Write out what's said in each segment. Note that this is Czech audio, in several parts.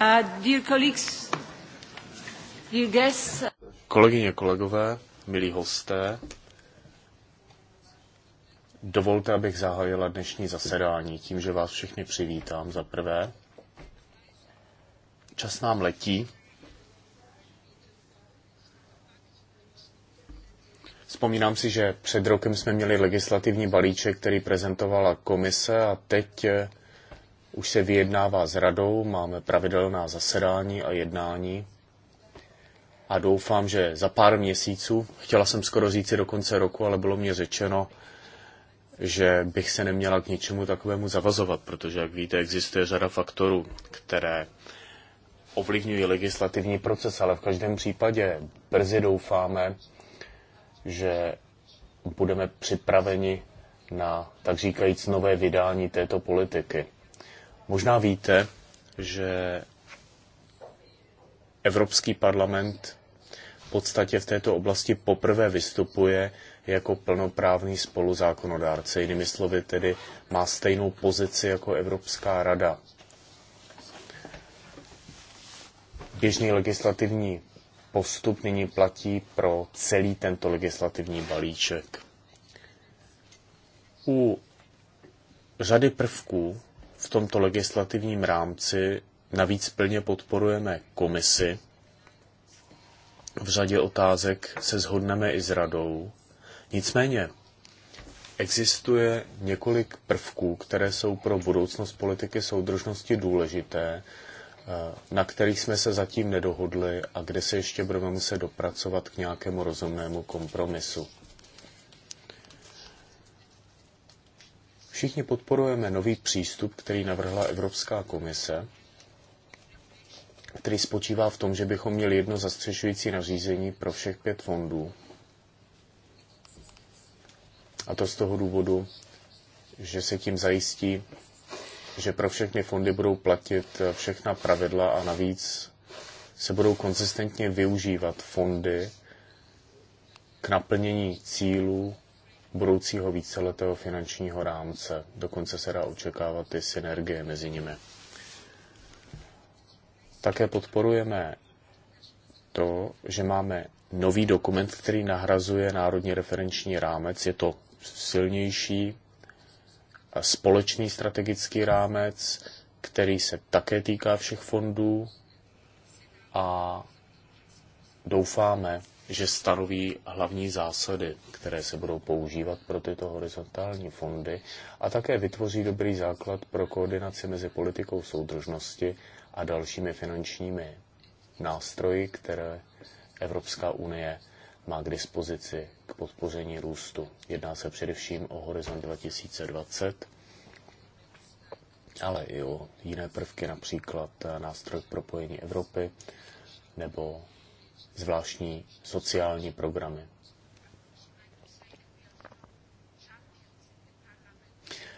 Uh, Kolegyně, kolegové, milí hosté, dovolte, abych zahájila dnešní zasedání tím, že vás všechny přivítám za prvé. Čas nám letí. Vzpomínám si, že před rokem jsme měli legislativní balíček, který prezentovala komise a teď už se vyjednává s radou, máme pravidelná zasedání a jednání a doufám, že za pár měsíců, chtěla jsem skoro říci do konce roku, ale bylo mě řečeno, že bych se neměla k ničemu takovému zavazovat, protože, jak víte, existuje řada faktorů, které ovlivňují legislativní proces, ale v každém případě brzy doufáme, že budeme připraveni na, tak říkajíc, nové vydání této politiky. Možná víte, že Evropský parlament v podstatě v této oblasti poprvé vystupuje jako plnoprávný spoluzákonodárce. Jinými slovy tedy má stejnou pozici jako Evropská rada. Běžný legislativní postup nyní platí pro celý tento legislativní balíček. U řady prvků v tomto legislativním rámci. Navíc plně podporujeme komisi. V řadě otázek se shodneme i s radou. Nicméně existuje několik prvků, které jsou pro budoucnost politiky soudržnosti důležité, eh, na kterých jsme se zatím nedohodli a kde se ještě budeme muset dopracovat k nějakému rozumnému kompromisu. Všichni podporujeme nový přístup, který navrhla Evropská komise, který spočívá v tom, že bychom měli jedno zastřešující nařízení pro všech pět fondů. A to z toho důvodu, že se tím zajistí, že pro všechny fondy budou platit všechna pravidla a navíc se budou konzistentně využívat fondy k naplnění cílů budoucího víceletého finančního rámce. Dokonce se dá očekávat ty synergie mezi nimi. Také podporujeme to, že máme nový dokument, který nahrazuje Národní referenční rámec. Je to silnější společný strategický rámec, který se také týká všech fondů a doufáme, že stanoví hlavní zásady, které se budou používat pro tyto horizontální fondy a také vytvoří dobrý základ pro koordinaci mezi politikou soudržnosti a dalšími finančními nástroji, které Evropská unie má k dispozici k podpoření růstu. Jedná se především o Horizont 2020, ale i o jiné prvky, například nástroj propojení Evropy nebo zvláštní sociální programy.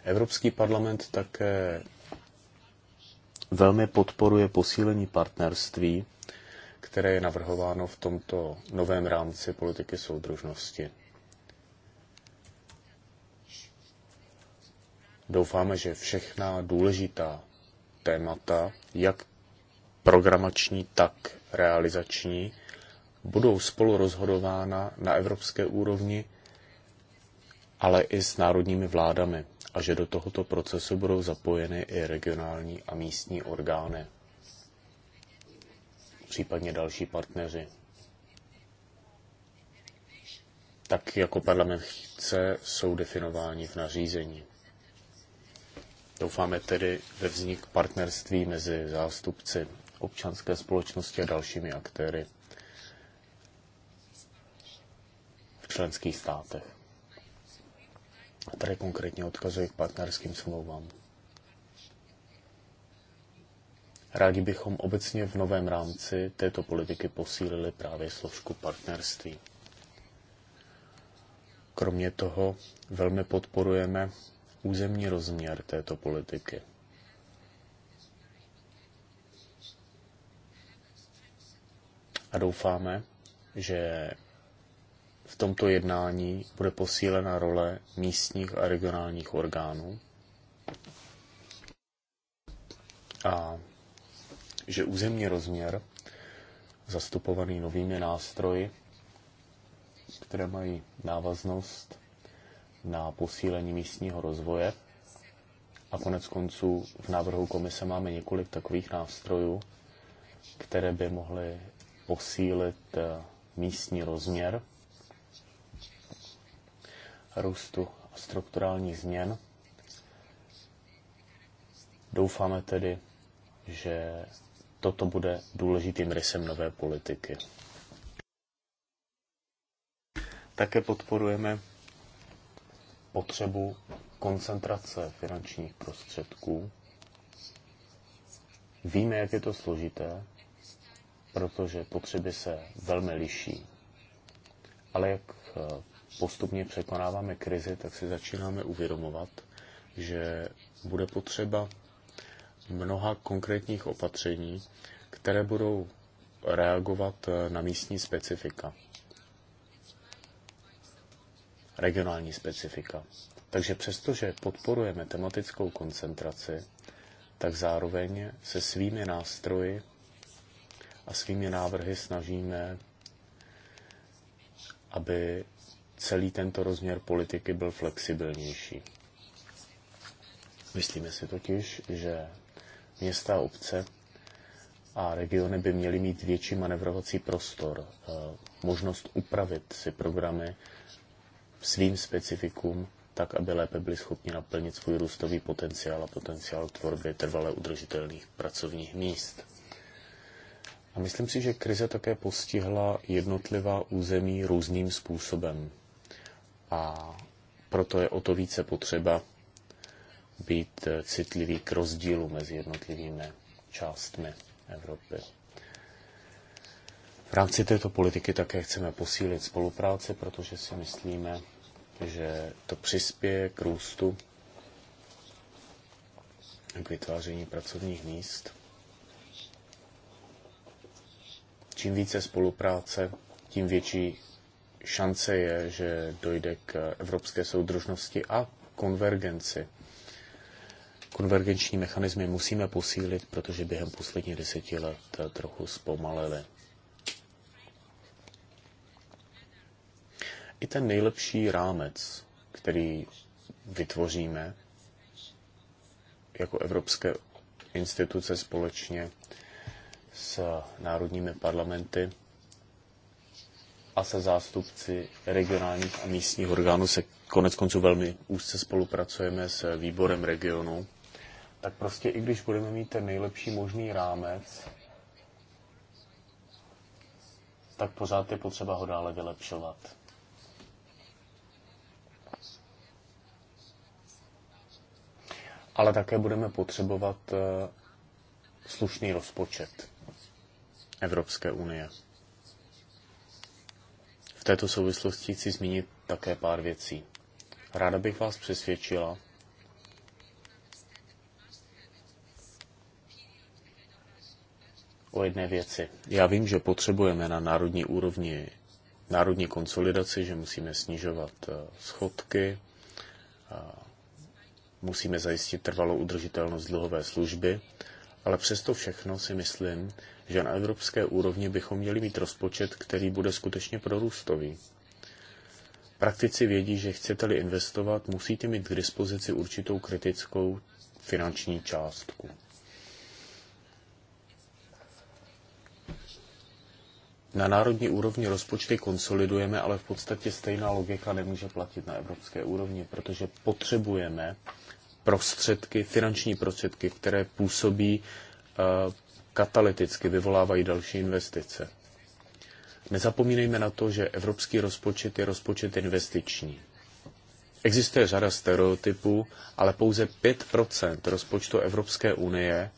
Evropský parlament také velmi podporuje posílení partnerství, které je navrhováno v tomto novém rámci politiky soudržnosti. Doufáme, že všechna důležitá témata, jak programační, tak realizační, budou spolu rozhodována na evropské úrovni, ale i s národními vládami a že do tohoto procesu budou zapojeny i regionální a místní orgány, případně další partneři. Tak jako parlament chce, jsou definováni v nařízení. Doufáme tedy ve vznik partnerství mezi zástupci občanské společnosti a dalšími aktéry. členských státech. Tady konkrétně odkazuji k partnerským smlouvám. Rádi bychom obecně v novém rámci této politiky posílili právě složku partnerství. Kromě toho velmi podporujeme územní rozměr této politiky. A doufáme, že v tomto jednání bude posílena role místních a regionálních orgánů a že územní rozměr, zastupovaný novými nástroji, které mají návaznost na posílení místního rozvoje, a konec konců v návrhu komise máme několik takových nástrojů, které by mohly posílit eh, místní rozměr růstu a strukturálních změn. Doufáme tedy, že toto bude důležitým rysem nové politiky. Také podporujeme potřebu koncentrace finančních prostředků. Víme, jak je to složité, protože potřeby se velmi liší. Ale jak eh, postupně překonáváme krizi, tak si začínáme uvědomovat, že bude potřeba mnoha konkrétních opatření, které budou reagovat eh, na místní specifika, regionální specifika. Takže přestože podporujeme tematickou koncentraci, tak zároveň se svými nástroji a svými návrhy snažíme, aby celý tento rozměr politiky byl flexibilnější. Myslíme si totiž, že města, obce a regiony by měly mít větší manevrovací prostor, eh, možnost upravit si programy svým specifikům, tak, aby lépe byli schopni naplnit svůj růstový potenciál a potenciál tvorby trvale udržitelných pracovních míst. A myslím si, že krize také postihla jednotlivá území různým způsobem a proto je o to více potřeba být citlivý k rozdílu mezi jednotlivými částmi Evropy. V rámci této politiky také chceme posílit spolupráci, protože si myslíme, že to přispěje k růstu, k vytváření pracovních míst. Čím více spolupráce, tím větší šance je, že dojde k evropské soudržnosti a konvergenci. Konvergenční mechanismy musíme posílit, protože během posledních deseti let trochu zpomalili. I ten nejlepší rámec, který vytvoříme jako evropské instituce společně s národními parlamenty, a se zástupci regionálních a místních orgánů se konec konců velmi úzce spolupracujeme s výborem regionu, tak prostě i když budeme mít ten nejlepší možný rámec, tak pořád je potřeba ho dále vylepšovat. Ale také budeme potřebovat eh, slušný rozpočet Evropské unie. V této souvislosti chci zmínit také pár věcí. Ráda bych vás přesvědčila, o jedné věci. Já vím, že potřebujeme na národní úrovni národní konsolidaci, že musíme snižovat eh, schodky, musíme zajistit trvalou udržitelnost dluhové služby, ale přesto všechno si myslím, že na evropské úrovni bychom měli mít rozpočet, který bude skutečně prorůstový. Praktici vědí, že chcete-li investovat, musíte mít k dispozici určitou kritickou finanční částku. Na národní úrovni rozpočty konsolidujeme, ale v podstatě stejná logika nemůže platit na evropské úrovni, protože potřebujeme prostředky, finanční prostředky, které působí eh, katalyticky vyvolávají další investice. Nezapomínejme na to, že evropský rozpočet je rozpočet investiční. Existuje řada stereotypů, ale pouze 5 rozpočtu Evropské unie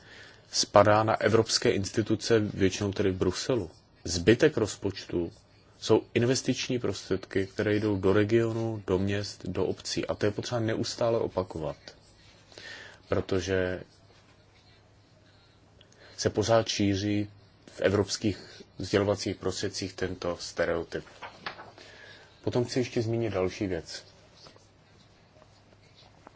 spadá na evropské instituce, většinou tedy Bruselu. Zbytek rozpočtu jsou investiční prostředky, které jdou do regionu, do měst, do obcí. A to je potřeba neustále opakovat. Protože se pořád šíří v evropských sdělovacích prostředcích tento stereotyp. Potom chci ještě zmínit další věc.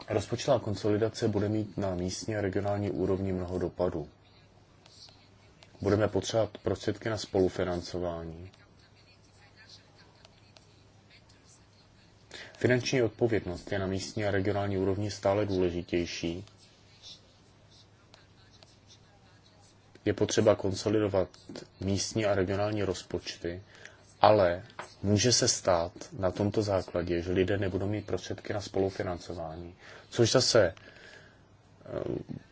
Rozpočtová konsolidace bude mít na místní a regionální úrovni mnoho dopadů. Budeme potřebovat prostředky na spolufinancování. Finanční odpovědnost je na místní a regionální úrovni stále důležitější je potřeba konsolidovat místní a regionální rozpočty, ale může se stát na tomto základě, že lidé nebudou mít prostředky na spolufinancování, což zase eh,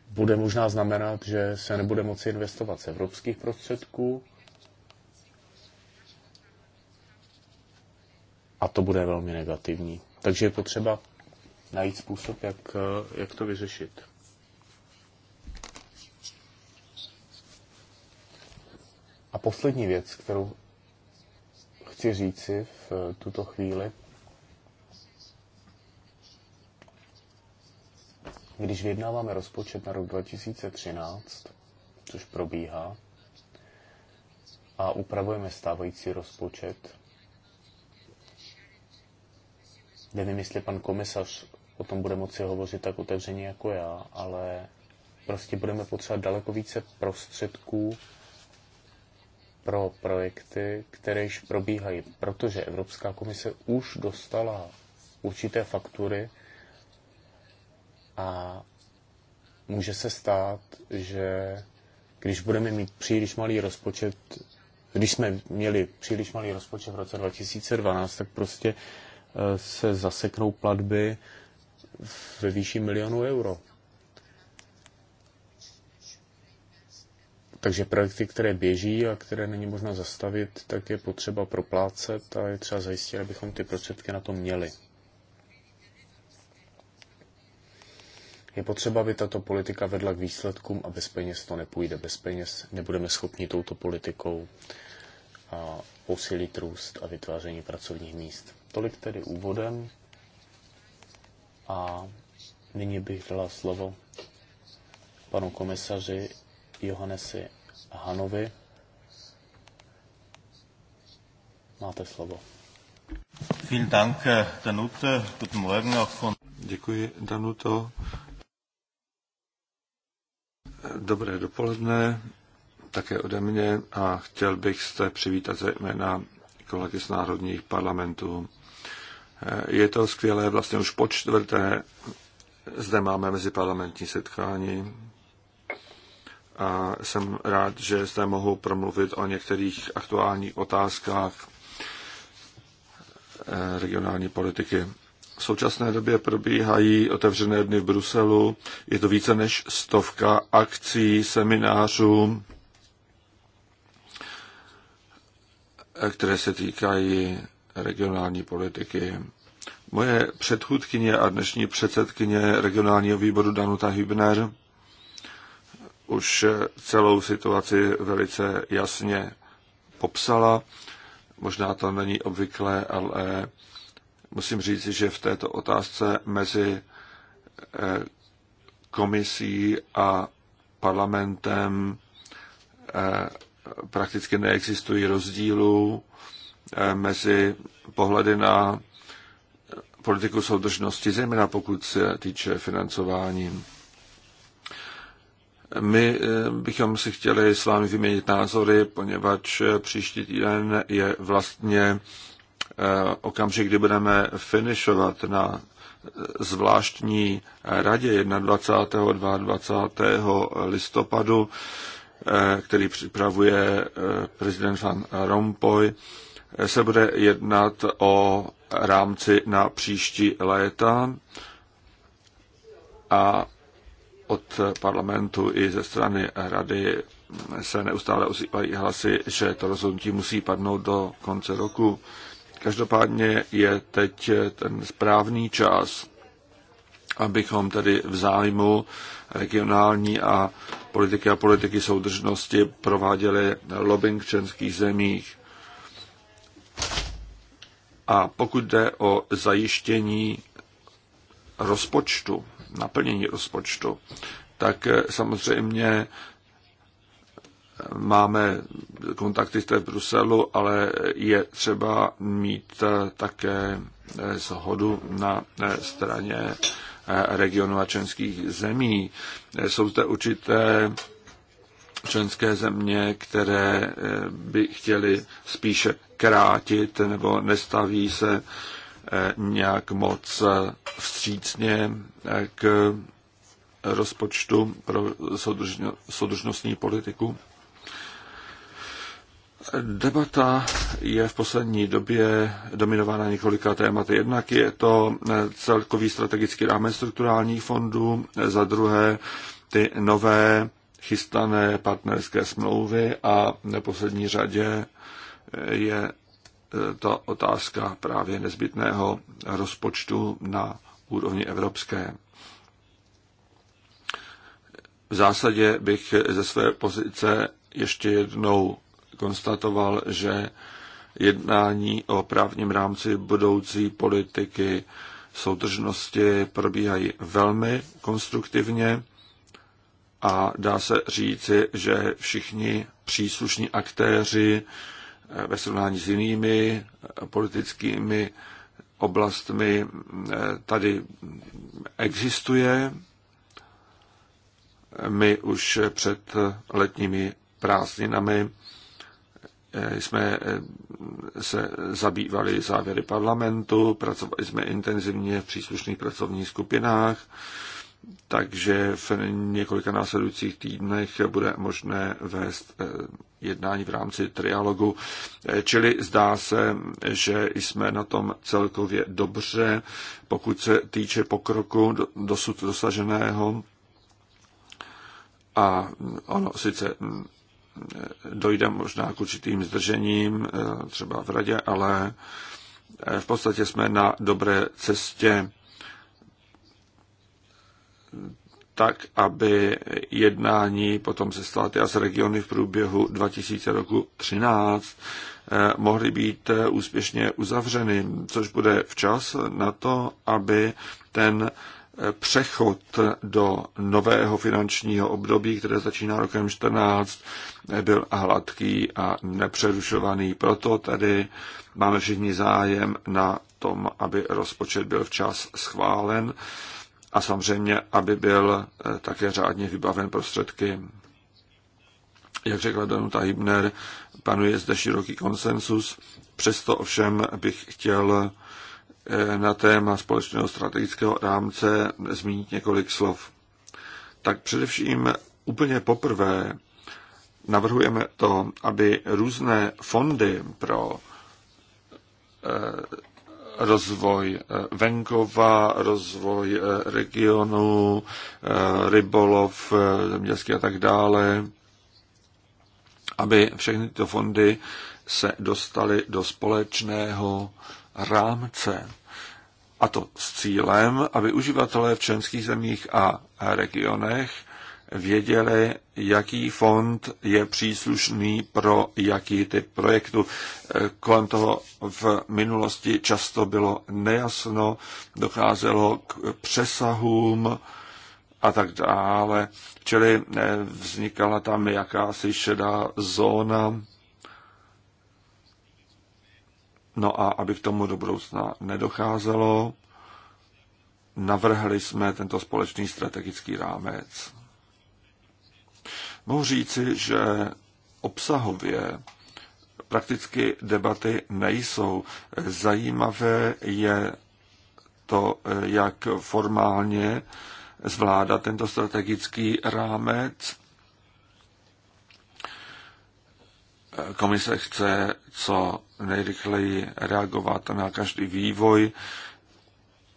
bude možná znamenat, že se nebude moci investovat z evropských prostředků a to bude velmi negativní. Takže je potřeba najít způsob, jak, eh, jak to vyřešit. A poslední věc, kterou chci říci v eh, tuto chvíli, když vyjednáváme rozpočet na rok 2013, což probíhá, a upravujeme stávající rozpočet, nevím, jestli pan komisař o tom bude moci hovořit tak otevřeně jako já, ale prostě budeme potřebovat daleko více prostředků pro projekty, které již probíhají, protože Evropská komise už dostala určité faktury a může se stát, že když budeme mít příliš malý rozpočet, když jsme měli příliš malý rozpočet v roce 2012, tak prostě eh, se zaseknou platby ve výši milionu euro. Takže projekty, které běží a které není možno zastavit, tak je potřeba proplácet a je třeba zajistit, abychom ty prostředky na to měli. Je potřeba, aby tato politika vedla k výsledkům a bez peněz to nepůjde. Bez peněz nebudeme schopni touto politikou a posílit růst a vytváření pracovních míst. Tolik tedy úvodem a nyní bych dala slovo panu komisaři Johannesi Hanovi. Máte slovo. Vielen Dank, eh, Danute. Guten Morgen auch von... Děkuji, Danuto. Dobré dopoledne také ode mě a chtěl bych se přivítat zejména kolegy z národních parlamentů. Eh, je to skvělé, vlastně už po čtvrté zde máme meziparlamentní setkání a jsem rád, že zde mohu promluvit o některých aktuálních otázkách eh, regionální politiky. V současné době probíhají otevřené dny v Bruselu. Je to více než stovka akcí, seminářů, eh, které se týkají regionální politiky. Moje předchůdkyně a dnešní předsedkyně regionálního výboru Danuta Hübner už celou situaci velice jasně popsala. Možná to není obvyklé, ale musím říct, že v této otázce mezi eh, komisí a parlamentem eh, prakticky neexistují rozdílů eh, mezi pohledy na politiku soudržnosti, zejména pokud se týče financování. My eh, bychom si chtěli s vámi vyměnit názory, poněvadž eh, příští týden je vlastně eh, okamžik, kdy budeme finišovat na zvláštní radě 21. 22. listopadu, který připravuje prezident Van Rompuy, se bude jednat o rámci na příští léta a od parlamentu i ze strany rady se neustále ozývají hlasy, že to rozhodnutí musí padnout do konce roku. Každopádně je teď ten správný čas, abychom tedy v zájmu regionální a politiky a politiky soudržnosti prováděli lobbying v členských zemích. A pokud jde o zajištění rozpočtu, naplnění rozpočtu, tak eh, samozřejmě eh, máme kontakty v Bruselu, ale je třeba mít eh, také shodu na straně regionu a členských zemí. Jsou zde určité členské země, které by chtěly spíše krátit nebo nestaví se nějak moc vstřícně k rozpočtu pro soudržnostní politiku. Debata je v poslední době dominována několika tématy. Jednak je to celkový strategický rámec strukturálních fondů, za druhé ty nové chystané partnerské smlouvy a v neposlední řadě je ta otázka právě nezbytného rozpočtu na úrovni evropské. V zásadě bych ze své pozice ještě jednou konstatoval, že jednání o právním rámci budoucí politiky soudržnosti probíhají velmi konstruktivně a dá se říci, že všichni příslušní aktéři Eh, ve srovnání s jinými eh, politickými oblastmi eh, tady existuje. My už před letními prázdninami jsme se zabývali závěry parlamentu, pracovali jsme intenzivně v příslušných pracovních skupinách takže v několika následujících týdnech bude možné vést eh, jednání v rámci trialogu. Eh, čili zdá se, že jsme na tom celkově dobře, pokud se týče pokroku dosud dosaženého. A ono sice mm, eh, dojde možná k určitým zdržením, třeba v radě, ale v podstatě jsme na dobré cestě tak, aby jednání potom se státy a s regiony v průběhu 2000 roku 13 eh, mohly být eh, úspěšně uzavřeny, což bude včas na to, aby ten eh, přechod do nového finančního období, které začíná rokem 14, byl hladký a nepřerušovaný. Proto tedy máme všichni zájem na tom, aby rozpočet byl včas schválen a samozřejmě, aby byl eh, také řádně vybaven prostředky. Jak řekla Danuta Hibner, panuje zde široký konsensus, přesto ovšem bych chtěl eh, na téma společného strategického rámce zmínit několik slov. Tak především úplně poprvé navrhujeme to, aby různé fondy pro eh, rozvoj eh, venkova, rozvoj eh, regionu, eh, rybolov, zemědělský a tak dále, aby všechny tyto fondy se dostaly do společného rámce. A to s cílem, aby uživatelé v členských zemích a regionech věděli, jaký fond je příslušný pro jaký typ projektu. Kolem toho v minulosti často bylo nejasno, docházelo k přesahům a tak dále. Čili eh, vznikala tam jakási šedá zóna. No a aby k tomu do budoucna nedocházelo, navrhli jsme tento společný strategický rámec. Mohu říci, že obsahově prakticky debaty nejsou. Zajímavé je to, jak formálně zvládat tento strategický rámec. Komise chce co nejrychleji reagovat na každý vývoj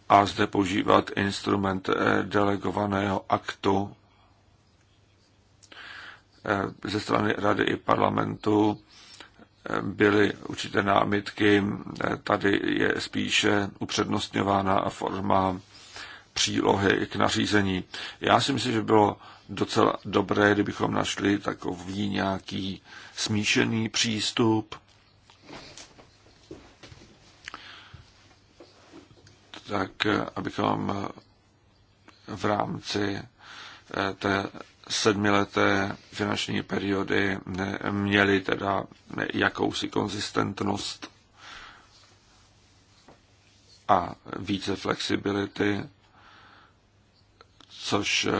a zde používat instrument delegovaného aktu Eh, ze strany Rady i parlamentu eh, byly určité námitky. Eh, tady je spíše upřednostňována forma přílohy k nařízení. Já si myslím, že bylo docela dobré, kdybychom našli takový nějaký smíšený přístup. Tak abychom v rámci té sedmileté finanční periody měly teda jakousi konzistentnost a více flexibility, což eh,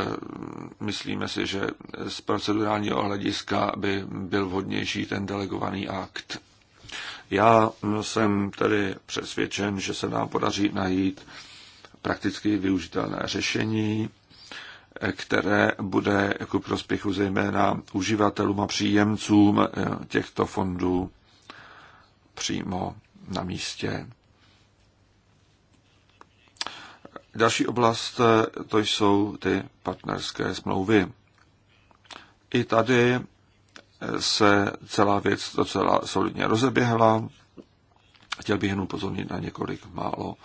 myslíme si, že z procedurálního hlediska by byl vhodnější ten delegovaný akt. Já jsem tedy přesvědčen, že se nám podaří najít prakticky využitelné řešení, které bude ku prospěchu zejména uživatelům a příjemcům eh, těchto fondů přímo na místě. Další oblast eh, to jsou ty partnerské smlouvy. I tady eh, se celá věc docela solidně rozeběhla. Chtěl bych jen upozornit na několik málo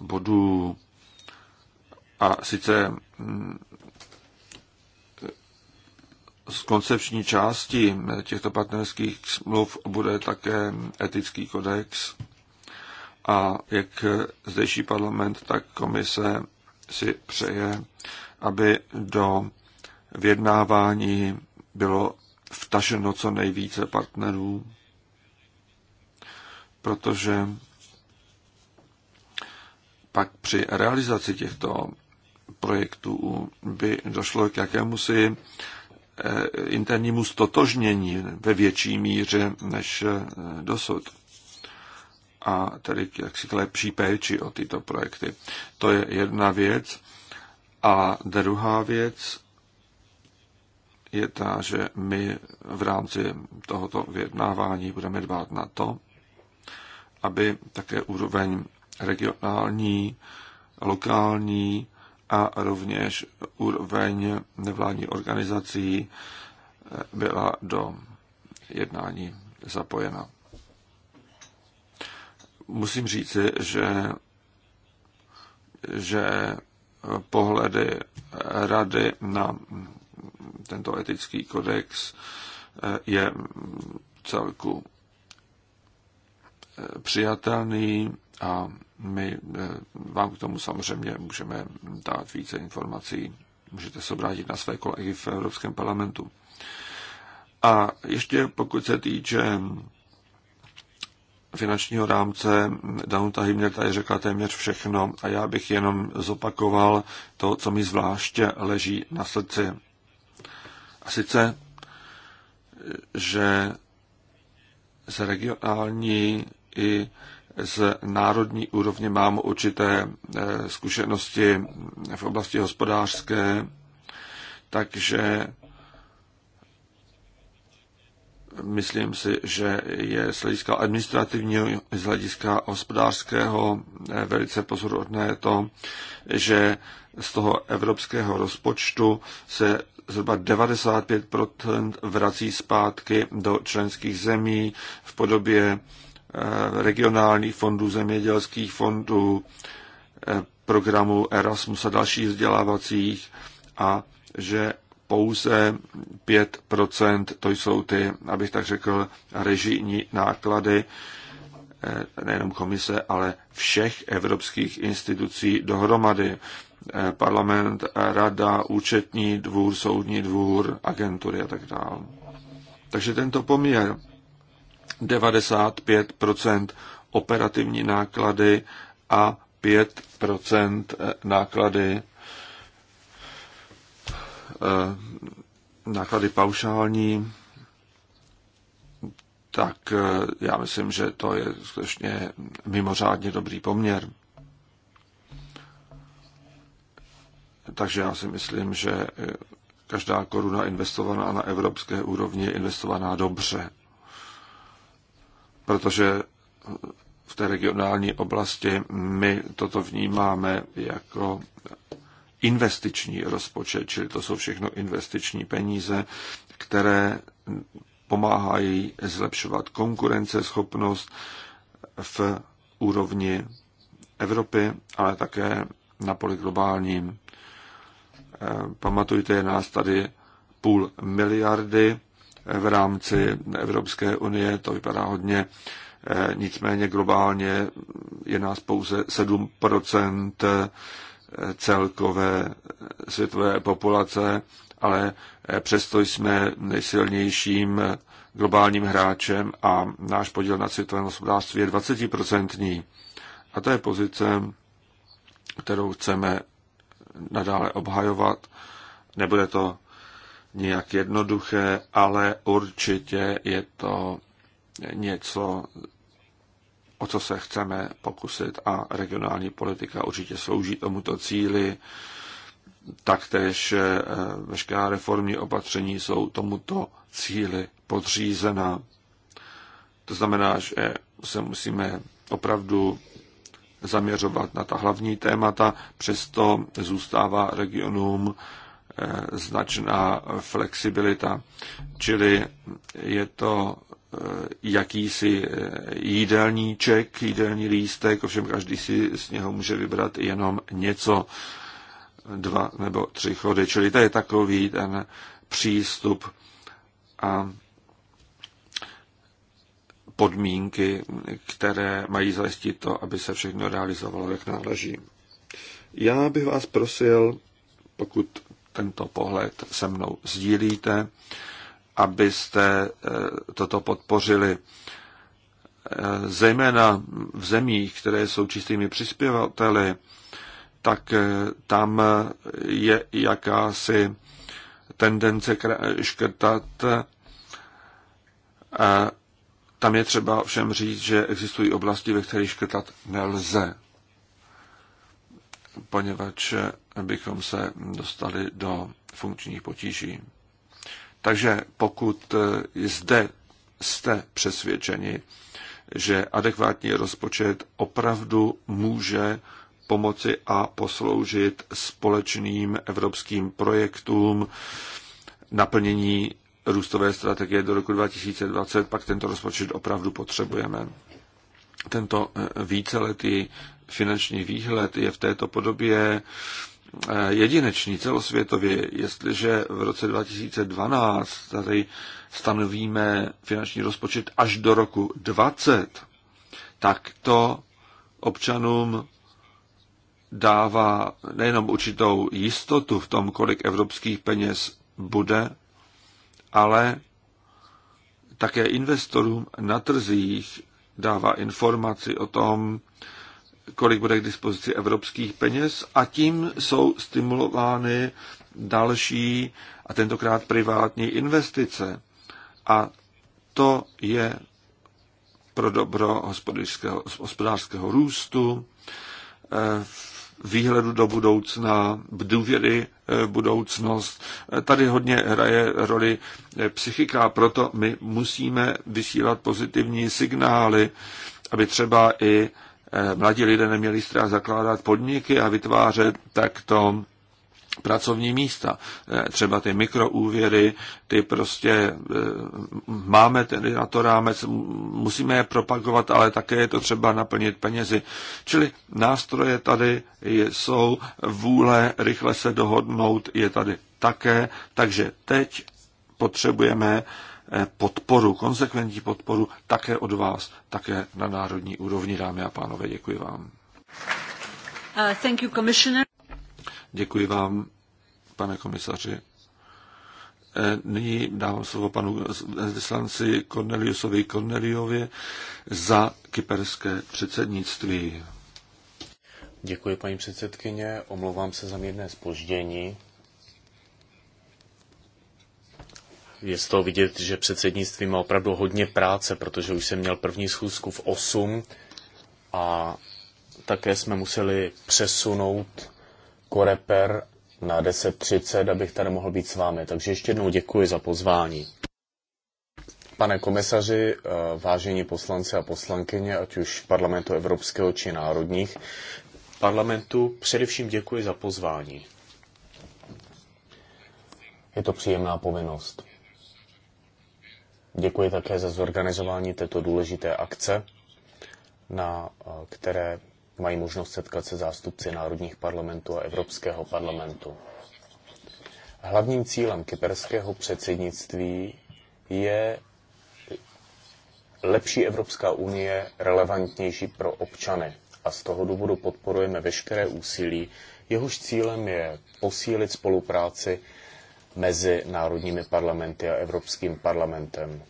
bodů. A sice mm, z koncepční části těchto partnerských smluv bude také etický kodex a jak zdejší parlament, tak komise si přeje, aby do vyjednávání bylo vtaženo co nejvíce partnerů, protože pak při realizaci těchto projektu by došlo k jakémusi eh, internímu stotožnění ve větší míře než eh, dosud a tedy jaksi k lepší péči o tyto projekty. To je jedna věc. A druhá věc je ta, že my v rámci tohoto vyjednávání budeme dbát na to, aby také úroveň regionální, lokální a rovněž úroveň nevládní organizací eh, byla do jednání zapojena. Musím říci, že, že pohledy rady na tento etický kodex eh, je celku eh, přijatelný a my eh, vám k tomu samozřejmě můžeme dát více informací. Můžete se obrátit na své kolegy v Evropském parlamentu. A ještě pokud se týče finančního rámce, Danuta Himner tady řekla téměř všechno a já bych jenom zopakoval to, co mi zvláště leží na srdci. A sice, že se regionální i z národní úrovně mám určité eh, zkušenosti v oblasti hospodářské, takže myslím si, že je z hlediska administrativního, z hlediska hospodářského eh, velice pozorodné to, že z toho evropského rozpočtu se zhruba 95 vrací zpátky do členských zemí v podobě Eh, regionálních fondů, zemědělských fondů, eh, programu Erasmus a dalších vzdělávacích a že pouze 5% to jsou ty, abych tak řekl, režijní náklady eh, nejenom komise, ale všech evropských institucí dohromady. Parlament, rada, účetní dvůr, soudní dvůr, agentury a tak dále. Takže tento poměr 95 operativní náklady a 5 eh, náklady eh, náklady paušální, tak eh, já myslím, že to je skutečně mimořádně dobrý poměr. Takže já si myslím, že každá koruna investovaná na evropské úrovni je investovaná dobře protože v té regionální oblasti my toto vnímáme jako investiční rozpočet, čili to jsou všechno investiční peníze, které pomáhají zlepšovat konkurenceschopnost v úrovni Evropy, ale také na poli globálním. Eh, pamatujte, je nás tady půl miliardy v rámci Evropské unie, to vypadá hodně. Eh, nicméně globálně je nás pouze 7 eh, celkové eh, světové populace, ale přesto jsme nejsilnějším globálním hráčem a náš podíl na světovém hospodářství je 20%. A to je pozice, kterou chceme nadále obhajovat. Nebude to nějak jednoduché, ale určitě je to něco, o co se chceme pokusit a regionální politika určitě slouží tomuto cíli. Taktéž eh, veškerá reformní opatření jsou tomuto cíli podřízena. To znamená, že se musíme opravdu zaměřovat na ta hlavní témata, přesto zůstává regionům Eh, značná flexibilita. Čili je to eh, jakýsi eh, jídelníček, jídelní lístek, ovšem každý si z něho může vybrat jenom něco, dva nebo tři chody. Čili to je takový ten přístup a podmínky, které mají zajistit to, aby se všechno realizovalo, jak náleží. Já bych vás prosil, pokud tento pohled se mnou sdílíte, abyste e, toto podpořili. E, zejména v zemích, které jsou čistými přispěvateli, tak e, tam je jakási tendence škrtat. Tam je třeba všem říct, že existují oblasti, ve kterých škrtat nelze poněvadž bychom se dostali do funkčních potíží. Takže pokud eh, zde jste přesvědčeni, že adekvátní rozpočet opravdu může pomoci a posloužit společným evropským projektům naplnění růstové strategie do roku 2020, pak tento rozpočet opravdu potřebujeme. Tento eh, víceletý finanční výhled je v této podobě eh, jedinečný celosvětově, jestliže v roce 2012 tady stanovíme finanční rozpočet až do roku 20, tak to občanům dává nejenom určitou jistotu v tom, kolik evropských peněz bude, ale také investorům na trzích dává informaci o tom, kolik bude k dispozici evropských peněz a tím jsou stimulovány další a tentokrát privátní investice. A to je pro dobro hospodářského, hospodářského růstu, eh, výhledu do budoucna, důvěry v eh, budoucnost. Eh, tady hodně hraje roli psychika, proto my musíme vysílat pozitivní signály, aby třeba i Eh, mladí lidé neměli strach zakládat podniky a vytvářet takto pracovní místa. Eh, třeba ty mikroúvěry, ty prostě eh, máme tedy na to rámec, musíme je propagovat, ale také je to třeba naplnit penězi. Čili nástroje tady jsou, vůle rychle se dohodnout je tady také, takže teď potřebujeme Eh, podporu, konsekventní podporu také od vás, také na národní úrovni, dámy a pánové. Děkuji vám. Uh, thank you, commissioner. Děkuji vám, pane komisaři. Eh, nyní dávám slovo panu vyslanci Corneliusovi Corneliovi za kyperské předsednictví. Děkuji, paní předsedkyně. Omlouvám se za mírné spoždění. je z toho vidět, že předsednictví má opravdu hodně práce, protože už jsem měl první schůzku v 8 a také jsme museli přesunout koreper na 10.30, abych tady mohl být s vámi. Takže ještě jednou děkuji za pozvání. Pane komisaři, vážení poslanci a poslankyně, ať už parlamentu evropského či národních, parlamentu především děkuji za pozvání. Je to příjemná povinnost. Děkuji také za zorganizování této důležité akce, na eh, které mají možnost setkat se zástupci národních parlamentů a Evropského parlamentu. Hlavním cílem kyperského předsednictví je lepší Evropská unie relevantnější pro občany a z toho důvodu podporujeme veškeré úsilí, jehož cílem je posílit spolupráci mezi národními parlamenty a Evropským parlamentem.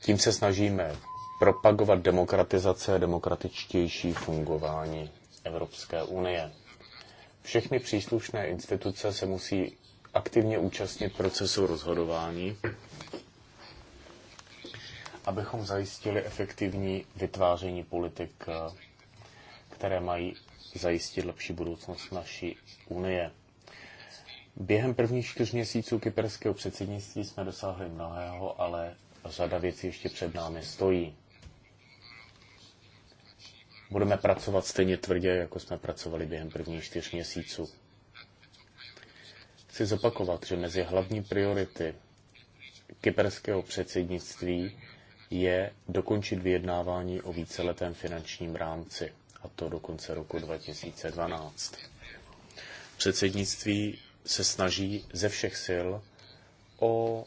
Tím se snažíme propagovat demokratizace a demokratičtější fungování Evropské unie. Všechny příslušné instituce se musí aktivně účastnit procesu rozhodování, abychom zajistili efektivní vytváření politik, eh, které mají zajistit lepší budoucnost naší unie. Během prvních čtyř měsíců kyperského předsednictví jsme dosáhli mnohého, ale řada věcí ještě před námi stojí. Budeme pracovat stejně tvrdě, jako jsme pracovali během prvních čtyř měsíců. Chci zopakovat, že mezi hlavní priority kyperského předsednictví je dokončit vyjednávání o víceletém finančním rámci, a to do konce roku 2012. Předsednictví se snaží ze všech sil o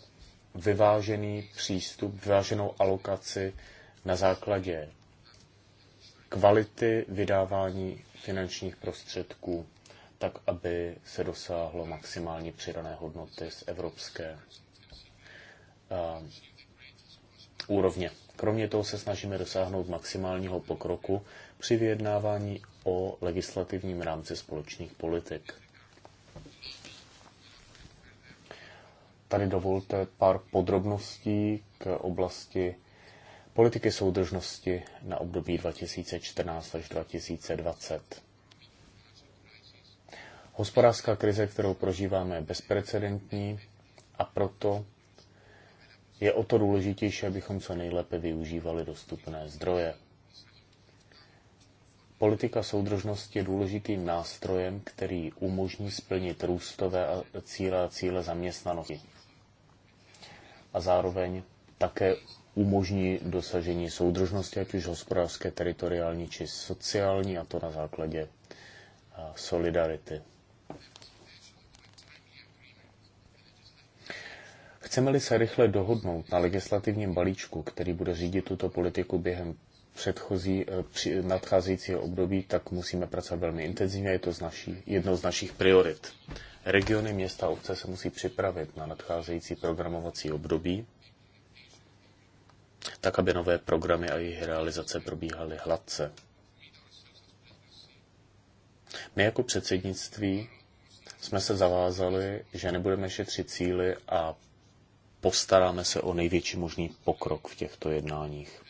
vyvážený přístup, vyváženou alokaci na základě kvality vydávání finančních prostředků, tak aby se dosáhlo maximální přidané hodnoty z evropské uh, úrovně. Kromě toho se snažíme dosáhnout maximálního pokroku při vyjednávání o legislativním rámci společných politik. tady dovolte pár podrobností k oblasti politiky soudržnosti na období 2014 až 2020. Hospodářská krize, kterou prožíváme, je bezprecedentní a proto je o to důležitější, abychom co nejlépe využívali dostupné zdroje. Politika soudržnosti je důležitým nástrojem, který umožní splnit růstové cíle a cíle zaměstnanosti a zároveň také umožní dosažení soudržnosti, ať už hospodářské, teritoriální či sociální, a to na základě solidarity. Chceme-li se rychle dohodnout na legislativním balíčku, který bude řídit tuto politiku během předchozí, eh, při nadcházejícího období, tak musíme pracovat velmi intenzivně. Je to z naší, jednou z našich priorit. Regiony, města a obce se musí připravit na nadcházející programovací období, tak aby nové programy a jejich realizace probíhaly hladce. My jako předsednictví jsme se zavázali, že nebudeme šetřit cíly a postaráme se o největší možný pokrok v těchto jednáních.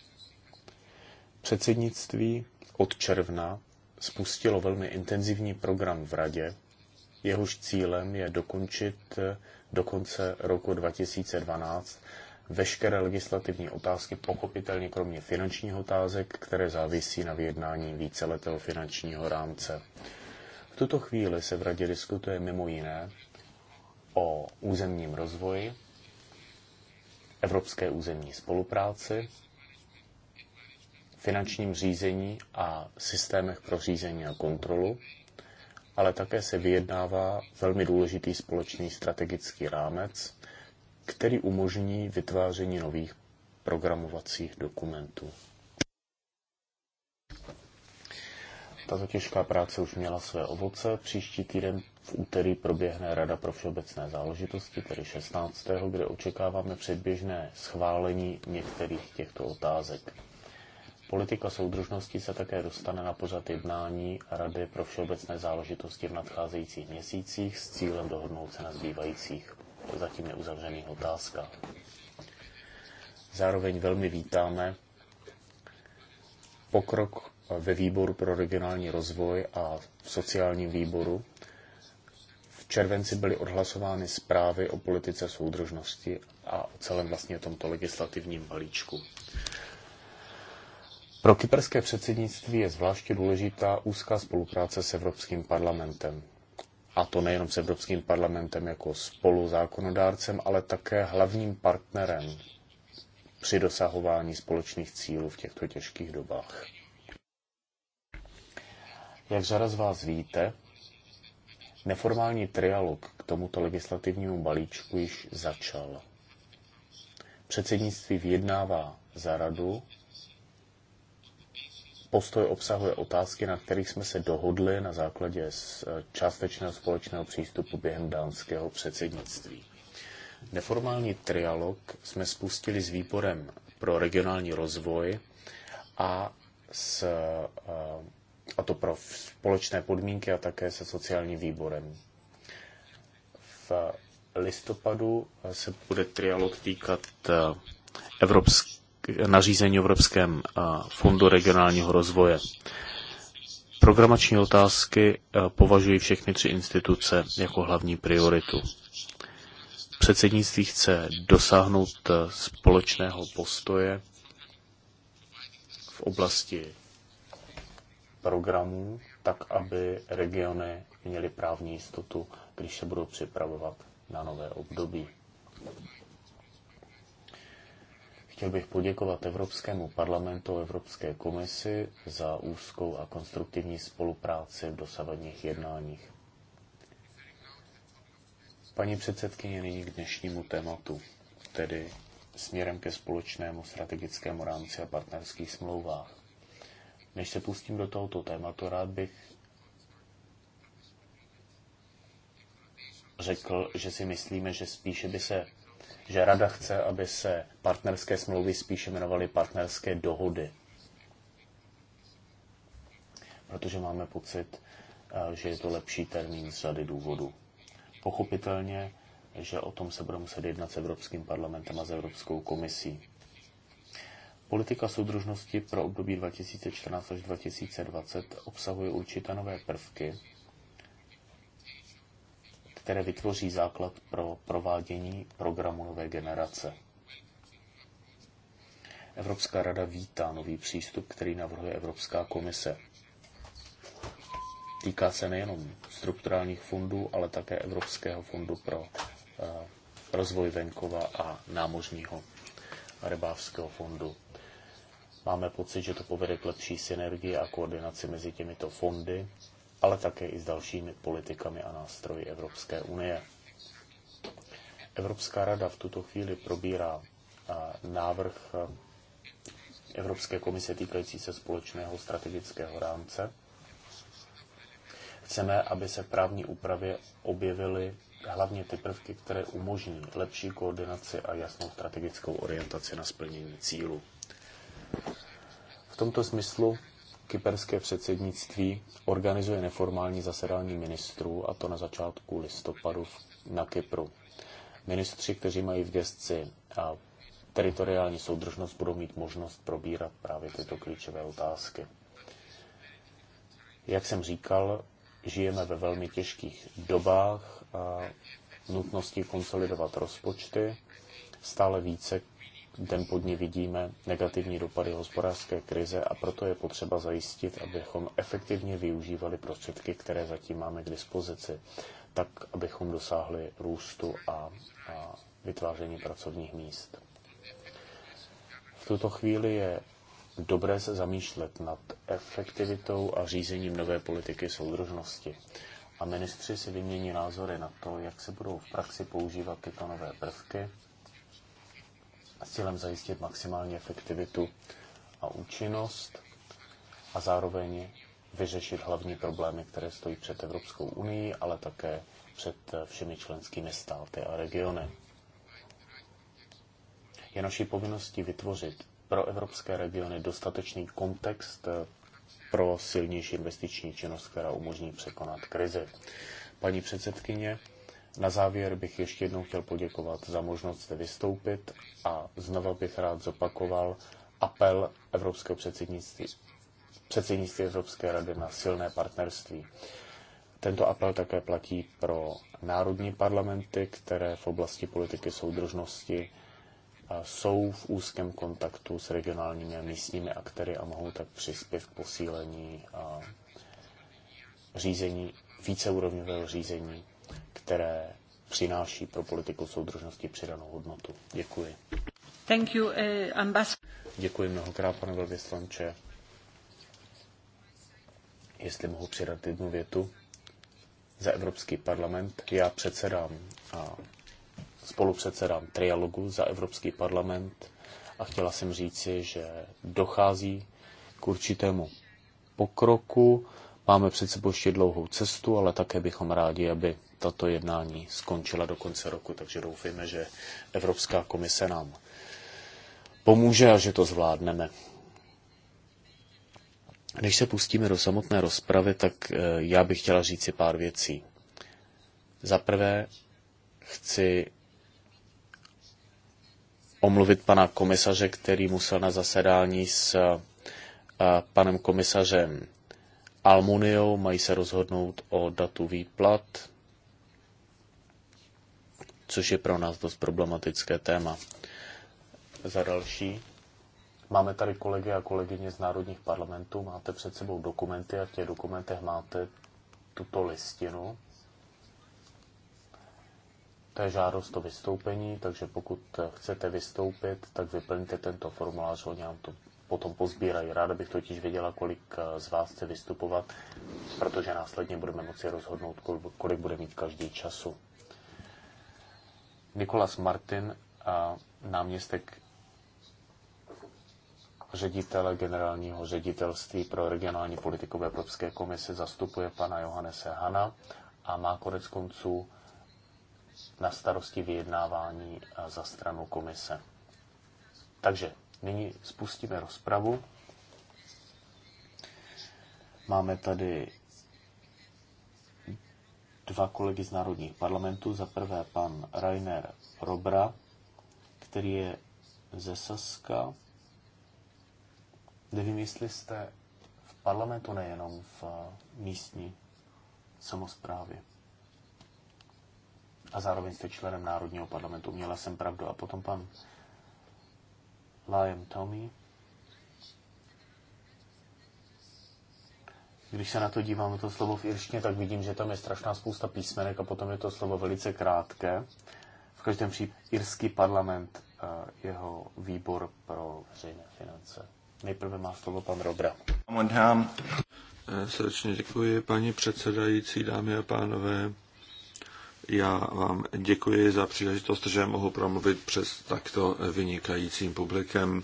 Předsednictví od června spustilo velmi intenzivní program v Radě, jehož cílem je dokončit eh, do konce roku 2012 veškeré legislativní otázky, pochopitelně kromě finančních otázek, které závisí na vyjednání víceletého finančního rámce. V tuto chvíli se v Radě diskutuje mimo jiné o územním rozvoji, evropské územní spolupráci, finančním řízení a systémech pro řízení a kontrolu, ale také se vyjednává velmi důležitý společný strategický rámec, který umožní vytváření nových programovacích dokumentů. Tato těžká práce už měla své ovoce. Příští týden v úterý proběhne Rada pro všeobecné záležitosti, tedy 16., kde očekáváme předběžné schválení některých těchto otázek. Politika soudržnosti se také dostane na pořad jednání Rady pro všeobecné záležitosti v nadcházejících měsících s cílem dohodnout se na zbývajících zatím neuzavřených otázkách. Zároveň velmi vítáme pokrok ve výboru pro regionální rozvoj a v sociálním výboru. V červenci byly odhlasovány zprávy o politice soudržnosti a o celém vlastně tomto legislativním balíčku. Pro kyperské předsednictví je zvláště důležitá úzká spolupráce s Evropským parlamentem. A to nejenom s Evropským parlamentem jako spoluzákonodárcem, ale také hlavním partnerem při dosahování společných cílů v těchto těžkých dobách. Jak řada z vás víte, neformální trialog k tomuto legislativnímu balíčku již začal. Předsednictví vyjednává za radu postoj obsahuje otázky, na kterých jsme se dohodli na základě eh, částečného společného přístupu během dánského předsednictví. Neformální trialog jsme spustili s výborem pro regionální rozvoj a, s, eh, a to pro společné podmínky a také se sociálním výborem. V listopadu se bude trialog týkat eh, evropské nařízení Evropském fondu regionálního rozvoje. Programační otázky považují všechny tři instituce jako hlavní prioritu. Předsednictví chce dosáhnout společného postoje v oblasti programů, tak aby regiony měly právní jistotu, když se budou připravovat na nové období. Chtěl bych poděkovat Evropskému parlamentu a Evropské komisi za úzkou a konstruktivní spolupráci v dosavadních jednáních. Paní předsedkyně, nyní k dnešnímu tématu, tedy směrem ke společnému strategickému rámci a partnerských smlouvách. Než se pustím do tohoto tématu, rád bych řekl, že si myslíme, že spíše by se že Rada chce, aby se partnerské smlouvy spíše jmenovaly partnerské dohody. Protože máme pocit, eh, že je to lepší termín z řady důvodů. Pochopitelně, že o tom se bude muset jednat s Evropským parlamentem a s Evropskou komisí. Politika soudržnosti pro období 2014 až 2020 obsahuje určité nové prvky, které vytvoří základ pro provádění programu nové generace. Evropská rada vítá nový přístup, který navrhuje Evropská komise. Týká se nejenom strukturálních fondů, ale také Evropského fondu pro eh, rozvoj venkova a námořního rybářského fondu. Máme pocit, že to povede k lepší synergii a koordinaci mezi těmito fondy ale také i s dalšími politikami a nástroji Evropské unie. Evropská rada v tuto chvíli probírá návrh Evropské komise týkající se společného strategického rámce. Chceme, aby se právní úpravě objevily hlavně ty prvky, které umožní lepší koordinaci a jasnou strategickou orientaci na splnění cílu. V tomto smyslu kyperské předsednictví organizuje neformální zasedání ministrů, a to na začátku listopadu na Kypru. Ministři, kteří mají v gestci a teritoriální soudržnost, budou mít možnost probírat právě tyto klíčové otázky. Jak jsem říkal, žijeme ve velmi těžkých dobách a nutností konsolidovat rozpočty. Stále více den po dní vidíme negativní dopady hospodářské krize a proto je potřeba zajistit, abychom efektivně využívali prostředky, které zatím máme k dispozici, tak abychom dosáhli růstu a, a vytváření pracovních míst. V tuto chvíli je dobré se zamýšlet nad efektivitou a řízením nové politiky soudržnosti. A ministři si vymění názory na to, jak se budou v praxi používat tyto nové prvky s cílem zajistit maximální efektivitu a účinnost a zároveň vyřešit hlavní problémy, které stojí před Evropskou unii, ale také před eh, všemi členskými státy a regiony. Je naší povinností vytvořit pro evropské regiony dostatečný kontext eh, pro silnější investiční činnost, která umožní překonat krizi. Paní předsedkyně, na závěr bych ještě jednou chtěl poděkovat za možnost zde vystoupit a znova bych rád zopakoval apel Evropského předsednictví, předsednictví Evropské rady na silné partnerství. Tento apel také platí pro národní parlamenty, které v oblasti politiky soudržnosti jsou v úzkém kontaktu s regionálními a místními aktéry a mohou tak přispět k posílení řízení, víceúrovňového řízení které přináší pro politiku soudržnosti přidanou hodnotu. Děkuji. Thank you, uh, Děkuji mnohokrát, pane velvyslanče. Jestli mohu přidat jednu větu za Evropský parlament. Já předsedám a spolupředsedám trialogu za Evropský parlament a chtěla jsem říci, že dochází k určitému pokroku. Máme před sebou ještě dlouhou cestu, ale také bychom rádi, aby tato jednání skončila do konce roku, takže doufejme, že Evropská komise nám pomůže a že to zvládneme. Než se pustíme do samotné rozpravy, tak eh, já bych chtěla říct si pár věcí. Za prvé chci omluvit pana komisaře, který musel na zasedání s eh, panem komisařem Almuniou. Mají se rozhodnout o datu výplat což je pro nás dost problematické téma. Za další, máme tady kolegy a kolegyně z národních parlamentů, máte před sebou dokumenty a v těch dokumentech máte tuto listinu. To je žádost o vystoupení, takže pokud chcete vystoupit, tak vyplňte tento formulář, oni vám to potom pozbírají. Ráda bych totiž věděla, kolik eh, z vás chce vystupovat, protože následně budeme moci rozhodnout, kolik bude mít každý času. Nikolas Martin, náměstek ředitele generálního ředitelství pro regionální politiku v Evropské komisi, zastupuje pana Johannese Hana a má konec konců na starosti vyjednávání za stranu komise. Takže nyní spustíme rozpravu. Máme tady dva kolegy z národních parlamentů. Za prvé pan Rainer Robra, který je ze Saska. Nevím, jestli jste v parlamentu, nejenom v eh, místní samozprávě. A zároveň jste členem Národního parlamentu. Měla jsem pravdu. A potom pan Liam Tommy, Když se na to dívám, to slovo v irštině, tak vidím, že tam je strašná spousta písmenek a potom je to slovo velice krátké. V každém případě irský parlament, eh, jeho výbor pro veřejné finance. Nejprve má slovo pan Robra. Eh, srdečně děkuji, paní předsedající, dámy a pánové. Já vám děkuji za příležitost, že mohu promluvit přes takto vynikajícím publikem.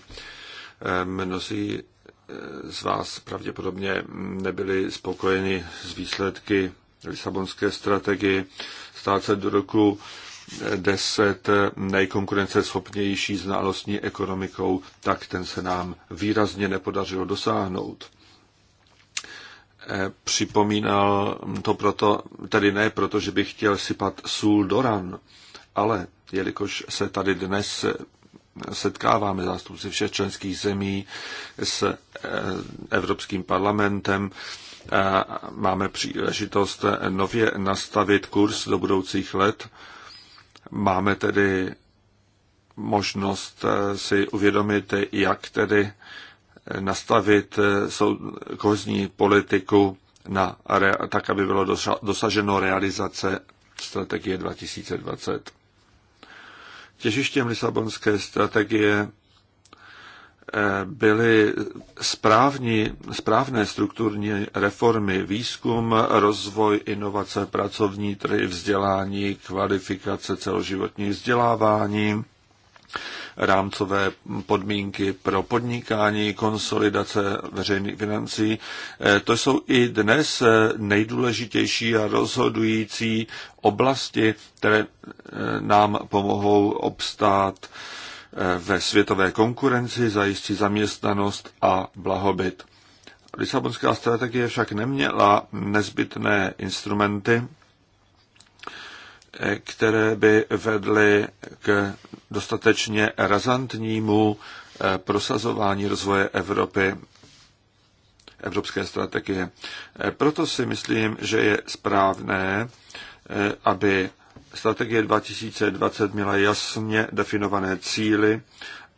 Eh, mnozí z vás pravděpodobně nebyli spokojeni s výsledky Lisabonské strategie stát se do roku 10 nejkonkurenceschopnější znalostní ekonomikou, tak ten se nám výrazně nepodařilo dosáhnout. E, připomínal to proto, tedy ne proto, že bych chtěl sypat sůl do ran, ale jelikož se tady dnes setkáváme zástupci všech členských zemí s eh, Evropským parlamentem. Máme příležitost nově nastavit kurz do budoucích let. Máme tedy možnost eh, si uvědomit, jak tedy eh, nastavit kohezní politiku na, tak, aby bylo dosaženo realizace strategie 2020. Těžištěm Lisabonské strategie eh, byly správní, správné strukturní reformy, výzkum, rozvoj, inovace, pracovní trhy, vzdělání, kvalifikace, celoživotní vzdělávání, rámcové podmínky pro podnikání, konsolidace veřejných financí. Eh, to jsou i dnes eh, nejdůležitější a rozhodující oblasti, které eh, nám pomohou obstát ve světové konkurenci, zajistit zaměstnanost a blahobyt. Lisabonská strategie však neměla nezbytné instrumenty, které by vedly k dostatečně razantnímu eh, prosazování rozvoje Evropy, evropské strategie. Eh, proto si myslím, že je správné, eh, aby strategie 2020 měla jasně definované cíly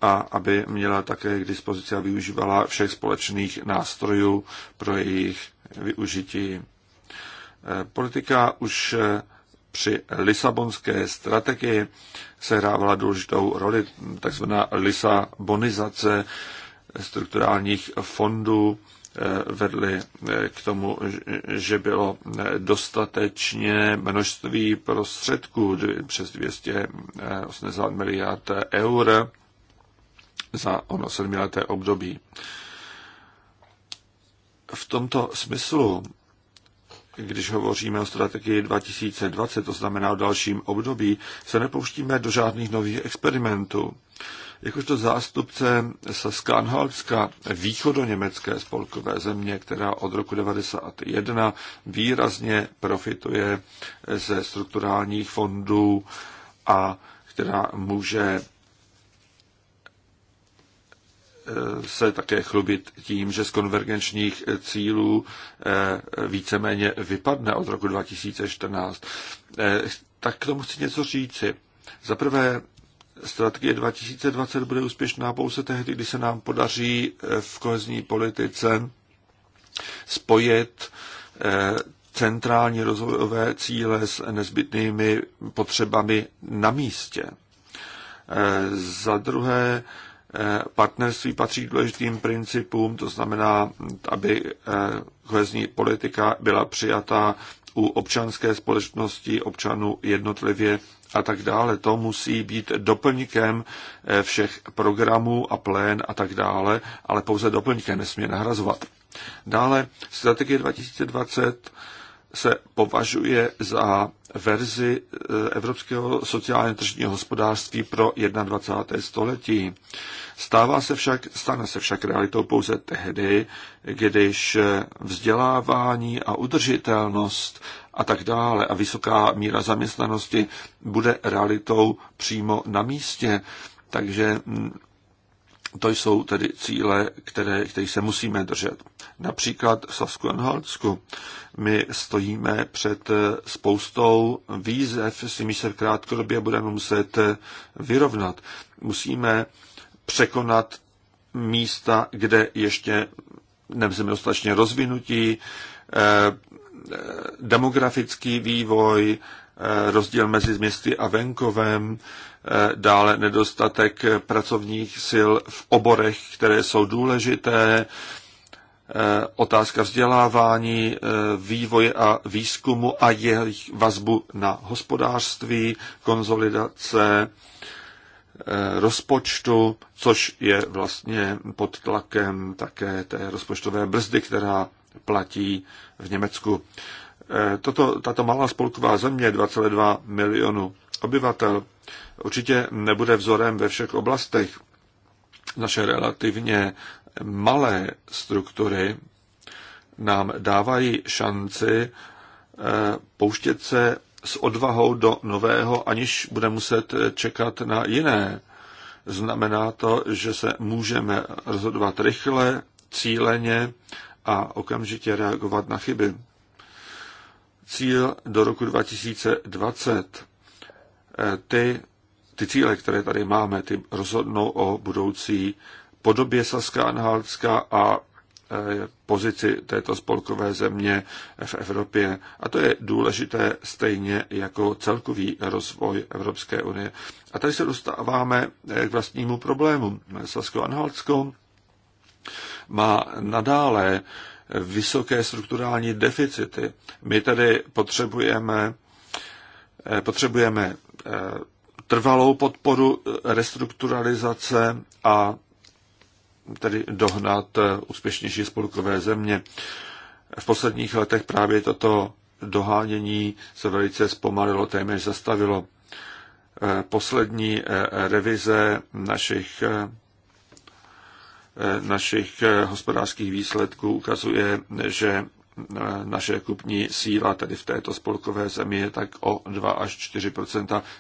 a aby měla také k dispozici a využívala všech společných nástrojů pro jejich využití. Politika už při Lisabonské strategii sehrávala důležitou roli takzvaná lisabonizace strukturálních fondů eh, vedly eh, k tomu, že bylo eh, dostatečně množství prostředků, přes 280 miliard eur za ono sedmileté období. V tomto smyslu když hovoříme o strategii 2020, to znamená o dalším období, se nepouštíme do žádných nových experimentů. Jakožto zástupce se východoněmecké spolkové země, která od roku 1991 výrazně profituje ze strukturálních fondů a která může se také chlubit tím, že z konvergenčních cílů eh, víceméně vypadne od roku 2014. Eh, tak k tomu chci něco říci. Za prvé, strategie 2020 bude úspěšná pouze tehdy, kdy se nám podaří eh, v kohezní politice spojit centrální rozvojové cíle s nezbytnými potřebami na místě. Za druhé, Partnerství patří k důležitým principům, to znamená, aby eh, kohezní politika byla přijatá u občanské společnosti, občanů jednotlivě a tak dále. To musí být doplňkem eh, všech programů a plén a tak dále, ale pouze doplňkem nesmí nahrazovat. Dále strategie 2020 se považuje za verzi e, Evropského sociálně tržního hospodářství pro 21. století. Stává se však, stane se však realitou pouze tehdy, když vzdělávání a udržitelnost a tak dále a vysoká míra zaměstnanosti bude realitou přímo na místě. Takže to jsou tedy cíle, které, které se musíme držet. Například v Sasku-Anhaltsku my stojíme před spoustou výzev, s nimi se v krátkodobě budeme muset vyrovnat. Musíme překonat místa, kde ještě nebudeme dostatečně rozvinutí, eh, eh, demografický vývoj, Eh, rozdíl mezi městy a venkovem, eh, dále nedostatek pracovních sil v oborech, které jsou důležité, eh, otázka vzdělávání, vývoje a výzkumu a jejich vazbu na hospodářství, konzolidace rozpočtu, což je vlastně pod tlakem také té rozpočtové brzdy, která platí v Německu. Toto, tato malá spolková země, 2,2 milionu obyvatel, určitě nebude vzorem ve všech oblastech. Naše relativně malé struktury nám dávají šanci eh, pouštět se s odvahou do nového, aniž bude muset čekat na jiné. Znamená to, že se můžeme rozhodovat rychle, cíleně a okamžitě reagovat na chyby cíl do roku 2020, eh, ty, ty cíle, které tady máme, ty rozhodnou o budoucí podobě Saska Anhaltska a eh, pozici této spolkové země v Evropě. A to je důležité stejně jako celkový rozvoj Evropské unie. A tady se dostáváme eh, k vlastnímu problému. Sasko-Anhaltsko má nadále vysoké strukturální deficity. My tedy potřebujeme, eh, potřebujeme eh, trvalou podporu eh, restrukturalizace a tedy dohnat úspěšnější spolkové země. V posledních letech právě toto dohánění se velice zpomalilo, téměř zastavilo. Poslední revize našich našich eh, hospodářských výsledků ukazuje, že Eh, naše kupní síla, tedy v této spolkové zemi, je tak o 2 až 4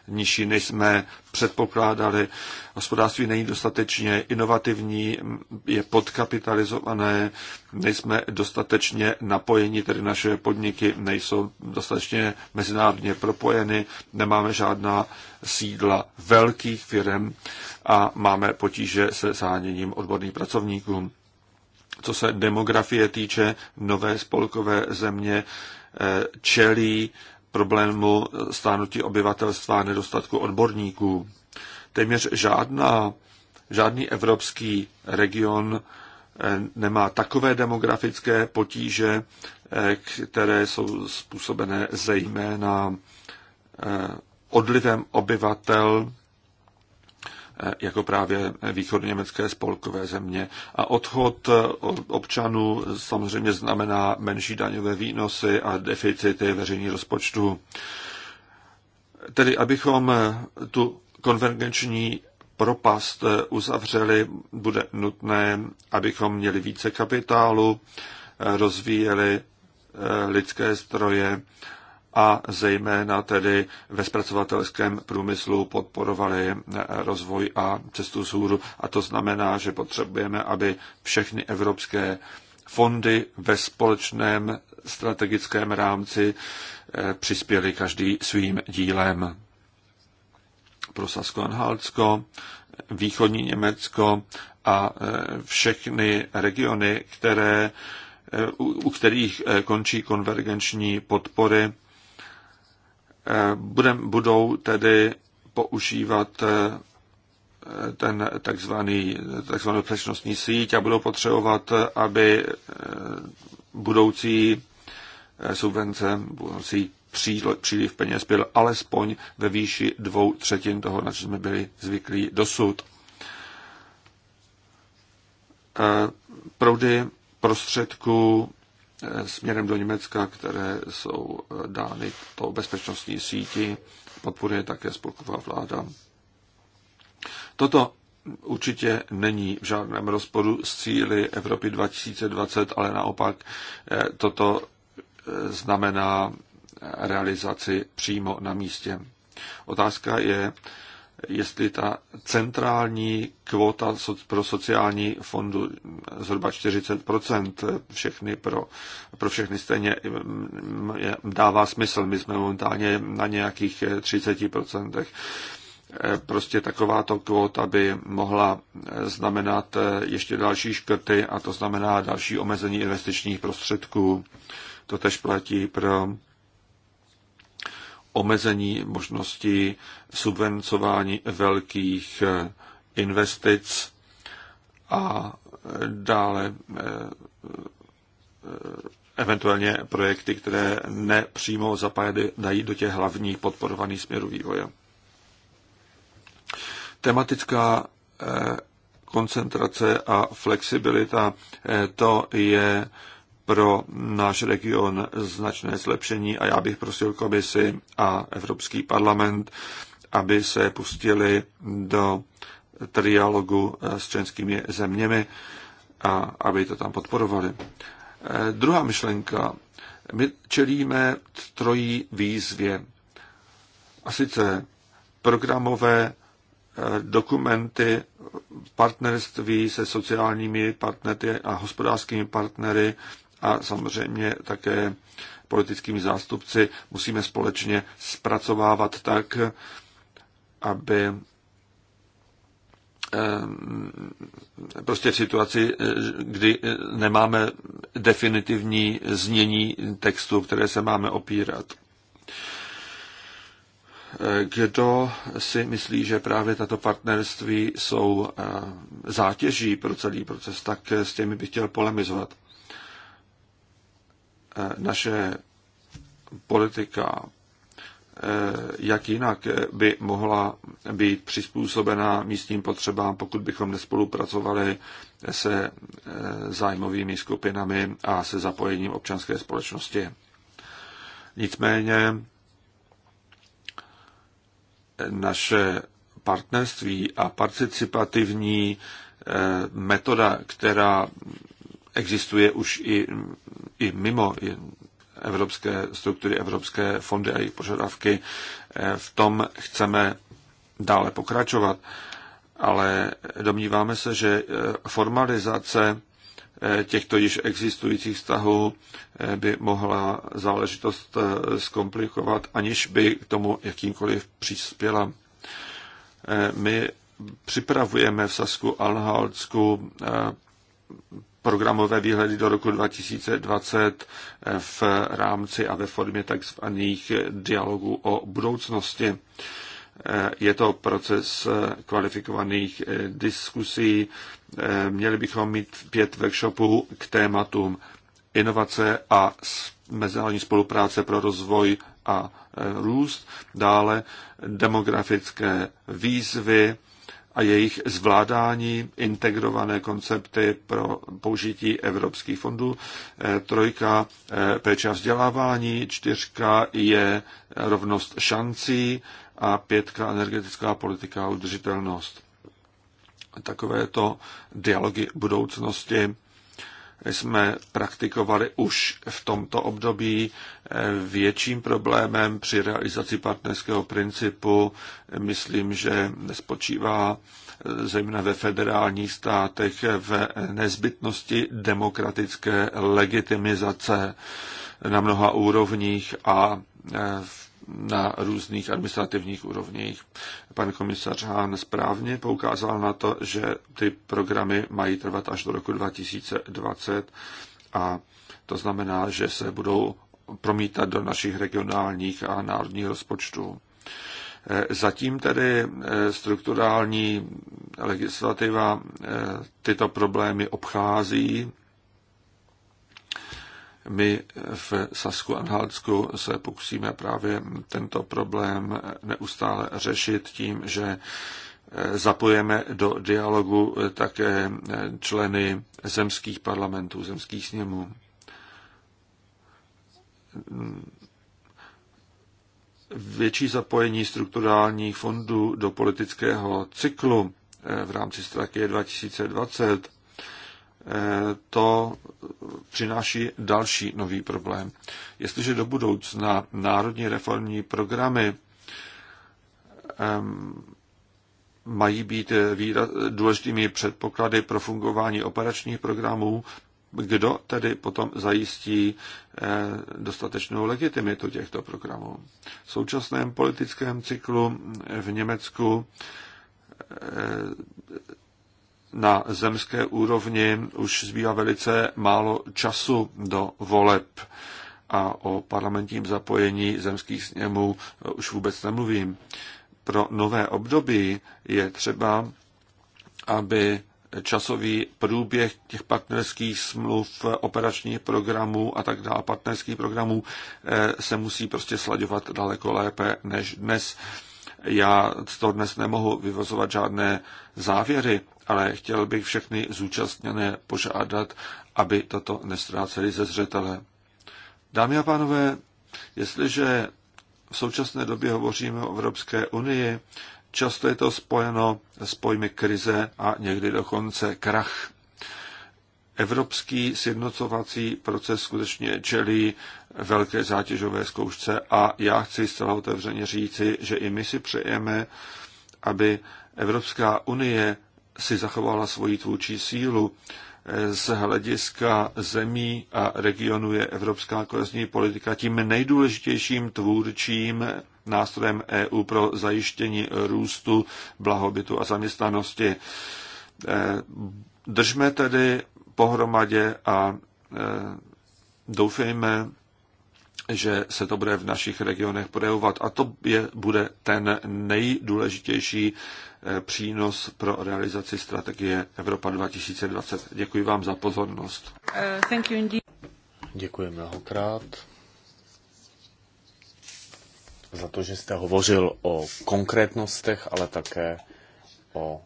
nižší, než jsme předpokládali. Hospodářství není dostatečně inovativní, je podkapitalizované, nejsme dostatečně napojeni, tedy naše podniky nejsou dostatečně mezinárodně propojeny, nemáme žádná sídla velkých firm a máme potíže se záněním odborných pracovníků co se demografie týče, nové spolkové země eh, čelí problému stánutí obyvatelstva a nedostatku odborníků. Téměř žádná, žádný evropský region eh, nemá takové demografické potíže, eh, které jsou způsobené zejména odlivem obyvatel jako právě východněmecké spolkové země. A odchod občanů samozřejmě znamená menší daňové výnosy a deficity veřejní rozpočtu. Tedy abychom tu konvergenční propast uzavřeli, bude nutné, abychom měli více kapitálu, rozvíjeli lidské stroje a zejména tedy ve zpracovatelském průmyslu podporovali rozvoj a cestu sůru. A to znamená, že potřebujeme, aby všechny evropské fondy ve společném strategickém rámci eh, přispěli každý svým dílem. Pro Sasko-Anhaltsko, východní Německo a eh, všechny regiony, které, eh, u, u kterých končí konvergenční podpory, budem, budou tedy používat eh, ten takzvaný, takzvanou přečnostní síť a budou potřebovat, eh, aby eh, budoucí subvence, budoucí příliv peněz byl alespoň ve výši dvou třetin toho, na co jsme byli zvyklí dosud. Proudy prostředků směrem do Německa, které jsou eh, dány to bezpečnostní síti, podporuje také spolková vláda. Toto určitě není v žádném rozporu s cíly Evropy 2020, ale naopak eh, toto eh, znamená realizaci přímo na místě. Otázka je, jestli ta centrální kvota pro sociální fondu zhruba 40% všechny pro, pro všechny stejně mm, dává smysl. My jsme momentálně na nějakých 30%. Eh, prostě takováto kvota by mohla eh, znamenat eh, ještě další škrty a to znamená další omezení investičních prostředků. To tež platí pro omezení možností subvencování velkých eh, investic a eh, dále eh, eventuálně projekty, které nepřímo zapadají do těch hlavních podporovaných směrů vývoje. Tematická koncentrace a flexibilita, to je pro náš region značné zlepšení a já bych prosil komisi a Evropský parlament, aby se pustili do trialogu eh, s členskými zeměmi a aby to tam podporovali. Eh, druhá myšlenka. My čelíme trojí výzvě. A sice programové eh, dokumenty partnerství se sociálními partnery a hospodářskými partnery a samozřejmě také politickými zástupci musíme společně zpracovávat tak, aby eh, prostě v situaci, eh, kdy eh, nemáme definitivní znění textu, které se máme opírat. Kdo si myslí, že právě tato partnerství jsou zátěží pro celý proces, tak s těmi bych chtěl polemizovat. Eh, naše politika, eh, jak jinak by mohla být přizpůsobena místním potřebám, pokud bychom nespolupracovali se eh, zájmovými skupinami a se zapojením občanské společnosti. Nicméně naše partnerství a participativní metoda, která existuje už i, i mimo evropské struktury, evropské fondy a jejich požadavky. Eh, v tom chceme dále pokračovat, ale domníváme se, že eh, formalizace eh, těchto již existujících vztahů by mohla záležitost zkomplikovat, aniž by k tomu jakýmkoliv přispěla. My připravujeme v Sasku Anhaltsku programové výhledy do roku 2020 eh, v rámci a ve formě takzvaných dialogů o budoucnosti. Eh, je to proces eh, kvalifikovaných diskusí. Měli bychom mít pět workshopů k tématům inovace a mezinárodní spolupráce pro rozvoj a růst, dále demografické výzvy, a jejich zvládání, integrované koncepty pro použití evropských fondů, eh, trojka eh, péče a vzdělávání, čtyřka je rovnost šancí a pětka energetická politika a udržitelnost. Takovéto dialogy budoucnosti jsme praktikovali už v tomto období. Eh, větším problémem při realizaci partnerského principu eh, myslím, že nespočívá eh, zejména ve federálních státech v nezbytnosti demokratické legitimizace na mnoha úrovních a v na různých administrativních úrovních. Pan komisař Hán správně poukázal na to, že ty programy mají trvat až do roku 2020 a to znamená, že se budou promítat do našich regionálních a národních rozpočtů. Zatím tedy eh, strukturální legislativa eh, tyto problémy obchází my v Sasku a Anhaltsku se pokusíme právě tento problém neustále řešit tím, že eh, zapojeme do dialogu eh, také eh, členy zemských parlamentů, zemských sněmů. Větší zapojení strukturálních fondů do politického cyklu v rámci strategie 2020 to přináší další nový problém. Jestliže do budoucna národní reformní programy mají být důležitými předpoklady pro fungování operačních programů, kdo tedy potom zajistí eh, dostatečnou legitimitu těchto programů. V současném politickém cyklu v Německu eh, na zemské úrovni už zbývá velice málo času do voleb a o parlamentním zapojení zemských sněmů eh, už vůbec nemluvím. Pro nové období je třeba, aby časový průběh těch partnerských smluv, operačních programů a tak dále, partnerských programů eh, se musí prostě slaďovat daleko lépe než dnes. Já z toho dnes nemohu vyvozovat žádné závěry, ale chtěl bych všechny zúčastněné požádat, aby toto nestráceli ze zřetele. Dámy a pánové, jestliže v současné době hovoříme o Evropské unii, často je to spojeno s pojmy krize a někdy dokonce krach evropský sjednocovací proces skutečně čelí velké zátěžové zkoušce a já chci zcela otevřeně říci, že i my si přejeme, aby Evropská unie si zachovala svoji tvůrčí sílu. Z hlediska zemí a regionu je evropská kohezní politika tím nejdůležitějším tvůrčím nástrojem EU pro zajištění růstu, blahobytu a zaměstnanosti. Eh, držme tedy pohromadě a e, doufejme, že se to bude v našich regionech projevovat. A to je, bude ten nejdůležitější e, přínos pro realizaci strategie Evropa 2020. Děkuji vám za pozornost. E, thank you Děkuji mnohokrát za to, že jste hovořil o konkrétnostech, ale také o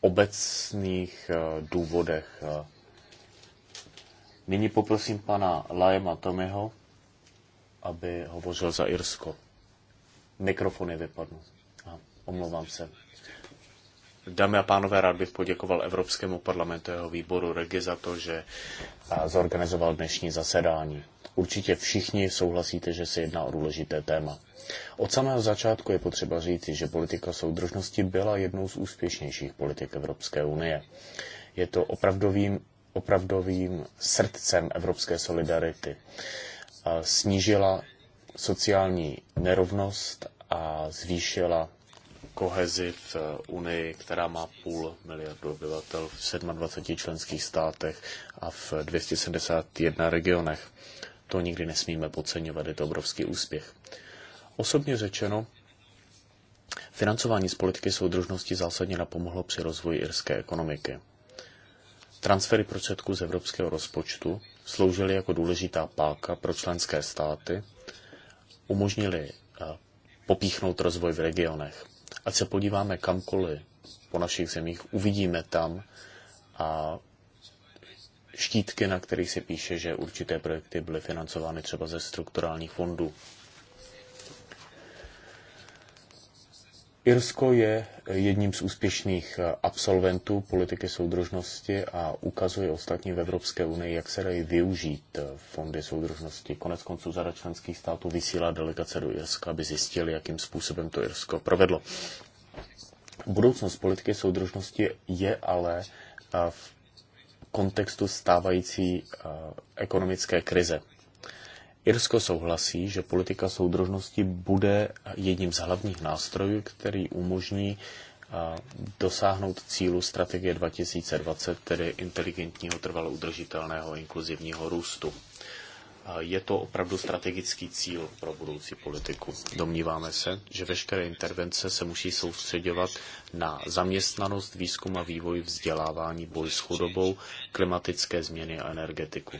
obecných důvodech Nyní poprosím pana Lajema Tomiho, aby hovořil za Irsko. Mikrofon je vypadnul. omlouvám se. Dámy a pánové, rád bych poděkoval Evropskému parlamentu jeho výboru Regi za to, že zorganizoval dnešní zasedání. Určitě všichni souhlasíte, že se jedná o důležité téma. Od samého začátku je potřeba říci, že politika soudržnosti byla jednou z úspěšnějších politik Evropské unie. Je to opravdovým opravdovým srdcem evropské solidarity. Snížila sociální nerovnost a zvýšila kohezi v eh, Unii, která má půl miliardu obyvatel v 27 členských státech a v 271 regionech. To nikdy nesmíme podceňovat, je to obrovský úspěch. Osobně řečeno, financování z politiky soudržnosti zásadně napomohlo při rozvoji irské ekonomiky. Transfery prostředků z evropského rozpočtu sloužily jako důležitá páka pro členské státy, umožnili eh, popíchnout rozvoj v regionech. Ať se podíváme kamkoliv po našich zemích, uvidíme tam a štítky, na kterých se píše, že určité projekty byly financovány třeba ze strukturálních fondů. Irsko je jedním z úspěšných eh, absolventů politiky soudržnosti a ukazuje ostatní v Evropské unii, jak se dají využít eh, fondy soudržnosti. Konec konců zada členských států vysílá delegace do Irska, aby zjistili, jakým způsobem to Irsko provedlo. Budoucnost politiky soudržnosti je ale eh, v kontextu stávající ekonomické krize. Irsko souhlasí, že politika soudržnosti bude jedním z hlavních nástrojů, který umožní dosáhnout cílu strategie 2020, tedy inteligentního, trvalo udržitelného inkluzivního růstu. Je to opravdu strategický cíl pro budoucí politiku. Domníváme se, že veškeré intervence se musí soustředovat na zaměstnanost, výzkum a vývoj, vzdělávání, boj s chudobou, klimatické změny a energetiku.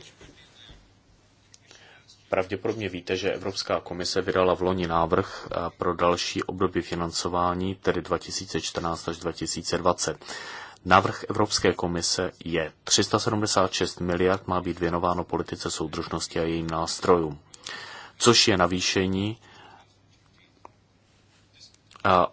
Pravděpodobně víte, že Evropská komise vydala v loni návrh eh, pro další období financování, tedy 2014 až 2020. Návrh Evropské komise je 376 miliard má být věnováno politice soudržnosti a jejím nástrojům, což je navýšení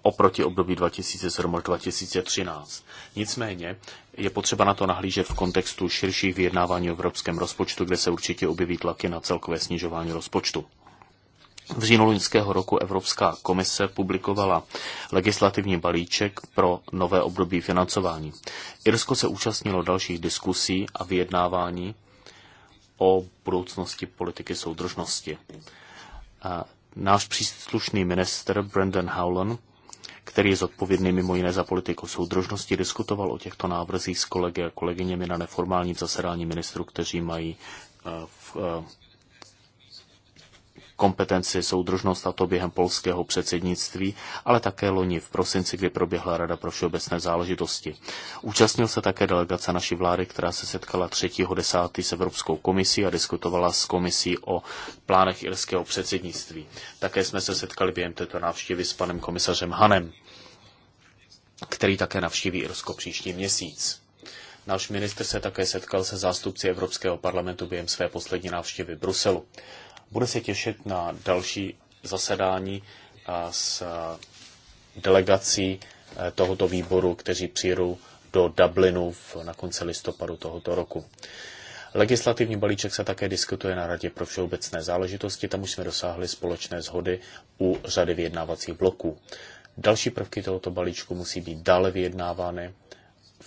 oproti období 2007 až 2013. Nicméně je potřeba na to nahlížet v kontextu širších vyjednávání o evropském rozpočtu, kde se určitě objeví tlaky na celkové snižování rozpočtu. V říjnu loňského roku Evropská komise publikovala legislativní balíček pro nové období financování. Irsko se účastnilo dalších diskusí a vyjednávání o budoucnosti politiky soudržnosti náš příslušný minister Brandon Howland, který je zodpovědný mimo jiné za politiku soudržnosti, diskutoval o těchto návrzích s kolegy a kolegyněmi na neformálním zasedání ministrů, kteří mají eh, v eh, kompetenci soudržnost a to během polského předsednictví, ale také loni v prosinci, kdy proběhla Rada pro všeobecné záležitosti. Účastnil se také delegace naší vlády, která se setkala 3.10. s Evropskou komisí a diskutovala s komisí o plánech irského předsednictví. Také jsme se setkali během této návštěvy s panem komisařem Hanem který také navštíví Irsko příští měsíc. Náš ministr se také setkal se zástupci Evropského parlamentu během své poslední návštěvy Bruselu. Bude se těšit na další zasedání eh, s eh, delegací eh, tohoto výboru, kteří přijedou do Dublinu na konci listopadu tohoto roku. Legislativní balíček se také diskutuje na Radě pro všeobecné záležitosti, tam už jsme dosáhli společné zhody u řady vyjednávacích bloků. Další prvky tohoto balíčku musí být dále vyjednávány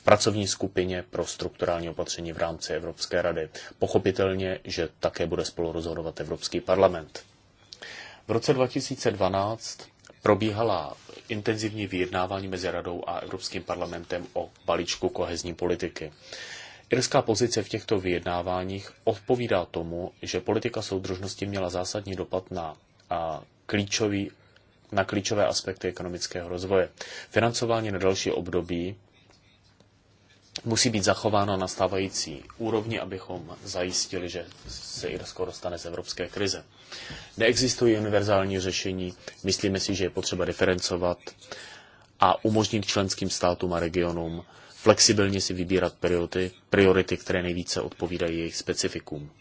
pracovní skupině pro strukturální opatření v rámci Evropské rady. Pochopitelně, že také bude spolu rozhodovat Evropský parlament. V roce 2012 probíhala intenzivní vyjednávání mezi Radou a Evropským parlamentem o balíčku kohezní politiky. Irská pozice v těchto vyjednáváních odpovídá tomu, že politika soudržnosti měla zásadní dopad na a, klíčový na klíčové aspekty ekonomického rozvoje. Financování na další období musí být zachováno na stávající úrovni, abychom zajistili, že se Irsko dostane z evropské krize. Neexistují univerzální řešení, myslíme si, že je potřeba diferencovat a umožnit členským státům a regionům flexibilně si vybírat priority, priority které nejvíce odpovídají jejich specifikům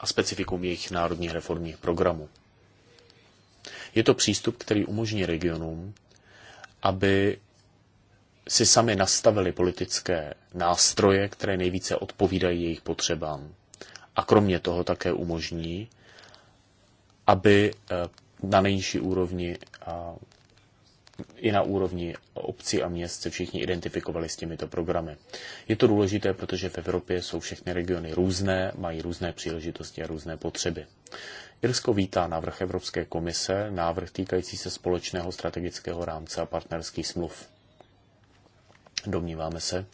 a specifikům jejich národních reformních programů. Je to přístup, který umožní regionům, aby si sami nastavili politické nástroje, které nejvíce odpovídají jejich potřebám. A kromě toho také umožní, aby eh, na nejnižší úrovni a i na úrovni obcí a měst se všichni identifikovali s těmito programy. Je to důležité, protože v Evropě jsou všechny regiony různé, mají různé příležitosti a různé potřeby. Irsko vítá návrh Evropské komise, návrh týkající se společného strategického rámce a partnerských smluv. Domníváme se,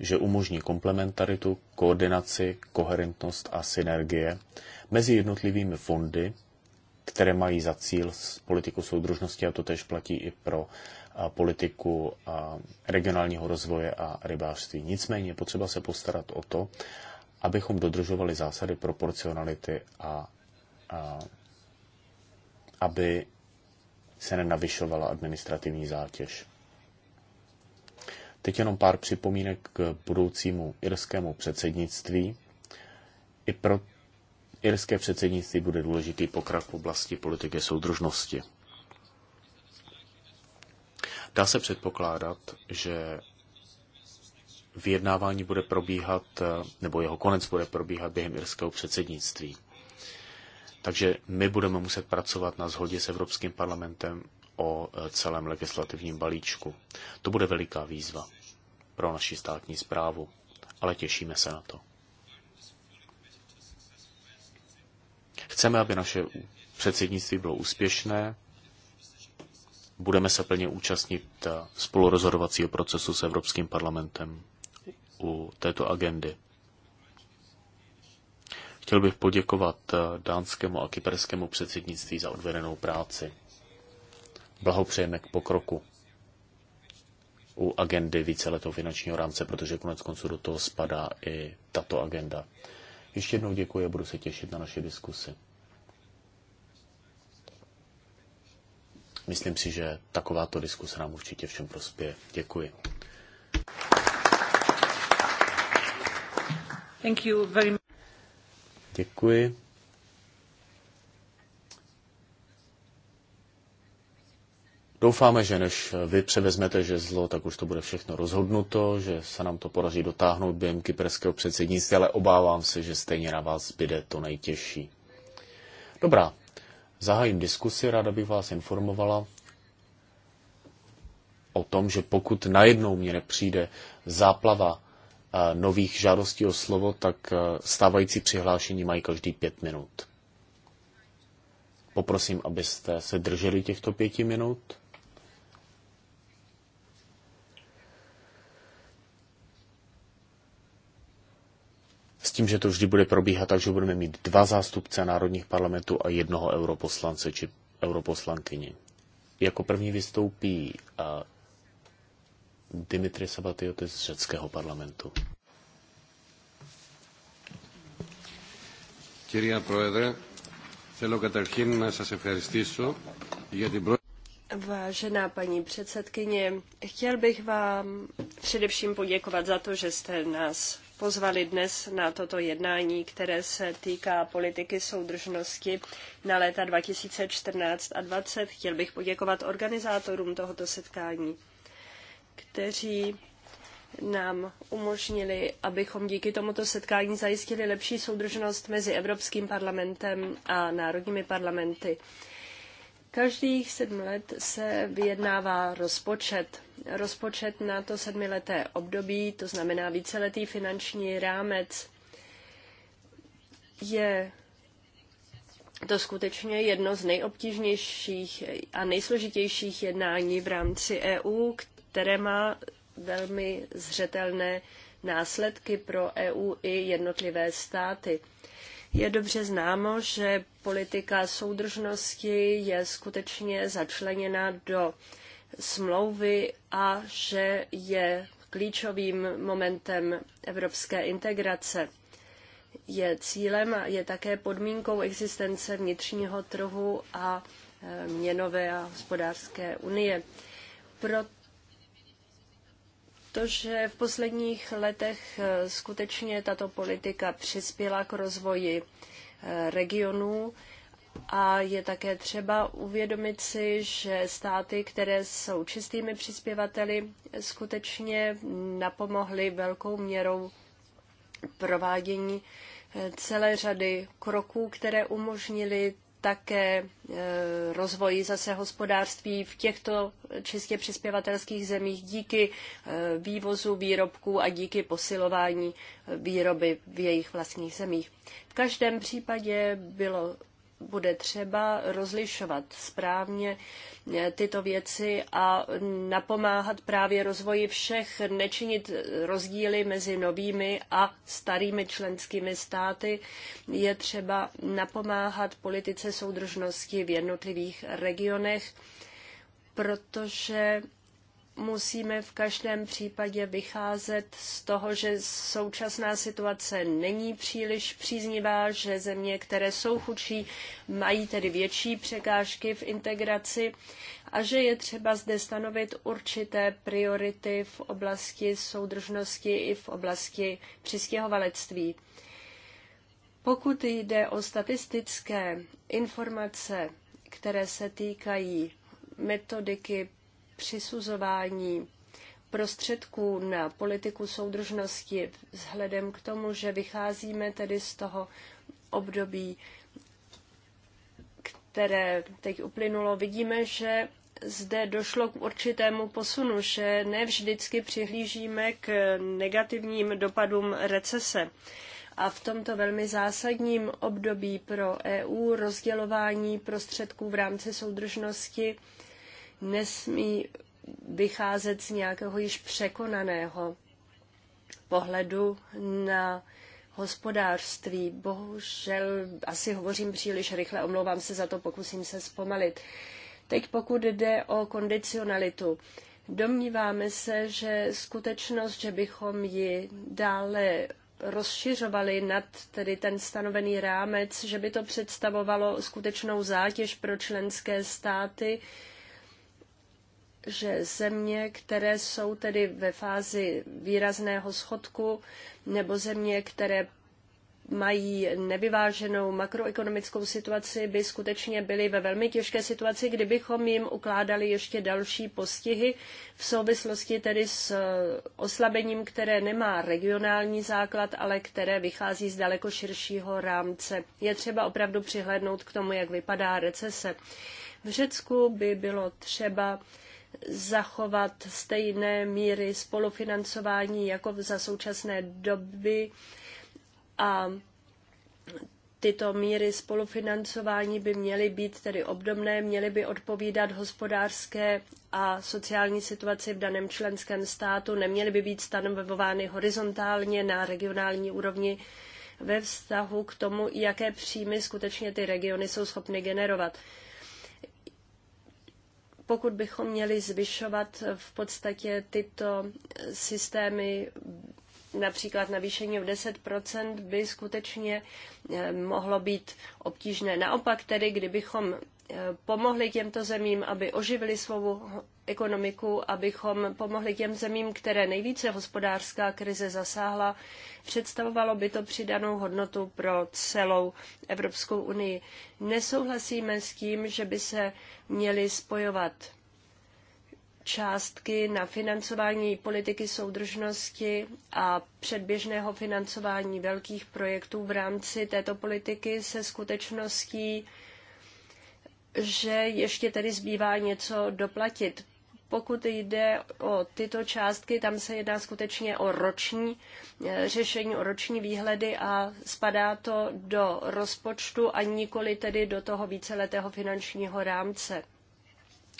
že umožní komplementaritu, koordinaci, koherentnost a synergie mezi jednotlivými fondy, které mají za cíl politiku soudržnosti a to tež platí i pro a, politiku a, regionálního rozvoje a rybářství. Nicméně je potřeba se postarat o to, abychom dodržovali zásady proporcionality a, a aby se nenavyšovala administrativní zátěž. Teď jenom pár připomínek k budoucímu irskému předsednictví. I pro irské předsednictví bude důležitý pokrok v oblasti politiky soudržnosti. Dá se předpokládat, že vyjednávání bude probíhat, nebo jeho konec bude probíhat během irského předsednictví. Takže my budeme muset pracovat na shodě s Evropským parlamentem o e, celém legislativním balíčku. To bude veliká výzva pro naši státní zprávu, ale těšíme se na to. Chceme, aby naše předsednictví bylo úspěšné. Budeme se plně účastnit e, spolurozhodovacího procesu s Evropským parlamentem u této agendy. Chtěl bych poděkovat e, dánskému a kyperskému předsednictví za odvedenou práci blahopřejeme k pokroku u agendy víceletou finančního rámce, protože konec konců do toho spadá i tato agenda. Ještě jednou děkuji a budu se těšit na naše diskusy. Myslím si, že takováto diskuse nám určitě všem prospěje. Děkuji. Thank you very much. Děkuji. Doufáme, že než vy převezmete žezlo, tak už to bude všechno rozhodnuto, že se nám to podaří dotáhnout během kyperského předsednictví, ale obávám se, že stejně na vás zbyde to nejtěžší. Dobrá, zahájím diskusi, ráda bych vás informovala o tom, že pokud najednou mě nepřijde záplava eh, nových žádostí o slovo, tak eh, stávající přihlášení mají každý pět minut. Poprosím, abyste se drželi těchto pěti minut s tím, že to vždy bude probíhat tak, že budeme mít dva zástupce národních parlamentů a jednoho europoslance či europoslankyni. Jako první vystoupí Dimitri Sabatiotis z řeckého parlamentu. Κυρία Πρόεδρε, θέλω καταρχήν να σας ευχαριστήσω για την πρώτη... Vážená paní předsedkyně, chtěl bych vám především poděkovat za to, že jste nás pozvali dnes na toto jednání, které se týká politiky soudržnosti na léta 2014 a 2020. Chtěl bych poděkovat organizátorům tohoto setkání, kteří nám umožnili, abychom díky tomuto setkání zajistili lepší soudržnost mezi Evropským parlamentem a národními parlamenty. Každých sedm let se vyjednává rozpočet. Rozpočet na to sedmileté období, to znamená víceletý finanční rámec, je to skutečně jedno z nejobtížnějších a nejsložitějších jednání v rámci EU, které má velmi zřetelné následky pro EU i jednotlivé státy. Je dobře známo, že politika soudržnosti je skutečně začleněna do smlouvy a že je klíčovým momentem evropské integrace. Je cílem a je také podmínkou existence vnitřního trhu a e, měnové a hospodářské unie. Proto protože v posledních letech eh, skutečně tato politika přispěla k rozvoji eh, regionů a je také třeba uvědomit si, že státy, které jsou čistými přispěvateli, skutečně napomohly velkou měrou provádění eh, celé řady kroků, které umožnily také e, rozvoji zase hospodářství v těchto čistě přispěvatelských zemích díky e, vývozu výrobků a díky posilování výroby v jejich vlastních zemích. V každém případě bylo bude třeba rozlišovat správně eh, tyto věci a napomáhat právě rozvoji všech, nečinit rozdíly mezi novými a starými členskými státy. Je třeba napomáhat politice soudržnosti v jednotlivých regionech, protože musíme v každém případě vycházet z toho, že současná situace není příliš příznivá, že země, které jsou chudší, mají tedy větší překážky v integraci a že je třeba zde stanovit určité priority v oblasti soudržnosti i v oblasti přistěhovalectví. Pokud jde o statistické informace, které se týkají metodiky přisuzování prostředků na politiku soudržnosti vzhledem k tomu, že vycházíme tedy z toho období, které teď uplynulo, vidíme, že zde došlo k určitému posunu, že ne vždycky přihlížíme k negativním dopadům recese. A v tomto velmi zásadním období pro EU rozdělování prostředků v rámci soudržnosti nesmí vycházet z nějakého již překonaného pohledu na hospodářství. Bohužel asi hovořím příliš rychle, omlouvám se za to, pokusím se zpomalit. Teď pokud jde o kondicionalitu, domníváme se, že skutečnost, že bychom ji dále rozšiřovali nad tedy ten stanovený rámec, že by to představovalo skutečnou zátěž pro členské státy, že země, které jsou tedy ve fázi výrazného schodku nebo země, které mají nevyváženou makroekonomickou situaci, by skutečně byly ve velmi těžké situaci, kdybychom jim ukládali ještě další postihy v souvislosti tedy s eh, oslabením, které nemá regionální základ, ale které vychází z daleko širšího rámce. Je třeba opravdu přihlédnout k tomu, jak vypadá recese. V Řecku by bylo třeba zachovat stejné míry spolufinancování jako za současné doby a tyto míry spolufinancování by měly být tedy obdobné, měly by odpovídat hospodářské a sociální situaci v daném členském státu, neměly by být stanovovány horizontálně na regionální úrovni ve vztahu k tomu, jaké příjmy skutečně ty regiony jsou schopny generovat pokud bychom měli zvyšovat v podstatě tyto systémy například navýšení v 10% by skutečně eh, mohlo být obtížné. Naopak tedy, kdybychom eh, pomohli těmto zemím, aby oživili svou ekonomiku, abychom pomohli těm zemím, které nejvíce hospodářská krize zasáhla. Představovalo by to přidanou hodnotu pro celou Evropskou unii. Nesouhlasíme s tím, že by se měly spojovat částky na financování politiky soudržnosti a předběžného financování velkých projektů v rámci této politiky se skutečností, že ještě tedy zbývá něco doplatit. Pokud jde o tyto částky, tam se jedná skutečně o roční eh, řešení, o roční výhledy a spadá to do rozpočtu a nikoli tedy do toho víceletého finančního rámce.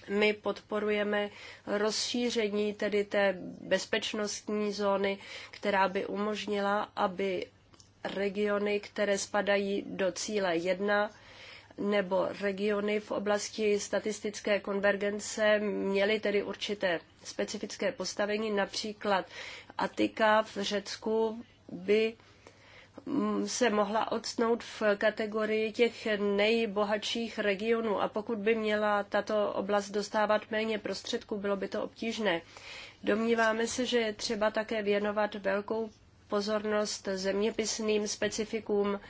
My podporujeme rozšíření tedy té bezpečnostní zóny, která by umožnila, aby regiony, které spadají do cíle 1, nebo regiony v oblasti statistické konvergence měly tedy určité specifické postavení. Například Atika v Řecku by mm, se mohla odstnout v kategorii těch nejbohatších regionů a pokud by měla tato oblast dostávat méně prostředků, bylo by to obtížné. Domníváme se, že je třeba také věnovat velkou pozornost zeměpisným specifikům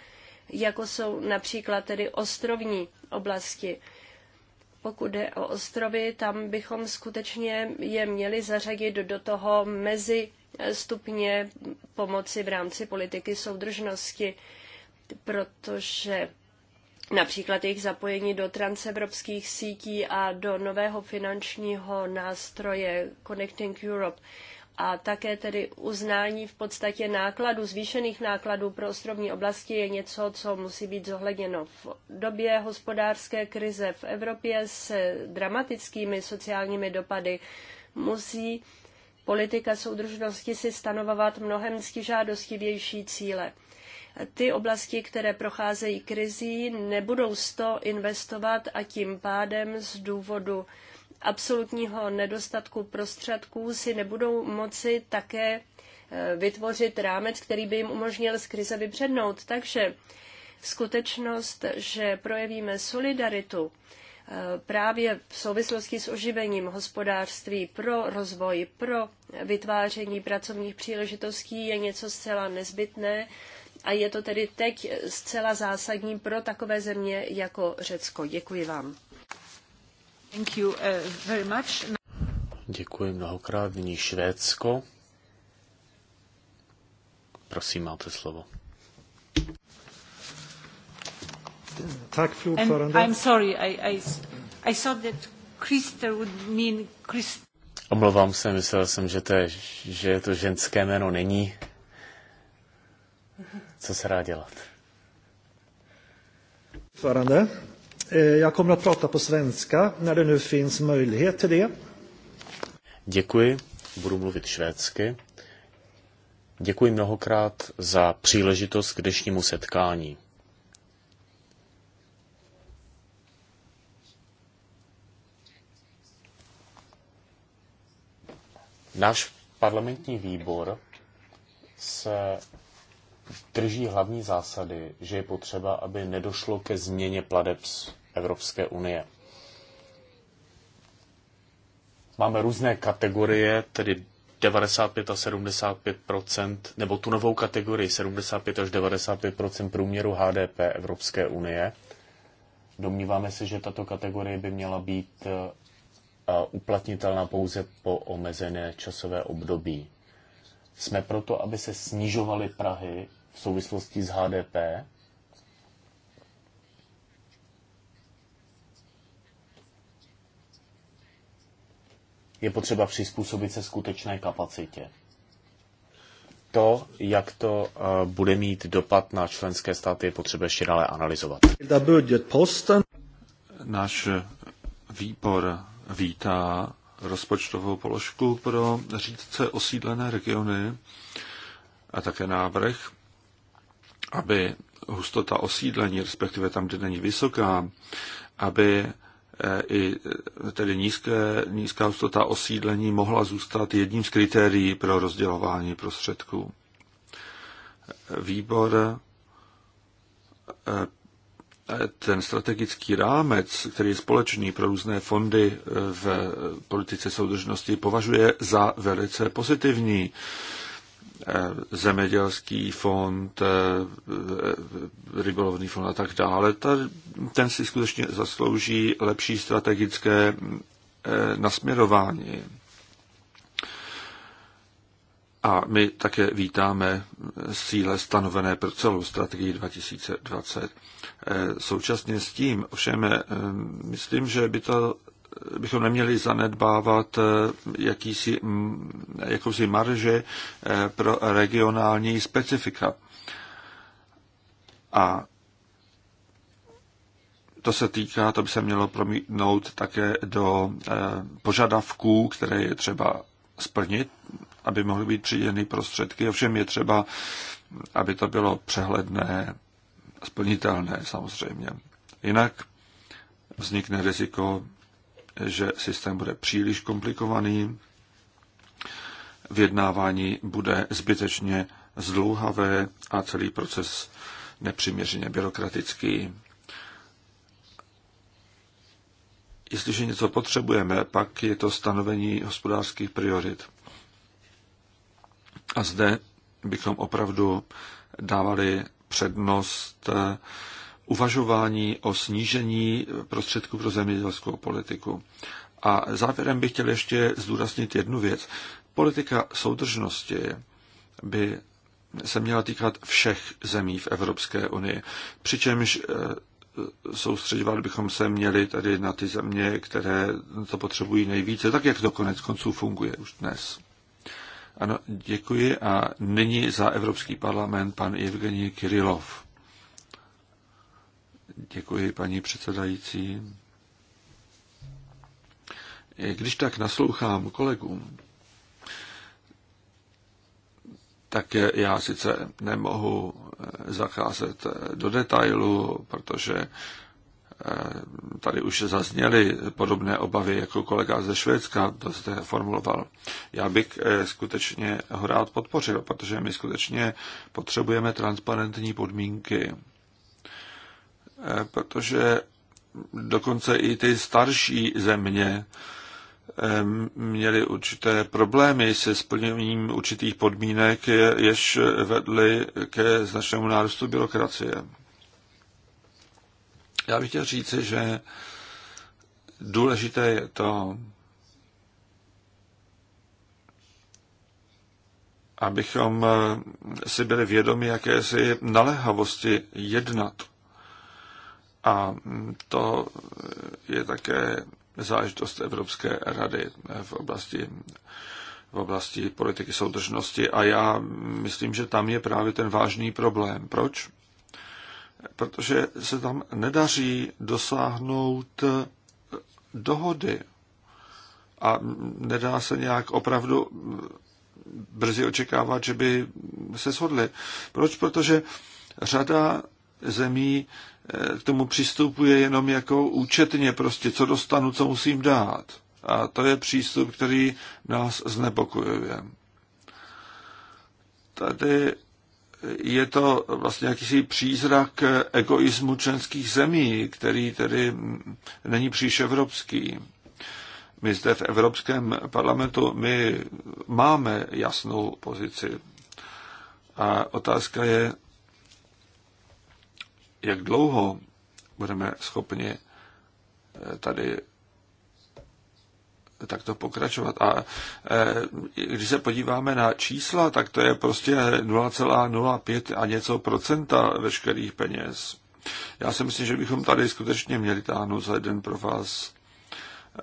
jako jsou například tedy ostrovní oblasti. Pokud jde o ostrovy, tam bychom skutečně je měli zařadit do toho mezi stupně pomoci v rámci politiky soudržnosti, protože například jejich zapojení do transevropských sítí a do nového finančního nástroje Connecting Europe a také tedy uznání v podstatě nákladů, zvýšených nákladů pro ostrovní oblasti je něco, co musí být zohledněno. V době hospodářské krize v Evropě s dramatickými sociálními dopady musí politika soudržnosti si stanovovat mnohem stižádostivější cíle. Ty oblasti, které procházejí krizí, nebudou z to investovat a tím pádem z důvodu absolutního nedostatku prostředků si nebudou moci také e, vytvořit rámec, který by jim umožnil z krize vypřednout. Takže skutečnost, že projevíme solidaritu e, právě v souvislosti s oživením hospodářství pro rozvoj, pro vytváření pracovních příležitostí je něco zcela nezbytné a je to tedy teď zcela zásadní pro takové země jako Řecko. Děkuji vám. Uh, Děkuji mnohokrát. Nyní Švédsko. Prosím, máte slovo. Tak, fru I'm sorry, I, I, I thought that Krister would mean Christ... Omlouvám se, myslel jsem, že to, je, že je to ženské jméno není. Co se rád dělat? Farande. Eh, jag kommer att prata på svenska när det nu finns möjlighet till det. Děkuji, budu mluvit švédsky. Děkuji mnohokrát za příležitost k dnešnímu setkání. Náš parlamentní výbor se drží hlavní zásady, že je potřeba, aby nedošlo ke změně pladeb Evropské unie. Máme různé kategorie, tedy 95 a 75 nebo tu novou kategorii 75 až 95 průměru HDP Evropské unie. Domníváme se, že tato kategorie by měla být eh, uplatnitelná pouze po omezené časové období. Jsme proto, aby se snižovaly Prahy v souvislosti s HDP, je potřeba přizpůsobit se skutečné kapacitě. To, jak to eh, bude mít dopad na členské státy, je potřeba ještě dále analyzovat. Náš výbor vítá rozpočtovou položku pro řídce osídlené regiony a také návrh, aby hustota osídlení, respektive tam, kde není vysoká, aby i tedy nízké, nízká hustota osídlení mohla zůstat jedním z kritérií pro rozdělování prostředků. Výbor eh, ten strategický rámec, který je společný pro různé fondy eh, v politice soudržnosti, považuje za velice pozitivní. Eh, zemědělský fond, eh, eh, rybolovný fond a tak dále. Ten si skutečně zaslouží lepší strategické nasměrování. A my také vítáme síle stanovené pro celou strategii 2020. Současně s tím, ovšem, myslím, že by to bychom neměli zanedbávat eh, jakýsi, jakousi marže eh, pro regionální specifika. A to se týká, to by se mělo promítnout také do eh, požadavků, které je třeba splnit, aby mohly být přiděleny prostředky. Ovšem je třeba, aby to bylo přehledné, splnitelné samozřejmě. Jinak vznikne riziko že systém bude příliš komplikovaný, vyjednávání bude zbytečně zdlouhavé a celý proces nepřiměřeně byrokratický. Jestliže něco potřebujeme, pak je to stanovení hospodářských priorit. A zde bychom opravdu dávali přednost uvažování o snížení prostředků pro zemědělskou politiku. A závěrem bych chtěl ještě zdůraznit jednu věc. Politika soudržnosti by se měla týkat všech zemí v Evropské unii, přičemž eh, soustředovat bychom se měli tady na ty země, které to potřebují nejvíce, tak jak to konec konců funguje už dnes. Ano, děkuji a nyní za Evropský parlament pan Evgenij Kirilov. Děkuji, paní předsedající. Když tak naslouchám kolegům, tak já sice nemohu eh, zacházet eh, do detailu, protože eh, tady už zazněly podobné obavy jako kolega ze Švédska, to jste formuloval. Já bych skutečně ho rád podpořil, protože my skutečně potřebujeme transparentní podmínky Eh, protože dokonce i ty starší země eh, měly určité problémy se splněním určitých podmínek, jež vedly ke značnému nárůstu byrokracie. Já bych chtěl říci, že důležité je to, abychom eh, si byli vědomi jakési naléhavosti jednat a to je také záležitost Evropské rady v oblasti, v oblasti politiky soudržnosti. A já myslím, že tam je právě ten vážný problém. Proč? Protože se tam nedaří dosáhnout dohody a nedá se nějak opravdu brzy očekávat, že by se shodli. Proč? Protože řada zemí Eh, k tomu přistupuje jenom jako účetně, prostě co dostanu, co musím dát. A to je přístup, který nás znepokojuje. Tady je to vlastně jakýsi přízrak egoismu členských zemí, který tedy není příliš evropský. My zde v Evropském parlamentu my máme jasnou pozici. A otázka je, jak dlouho budeme schopni eh, tady takto pokračovat. A eh, když se podíváme na čísla, tak to je prostě 0,05 a něco procenta veškerých peněz. Já si myslím, že bychom tady skutečně měli táhnout za jeden pro vás,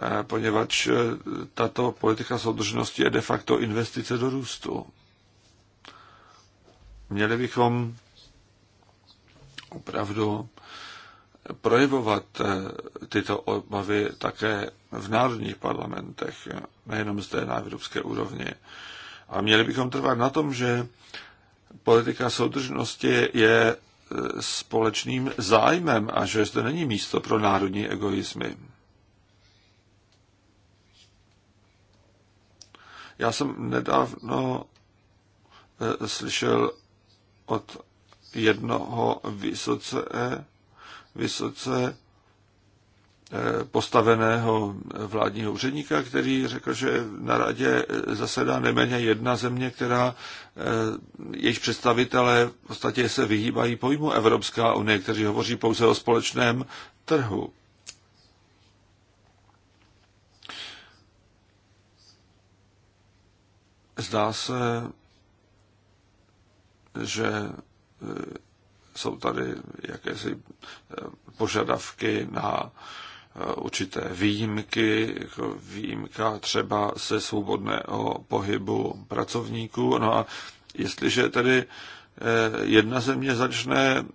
eh, poněvadž tato politika soudržnosti je de facto investice do růstu. Měli bychom opravdu projevovat eh, tyto obavy také v národních parlamentech, nejenom zde na evropské úrovni. A měli bychom trvat na tom, že politika soudržnosti je eh, společným zájmem a že zde není místo pro národní egoismy. Já jsem nedávno eh, slyšel od jednoho vysoce, vysoce eh, postaveného vládního úředníka, který řekl, že na radě eh, zasedá neméně jedna země, která eh, jejich představitelé v podstatě se vyhýbají pojmu Evropská unie, kteří hovoří pouze o společném trhu. Zdá se, že jsou tady jakési eh, požadavky na eh, určité výjimky, jako výjimka třeba se svobodného pohybu pracovníků. No a jestliže tedy eh, jedna země začne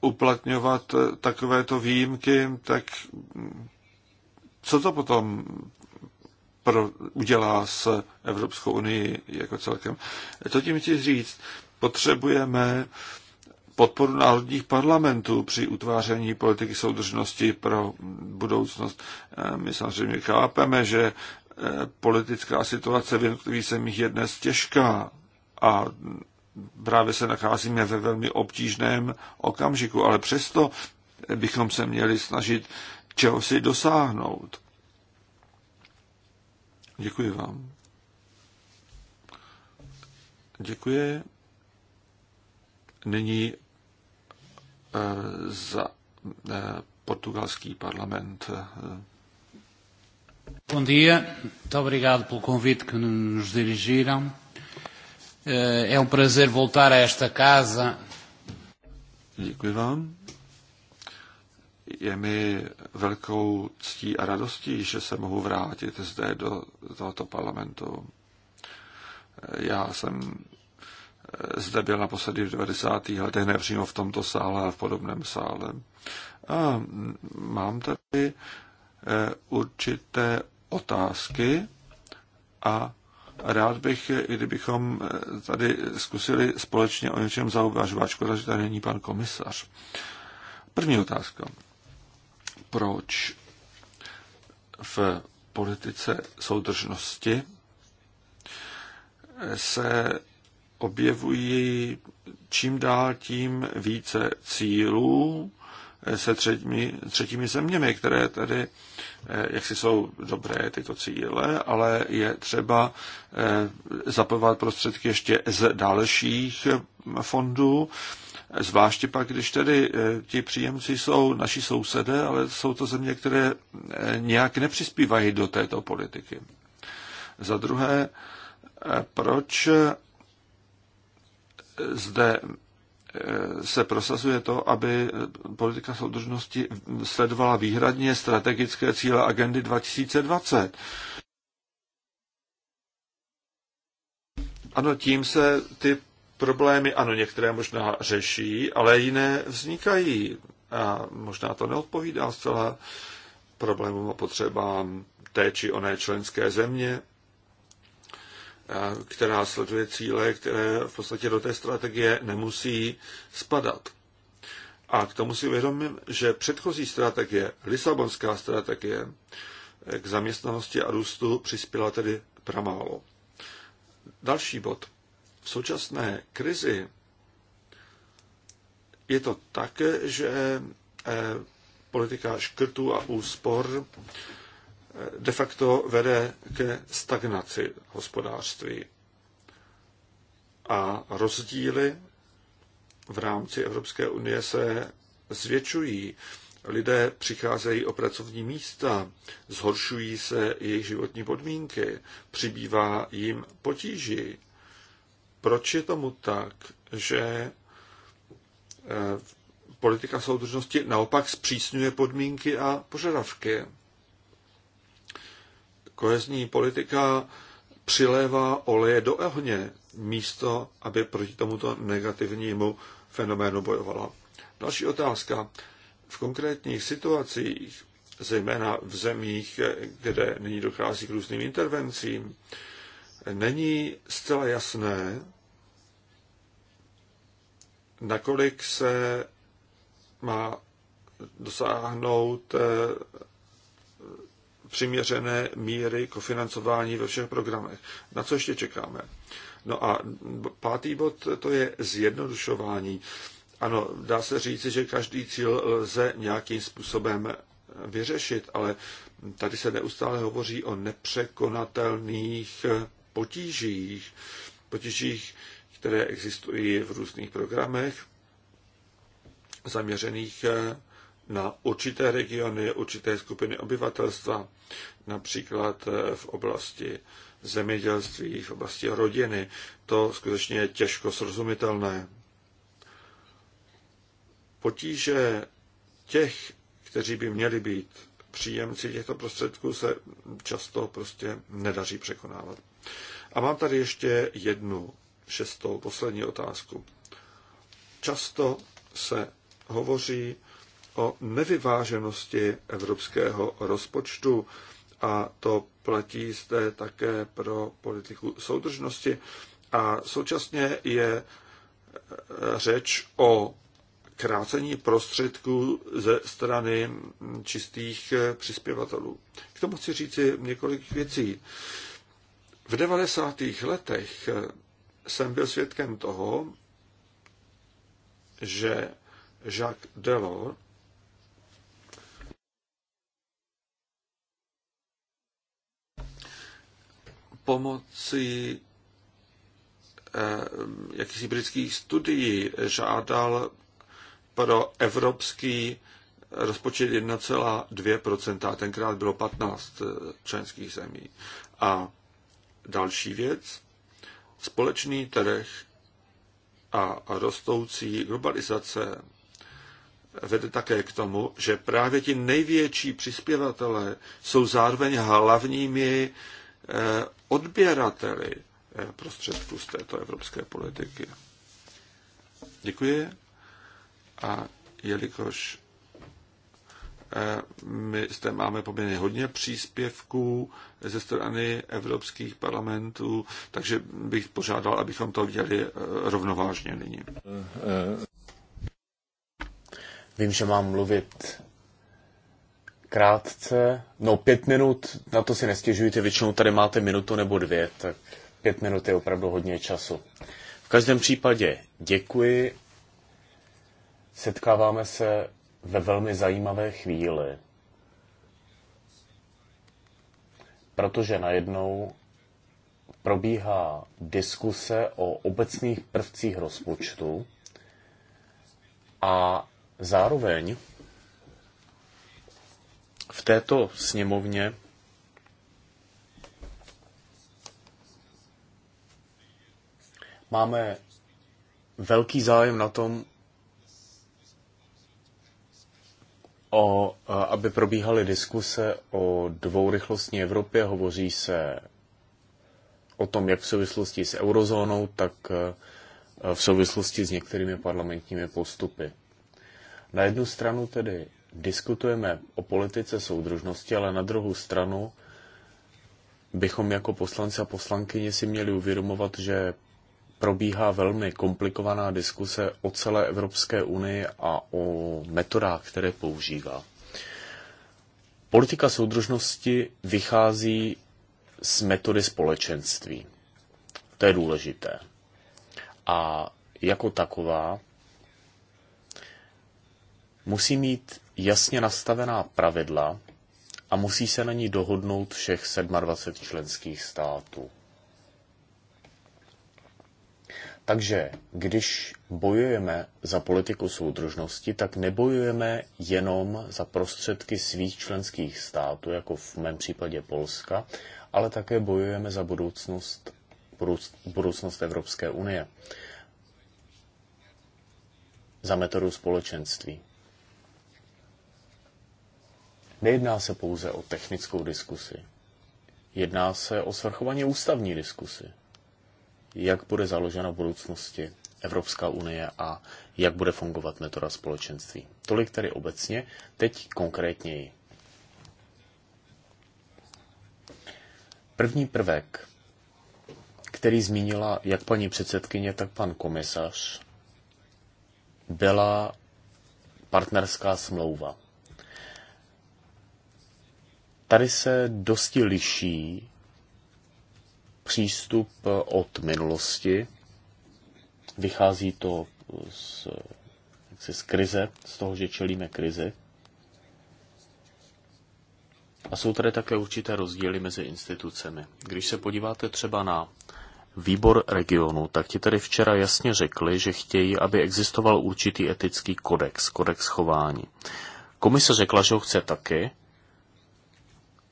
uplatňovat takovéto výjimky, tak mm, co to potom pro, udělá s Evropskou unii jako celkem? To tím chci říct, potřebujeme eh, podporu národních parlamentů při utváření politiky soudržnosti pro budoucnost. Eh, my samozřejmě chápeme, že eh, politická situace v jednotlivých zemích je dnes těžká a právě se nacházíme ve velmi obtížném okamžiku, ale přesto bychom se měli snažit čeho si dosáhnout. Děkuji vám. Děkuji. Nyní za eh, portugalský parlament. Bom dia, muito obrigado pelo convite que nos dirigiram. Eh, é um prazer voltar a esta casa. Děkuji vám. Je mi velkou ctí a radostí, že se mohu vrátit zde do tohoto parlamentu. Eh, já jsem zde byl naposledy v 90. letech, ne přímo v tomto sále, ale v podobném sále. A mám tady eh, určité otázky a rád bych, kdybychom eh, tady zkusili společně o něčem zauvažovat. Škoda, že tady není pan komisař. První otázka. Proč v politice soudržnosti se objevují čím dál tím více cílů se třetími, třetími zeměmi, které tedy, eh, jak si jsou dobré tyto cíle, ale je třeba eh, zapojovat prostředky ještě z dalších fondů, zvláště pak, když tedy eh, ti příjemci jsou naši sousedé, ale jsou to země, které nějak nepřispívají do této politiky. Za druhé, proč zde eh, se prosazuje to, aby politika soudržnosti sledovala výhradně strategické cíle agendy 2020. Ano, tím se ty problémy, ano, některé možná řeší, ale jiné vznikají. A možná to neodpovídá zcela problémům a potřebám té či oné členské země která sleduje cíle, které v podstatě do té strategie nemusí spadat. A k tomu si uvědomím, že předchozí strategie, Lisabonská strategie k zaměstnanosti a růstu přispěla tedy pramálo. Další bod. V současné krizi je to tak, že eh, politika škrtů a úspor de facto vede ke stagnaci hospodářství. A rozdíly v rámci Evropské unie se zvětšují. Lidé přicházejí o pracovní místa, zhoršují se jejich životní podmínky, přibývá jim potíží. Proč je tomu tak, že eh, politika soudržnosti naopak zpřísňuje podmínky a požadavky? kohezní politika přilévá oleje do ohně místo, aby proti tomuto negativnímu fenoménu bojovala. Další otázka. V konkrétních situacích, zejména v zemích, kde nyní dochází k různým intervencím, není zcela jasné, nakolik se má dosáhnout eh, přiměřené míry kofinancování ve všech programech. Na co ještě čekáme? No a pátý bod to je zjednodušování. Ano, dá se říci, že každý cíl lze nějakým způsobem vyřešit, ale tady se neustále hovoří o nepřekonatelných potížích, potížích, které existují v různých programech zaměřených na určité regiony, určité skupiny obyvatelstva, například eh, v oblasti zemědělství, v oblasti rodiny. To skutečně je těžko srozumitelné. Potíže těch, kteří by měli být příjemci těchto prostředků, se často prostě nedaří překonávat. A mám tady ještě jednu šestou, poslední otázku. Často se hovoří o nevyváženosti evropského rozpočtu a to platí zde také pro politiku soudržnosti. A současně je e, řeč o krácení prostředků ze strany čistých e, přispěvatelů. K tomu chci říci několik věcí. V 90. letech e, jsem byl svědkem toho, že Jacques Delors pomocí eh, jakýchsi britských studií žádal pro evropský rozpočet 1,2%, a tenkrát bylo 15 eh, členských zemí. A další věc, společný trh a rostoucí globalizace vede také k tomu, že právě ti největší přispěvatelé jsou zároveň hlavními Eh, odběrateli eh, prostředků z této evropské politiky. Děkuji. A jelikož eh, my zde máme poměrně hodně příspěvků ze strany evropských parlamentů, takže bych požádal, abychom to viděli rovnovážně nyní. Vím, že mám mluvit krátce. No pět minut, na to si nestěžujte, většinou tady máte minutu nebo dvě, tak pět minut je opravdu hodně času. V každém případě děkuji. Setkáváme se ve velmi zajímavé chvíli. Protože najednou probíhá diskuse o obecných prvcích rozpočtu a zároveň v této sněmovně máme velký zájem na tom, o, aby probíhaly diskuse o dvourychlostní Evropě. Hovoří se o tom, jak v souvislosti s eurozónou, tak e, v souvislosti s některými parlamentními postupy. Na jednu stranu tedy diskutujeme o politice soudržnosti, ale na druhou stranu bychom jako poslanci a poslankyně si měli uvědomovat, že probíhá velmi komplikovaná diskuse o celé Evropské unii a o metodách, které používá. Politika soudržnosti vychází z metody společenství. To je důležité. A jako taková musí mít jasně nastavená pravidla a musí se na ní dohodnout všech 27 členských států. Takže když bojujeme za politiku soudržnosti, tak nebojujeme jenom za prostředky svých členských států, jako v mém případě Polska, ale také bojujeme za budoucnost, budoucnost Evropské unie, za metodu společenství. Nejedná se pouze o technickou diskusi. Jedná se o svrchovaně ústavní diskusi. Jak bude založena v budoucnosti Evropská unie a jak bude fungovat metoda společenství. Tolik tedy obecně, teď konkrétněji. První prvek, který zmínila jak paní předsedkyně, tak pan komisař, byla partnerská smlouva. Tady se dosti liší přístup eh, od minulosti. Vychází to eh, z, jaksi z krize, z toho, že čelíme krizi. A jsou tady také určité rozdíly mezi institucemi. Když se podíváte třeba na výbor regionu, tak ti tady včera jasně řekli, že chtějí, aby existoval určitý etický kodex, kodex chování. Komise řekla, že ho chce taky,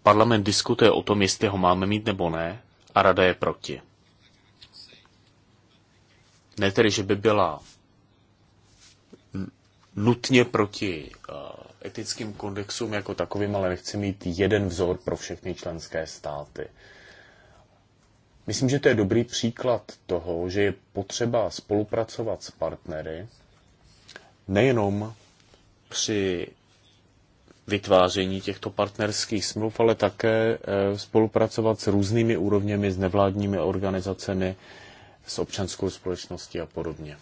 Parlament diskutuje o tom, jestli ho máme mít nebo ne, a rada je proti. Ne tedy, že by byla nutně proti eh, etickým kodexům jako takovým, ale nechci mít jeden vzor pro všechny členské státy. Myslím, že to je dobrý příklad toho, že je potřeba spolupracovat s partnery, nejenom při vytváření těchto partnerských smluv, ale také eh, spolupracovat s různými úrovněmi, s nevládními organizacemi, s občanskou společností a podobně.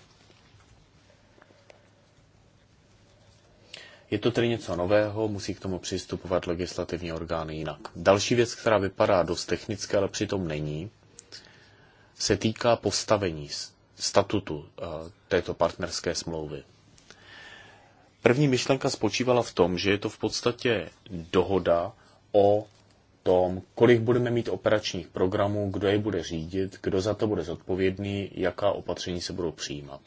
Je to tedy něco nového, musí k tomu přistupovat legislativní orgány jinak. Další věc, která vypadá dost technická, ale přitom není, se týká postavení statutu eh, této partnerské smlouvy. První myšlenka spočívala v tom, že je to v podstatě dohoda o tom, kolik budeme mít operačních programů, kdo je bude řídit, kdo za to bude zodpovědný, jaká opatření se budou přijímat.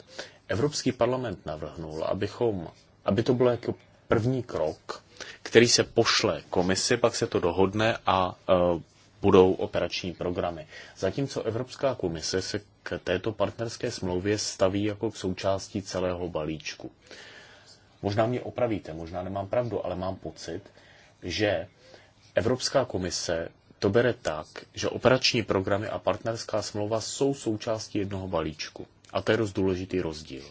Evropský parlament navrhnul, abychom, aby to bylo jako první krok, který se pošle komisi, pak se to dohodne a e, budou operační programy. Zatímco Evropská komise se k této partnerské smlouvě staví jako k součástí celého balíčku. Možná mě opravíte, možná nemám pravdu, ale mám pocit, že Evropská komise to bere tak, že operační programy a partnerská smlouva jsou součástí jednoho balíčku. A to je dost důležitý rozdíl.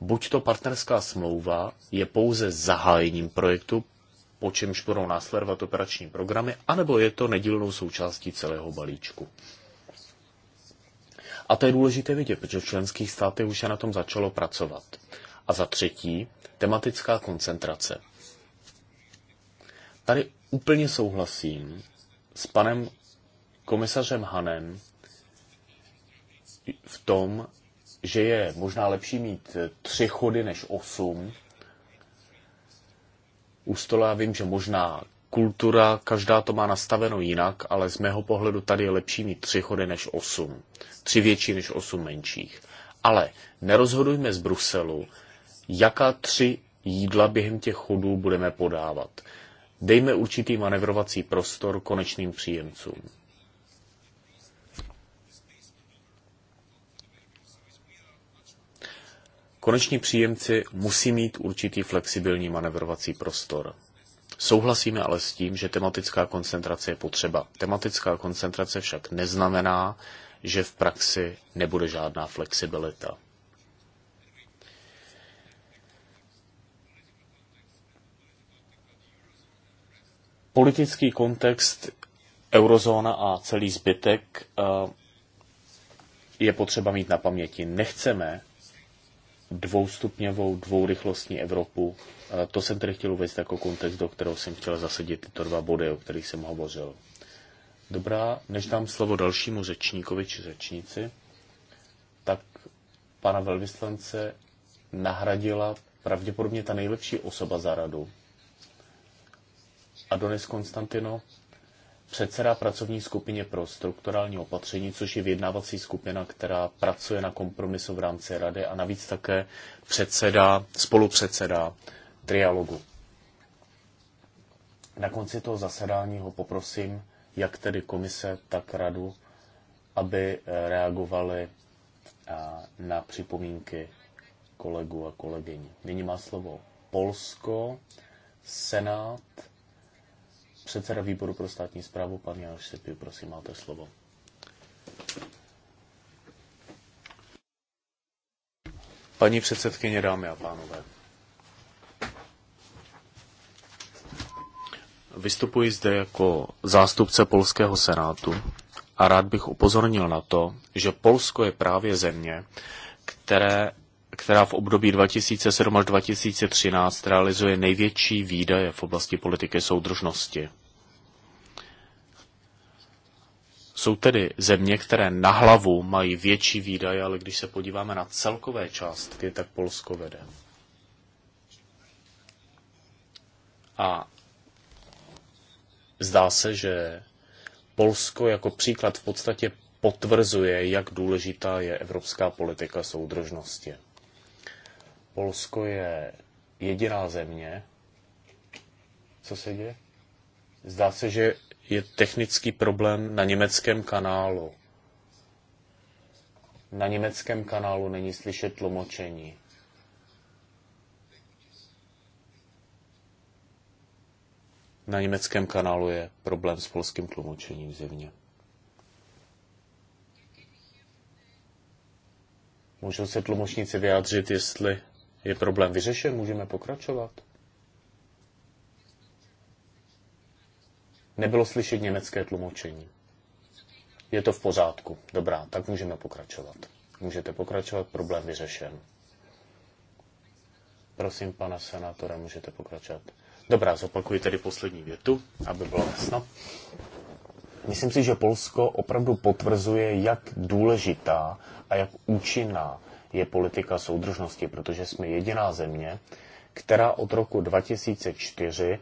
Buď to partnerská smlouva je pouze zahájením projektu, po čemž budou následovat operační programy, anebo je to nedílnou součástí celého balíčku. A to je důležité vidět, protože v členských státech už se na tom začalo pracovat. A za třetí, tematická koncentrace. Tady úplně souhlasím s panem komisařem Hanem v tom, že je možná lepší mít tři chody než osm. U stola já vím, že možná kultura, každá to má nastaveno jinak, ale z mého pohledu tady je lepší mít tři chody než osm. Tři větší než osm menších. Ale nerozhodujme z Bruselu, jaká tři jídla během těch chodů budeme podávat. Dejme určitý manevrovací prostor konečným příjemcům. Koneční příjemci musí mít určitý flexibilní manevrovací prostor. Souhlasíme ale s tím, že tematická koncentrace je potřeba. Tematická koncentrace však neznamená, že v praxi nebude žádná flexibilita. politický kontext eurozóna a celý zbytek eh, je potřeba mít na paměti. Nechceme dvoustupňovou, dvourychlostní Evropu. Eh, to jsem tedy chtěl uvést jako kontext, do kterého jsem chtěl zasadit tyto dva body, o kterých jsem hovořil. Dobrá, než dám slovo dalšímu řečníkovi či řečníci, tak pana velvyslance nahradila pravděpodobně ta nejlepší osoba za radu, Adonis Konstantino, předseda pracovní skupině pro strukturální opatření, což je vyjednávací skupina, která pracuje na kompromisu v rámci rady a navíc také předseda, spolupředseda trialogu. Na konci toho zasedání ho poprosím, jak tedy komise, tak radu, aby eh, reagovali eh, na připomínky kolegů a kolegyní. Nyní má slovo Polsko, Senát, Předseda výboru pro státní zprávu, pan Jánoš Sepiu, prosím, máte slovo. Paní předsedkyně, dámy a pánové. Vystupuji zde jako zástupce Polského senátu a rád bych upozornil na to, že Polsko je právě země, které která v období 2007 až 2013 realizuje největší výdaje v oblasti politiky soudržnosti. Jsou tedy země, které na hlavu mají větší výdaje, ale když se podíváme na celkové částky, tak Polsko vede. A zdá se, že Polsko jako příklad v podstatě potvrzuje, jak důležitá je evropská politika soudržnosti. Polsko je jediná země. Co se děje? Zdá se, že je technický problém na německém kanálu. Na německém kanálu není slyšet tlumočení. Na německém kanálu je problém s polským tlumočením zjevně. Můžou se tlumočníci vyjádřit, jestli je problém vyřešen? Můžeme pokračovat? Nebylo slyšet německé tlumočení. Je to v pořádku. Dobrá, tak můžeme pokračovat. Můžete pokračovat, problém vyřešen. Prosím, pana senátora, můžete pokračovat. Dobrá, zopakuji tedy poslední větu, aby bylo jasno. Myslím si, že Polsko opravdu potvrzuje, jak důležitá a jak účinná je politika soudržnosti, protože jsme jediná země, která od roku 2004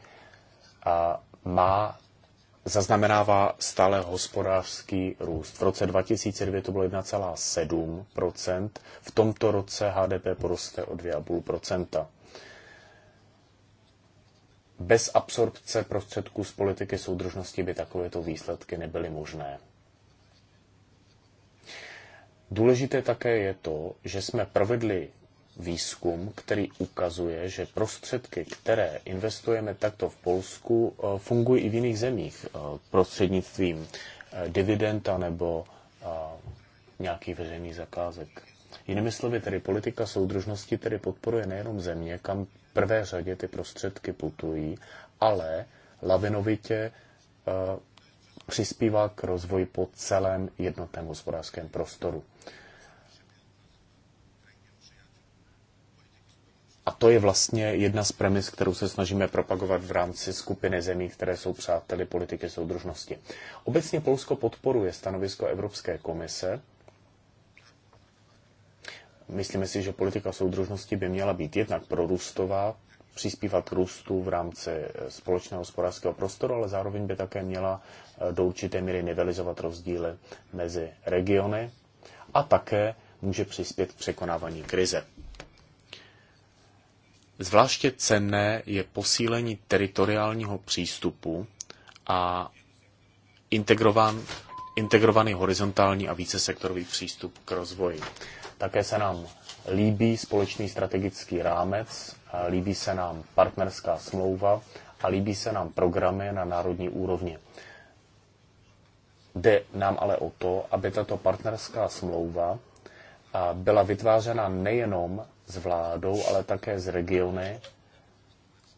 má zaznamenává stále hospodářský růst. V roce 2009 to bylo 1,7%, v tomto roce HDP poroste o 2,5%. Bez absorpce prostředků z politiky soudržnosti by takovéto výsledky nebyly možné. Důležité také je to, že jsme provedli výzkum, který ukazuje, že prostředky, které investujeme takto v Polsku, eh, fungují i v jiných zemích eh, prostřednictvím eh, dividenda nebo nějakých veřejných zakázek. Jinými slovy, tedy politika soudržnosti tedy podporuje nejenom země, kam v prvé řadě ty prostředky putují, ale lavinovitě přispívá k rozvoji po celém jednotném hospodářském prostoru. A to je vlastně jedna z premis, kterou se snažíme propagovat v rámci skupiny zemí, které jsou přáteli politiky soudržnosti. Obecně Polsko podporuje stanovisko Evropské komise. Myslíme si, že politika soudržnosti by měla být jednak prorůstová, přispívat k růstu v rámci eh, společného hospodářského prostoru, ale zároveň by také měla eh, do určité míry nivelizovat rozdíly mezi regiony a také může přispět k překonávání krize. Zvláště cenné je posílení teritoriálního přístupu a integrovan, integrovaný horizontální a vícesektorový přístup k rozvoji. Také se nám líbí společný strategický rámec líbí se nám partnerská smlouva a líbí se nám programy na národní úrovni. Jde nám ale o to, aby tato partnerská smlouva byla vytvářena nejenom s vládou, ale také s regiony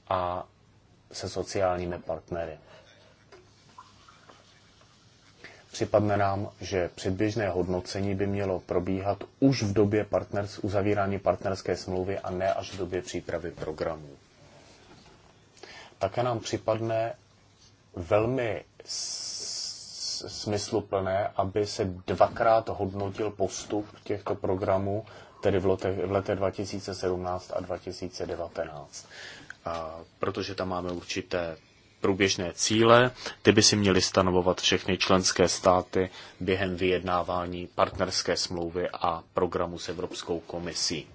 a se sociálními partnery. Připadne nám, že předběžné hodnocení by mělo probíhat už v době partners, uzavírání partnerské smlouvy a ne až v době přípravy programů. Také nám připadne velmi smysluplné, aby se dvakrát hodnotil postup těchto programů, tedy v letech, v letech 2017 a 2019. A protože tam máme určité průběžné cíle, ty by si měly stanovovat všechny členské státy během vyjednávání partnerské smlouvy a programu s Evropskou komisí.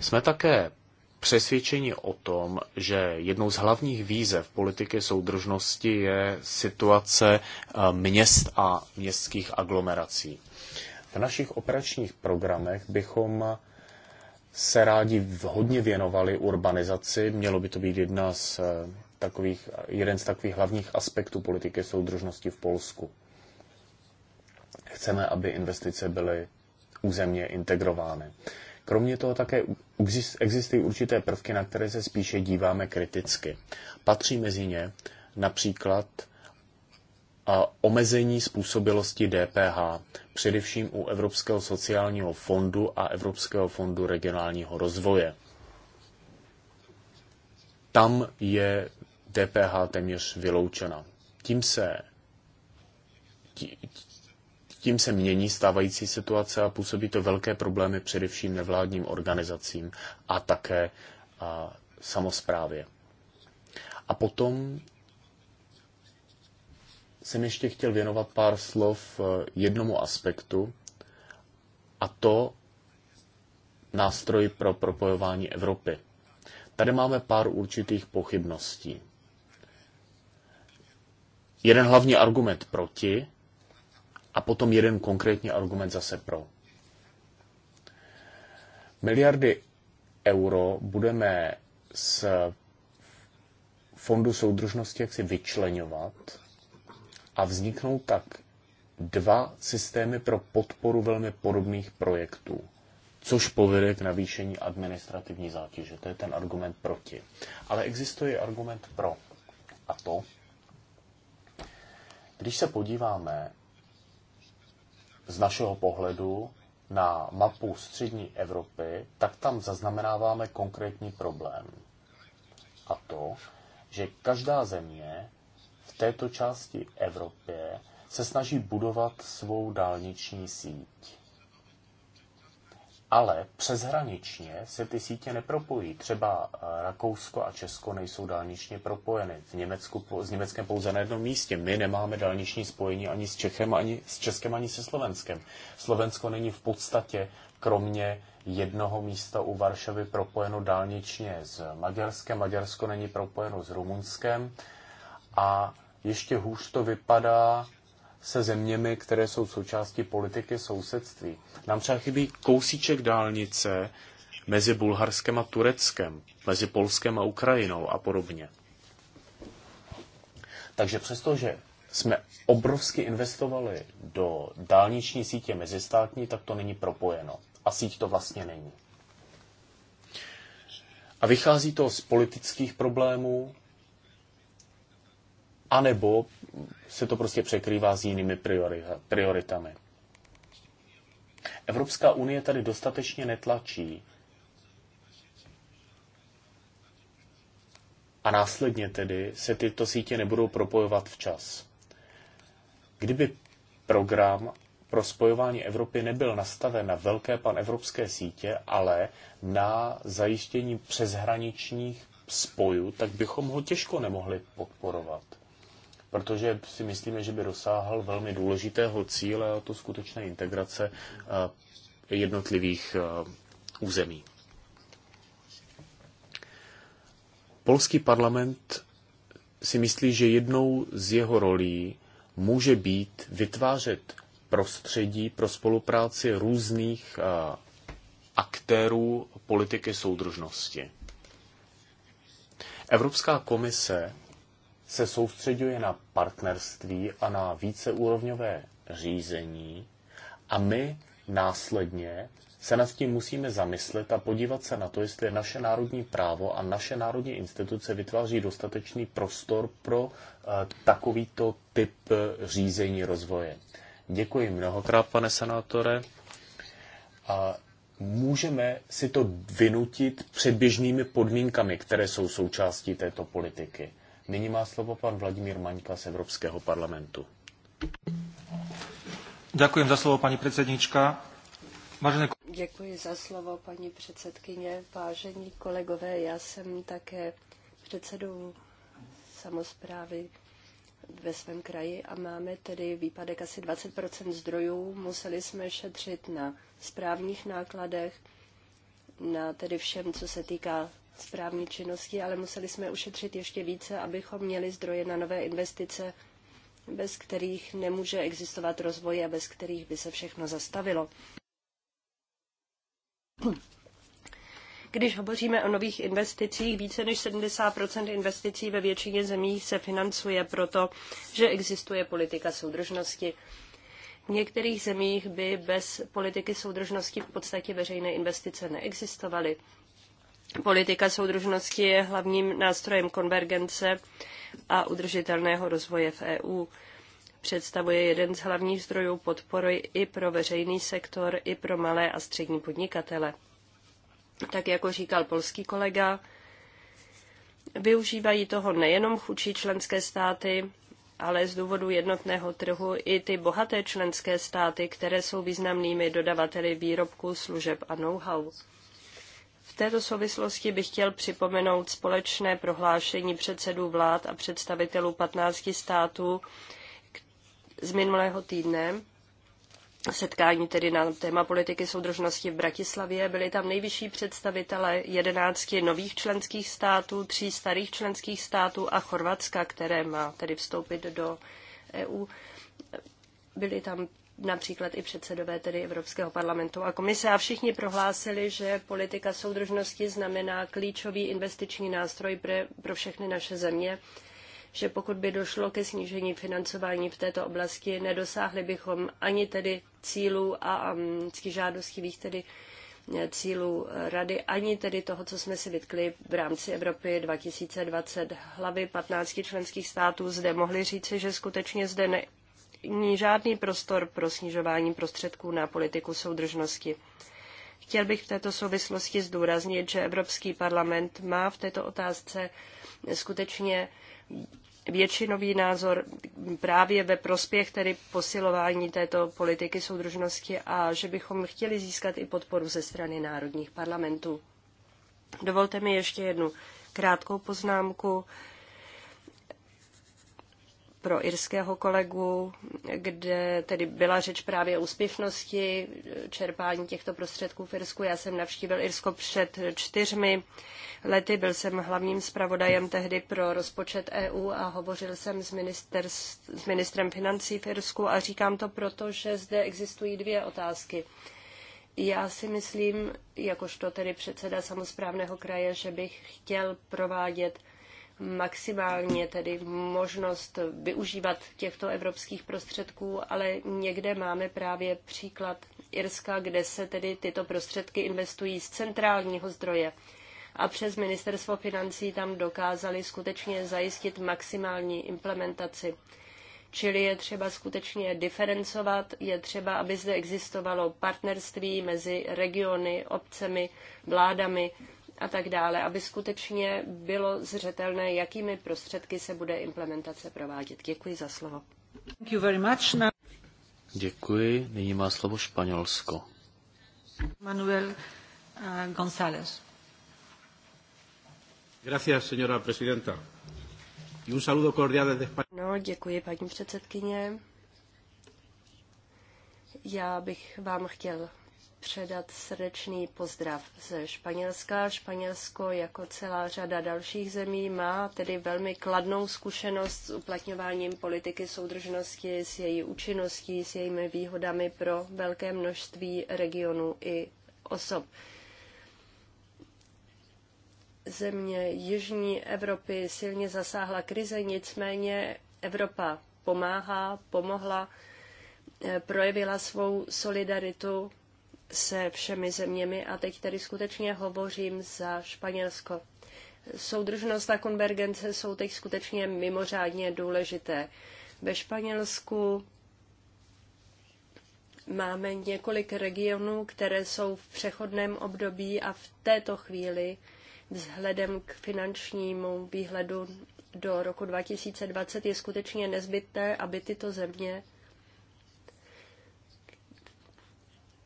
Jsme také přesvědčeni o tom, že jednou z hlavních výzev politiky soudržnosti je situace eh, měst a městských aglomerací. V našich operačních programech bychom se rádi hodně věnovali urbanizaci. Mělo by to být jedna z eh, takových, jeden z takových hlavních aspektů politiky soudržnosti v Polsku. Chceme, aby investice byly územně integrovány. Kromě toho také existují určité prvky, na které se spíše díváme kriticky. Patří mezi ně například a omezení způsobilosti DPH, především u Evropského sociálního fondu a Evropského fondu regionálního rozvoje. Tam je DPH téměř vyloučena. Tím se, tím se mění stávající situace a působí to velké problémy především nevládním organizacím a také a, samozprávě. A potom jsem ještě chtěl věnovat pár slov e, jednomu aspektu, a to nástroj pro propojování Evropy. Tady máme pár určitých pochybností jeden hlavní argument proti a potom jeden konkrétní argument zase pro. Miliardy euro budeme z fondu soudržnosti jaksi vyčlenovat a vzniknou tak dva systémy pro podporu velmi podobných projektů, což povede k navýšení administrativní zátěže. To je ten argument proti. Ale existuje argument pro. A to, když se podíváme z našeho pohledu na mapu střední Evropy, tak tam zaznamenáváme konkrétní problém. A to, že každá země v této části Evropy se snaží budovat svou dálniční síť ale přeshraničně se ty sítě nepropojí. Třeba eh, Rakousko a Česko nejsou dálničně propojeny. V Německu, s Německem pouze na jednom místě. My nemáme dálniční spojení ani s, Čechem, ani s Českem, ani se Slovenskem. Slovensko není v podstatě, kromě jednoho místa u Varšavy, propojeno dálničně s Maďarskem. Maďarsko není propojeno s Rumunskem. A ještě hůř to vypadá se zeměmi, které jsou součástí politiky sousedství. Nám třeba chybí kousíček dálnice mezi Bulharskem a Tureckem, mezi Polskem a Ukrajinou a podobně. Takže přestože jsme obrovsky investovali do dálniční sítě mezistátní, tak to není propojeno. A síť to vlastně není. A vychází to z politických problémů, anebo se to prostě překrývá s jinými prioritami. Evropská unie tady dostatečně netlačí a následně tedy se tyto sítě nebudou propojovat včas. Kdyby program pro spojování Evropy nebyl nastaven na velké panevropské sítě, ale na zajištění přeshraničních spojů, tak bychom ho těžko nemohli podporovat protože si myslíme, že by dosáhl velmi důležitého cíle, a to skutečné integrace eh, jednotlivých eh, území. Polský parlament si myslí, že jednou z jeho rolí může být vytvářet prostředí pro spolupráci různých eh, aktérů politiky soudržnosti. Evropská komise se soustředuje na partnerství a na víceúrovňové řízení a my následně se nad tím musíme zamyslet a podívat se na to, jestli naše národní právo a naše národní instituce vytváří dostatečný prostor pro eh, takovýto typ eh, řízení rozvoje. Děkuji mnohokrát, pane senátore. A můžeme si to vynutit předběžnými podmínkami, které jsou součástí této politiky. Nyní má slovo pan Vladimír Maňka z Evropského parlamentu. Děkuji za slovo, paní předsednička. Vážené... Děkuji za slovo, paní předsedkyně. Vážení kolegové, já jsem také předsedou samozprávy ve svém kraji a máme tedy výpadek asi 20 zdrojů. Museli jsme šetřit na správních nákladech, na tedy všem, co se týká správní činnosti, ale museli jsme ušetřit ještě více, abychom měli zdroje na nové investice, bez kterých nemůže existovat rozvoj a bez kterých by se všechno zastavilo. Když hovoříme o nových investicích, více než 70 investicí ve většině zemí se financuje proto, že existuje politika soudržnosti. V některých zemích by bez politiky soudržnosti v podstatě veřejné investice neexistovaly. Politika soudržnosti je hlavním nástrojem konvergence a udržitelného rozvoje v EU. Představuje jeden z hlavních zdrojů podpory i pro veřejný sektor, i pro malé a střední podnikatele. Tak jako říkal polský kolega, využívají toho nejenom chudší členské státy, ale z důvodu jednotného trhu i ty bohaté členské státy, které jsou významnými dodavateli výrobků, služeb a know-how. V této souvislosti bych chtěl připomenout společné prohlášení předsedů vlád a představitelů 15 států z minulého týdne, setkání tedy na téma politiky soudržnosti v Bratislavě. Byli tam nejvyšší představitelé jedenácti nových členských států, tří starých členských států a Chorvatska, které má tedy vstoupit do EU. Byli tam například i předsedové tedy Evropského parlamentu a komise a všichni prohlásili, že politika soudržnosti znamená klíčový investiční nástroj pro všechny naše země, že pokud by došlo ke snížení financování v této oblasti, nedosáhli bychom ani tedy cílů a žádostivých tedy e, cílů e, rady, ani tedy toho, co jsme si vytkli v rámci Evropy 2020. Hlavy 15 členských států zde mohli říci, že skutečně zde ne není žádný prostor pro snižování prostředků na politiku soudržnosti. Chtěl bych v této souvislosti zdůraznit, že Evropský parlament má v této otázce skutečně většinový názor právě ve prospěch tedy posilování této politiky soudržnosti a že bychom chtěli získat i podporu ze strany národních parlamentů. Dovolte mi ještě jednu krátkou poznámku pro irského kolegu, kde tedy byla řeč právě o úspěšnosti čerpání těchto prostředků v Irsku. Já jsem navštívil Irsko před čtyřmi lety, byl jsem hlavním zpravodajem tehdy pro rozpočet EU a hovořil jsem s, minister, s ministrem financí v Irsku a říkám to proto, že zde existují dvě otázky. Já si myslím, jakožto tedy předseda samozprávného kraje, že bych chtěl provádět maximálně tedy možnost využívat těchto evropských prostředků, ale někde máme právě příklad Irska, kde se tedy tyto prostředky investují z centrálního zdroje. A přes ministerstvo financí tam dokázali skutečně zajistit maximální implementaci. Čili je třeba skutečně diferencovat, je třeba, aby zde existovalo partnerství mezi regiony, obcemi, vládami, a tak dále, aby skutečně bylo zřetelné, jakými prostředky se bude implementace provádět. Děkuji za slovo. Thank you very much. Now... Děkuji. Nyní má slovo Španělsko. Manuel uh, González. Gracias, señora presidenta. Y un saludo cordial desde España. No, děkuji, paní předsedkyně. Já bych vám chtěl předat srdečný pozdrav ze Španělska. Španělsko, jako celá řada dalších zemí, má tedy velmi kladnou zkušenost s uplatňováním politiky soudržnosti, s její účinností, s jejími výhodami pro velké množství regionů i osob země Jižní Evropy silně zasáhla krize, nicméně Evropa pomáhá, pomohla, eh, projevila svou solidaritu se všemi zeměmi a teď tedy skutečně hovořím za Španělsko. Soudržnost a konvergence jsou teď skutečně mimořádně důležité. Ve Španělsku máme několik regionů, které jsou v přechodném období a v této chvíli vzhledem k finančnímu výhledu do roku 2020 je skutečně nezbytné, aby tyto země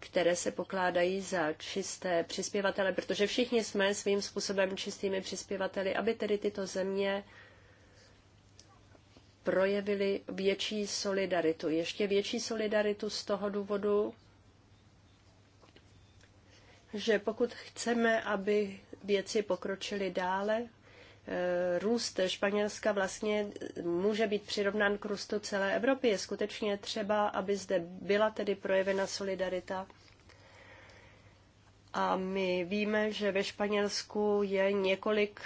které se pokládají za čisté přispěvatele, protože všichni jsme svým způsobem čistými přispěvateli, aby tedy tyto země projevily větší solidaritu. Ještě větší solidaritu z toho důvodu, že pokud chceme, aby věci pokročily dále, Eh, růst Španělska vlastně může být přirovnán k růstu celé Evropy. Je skutečně třeba, aby zde byla tedy projevena solidarita. A my víme, že ve Španělsku je několik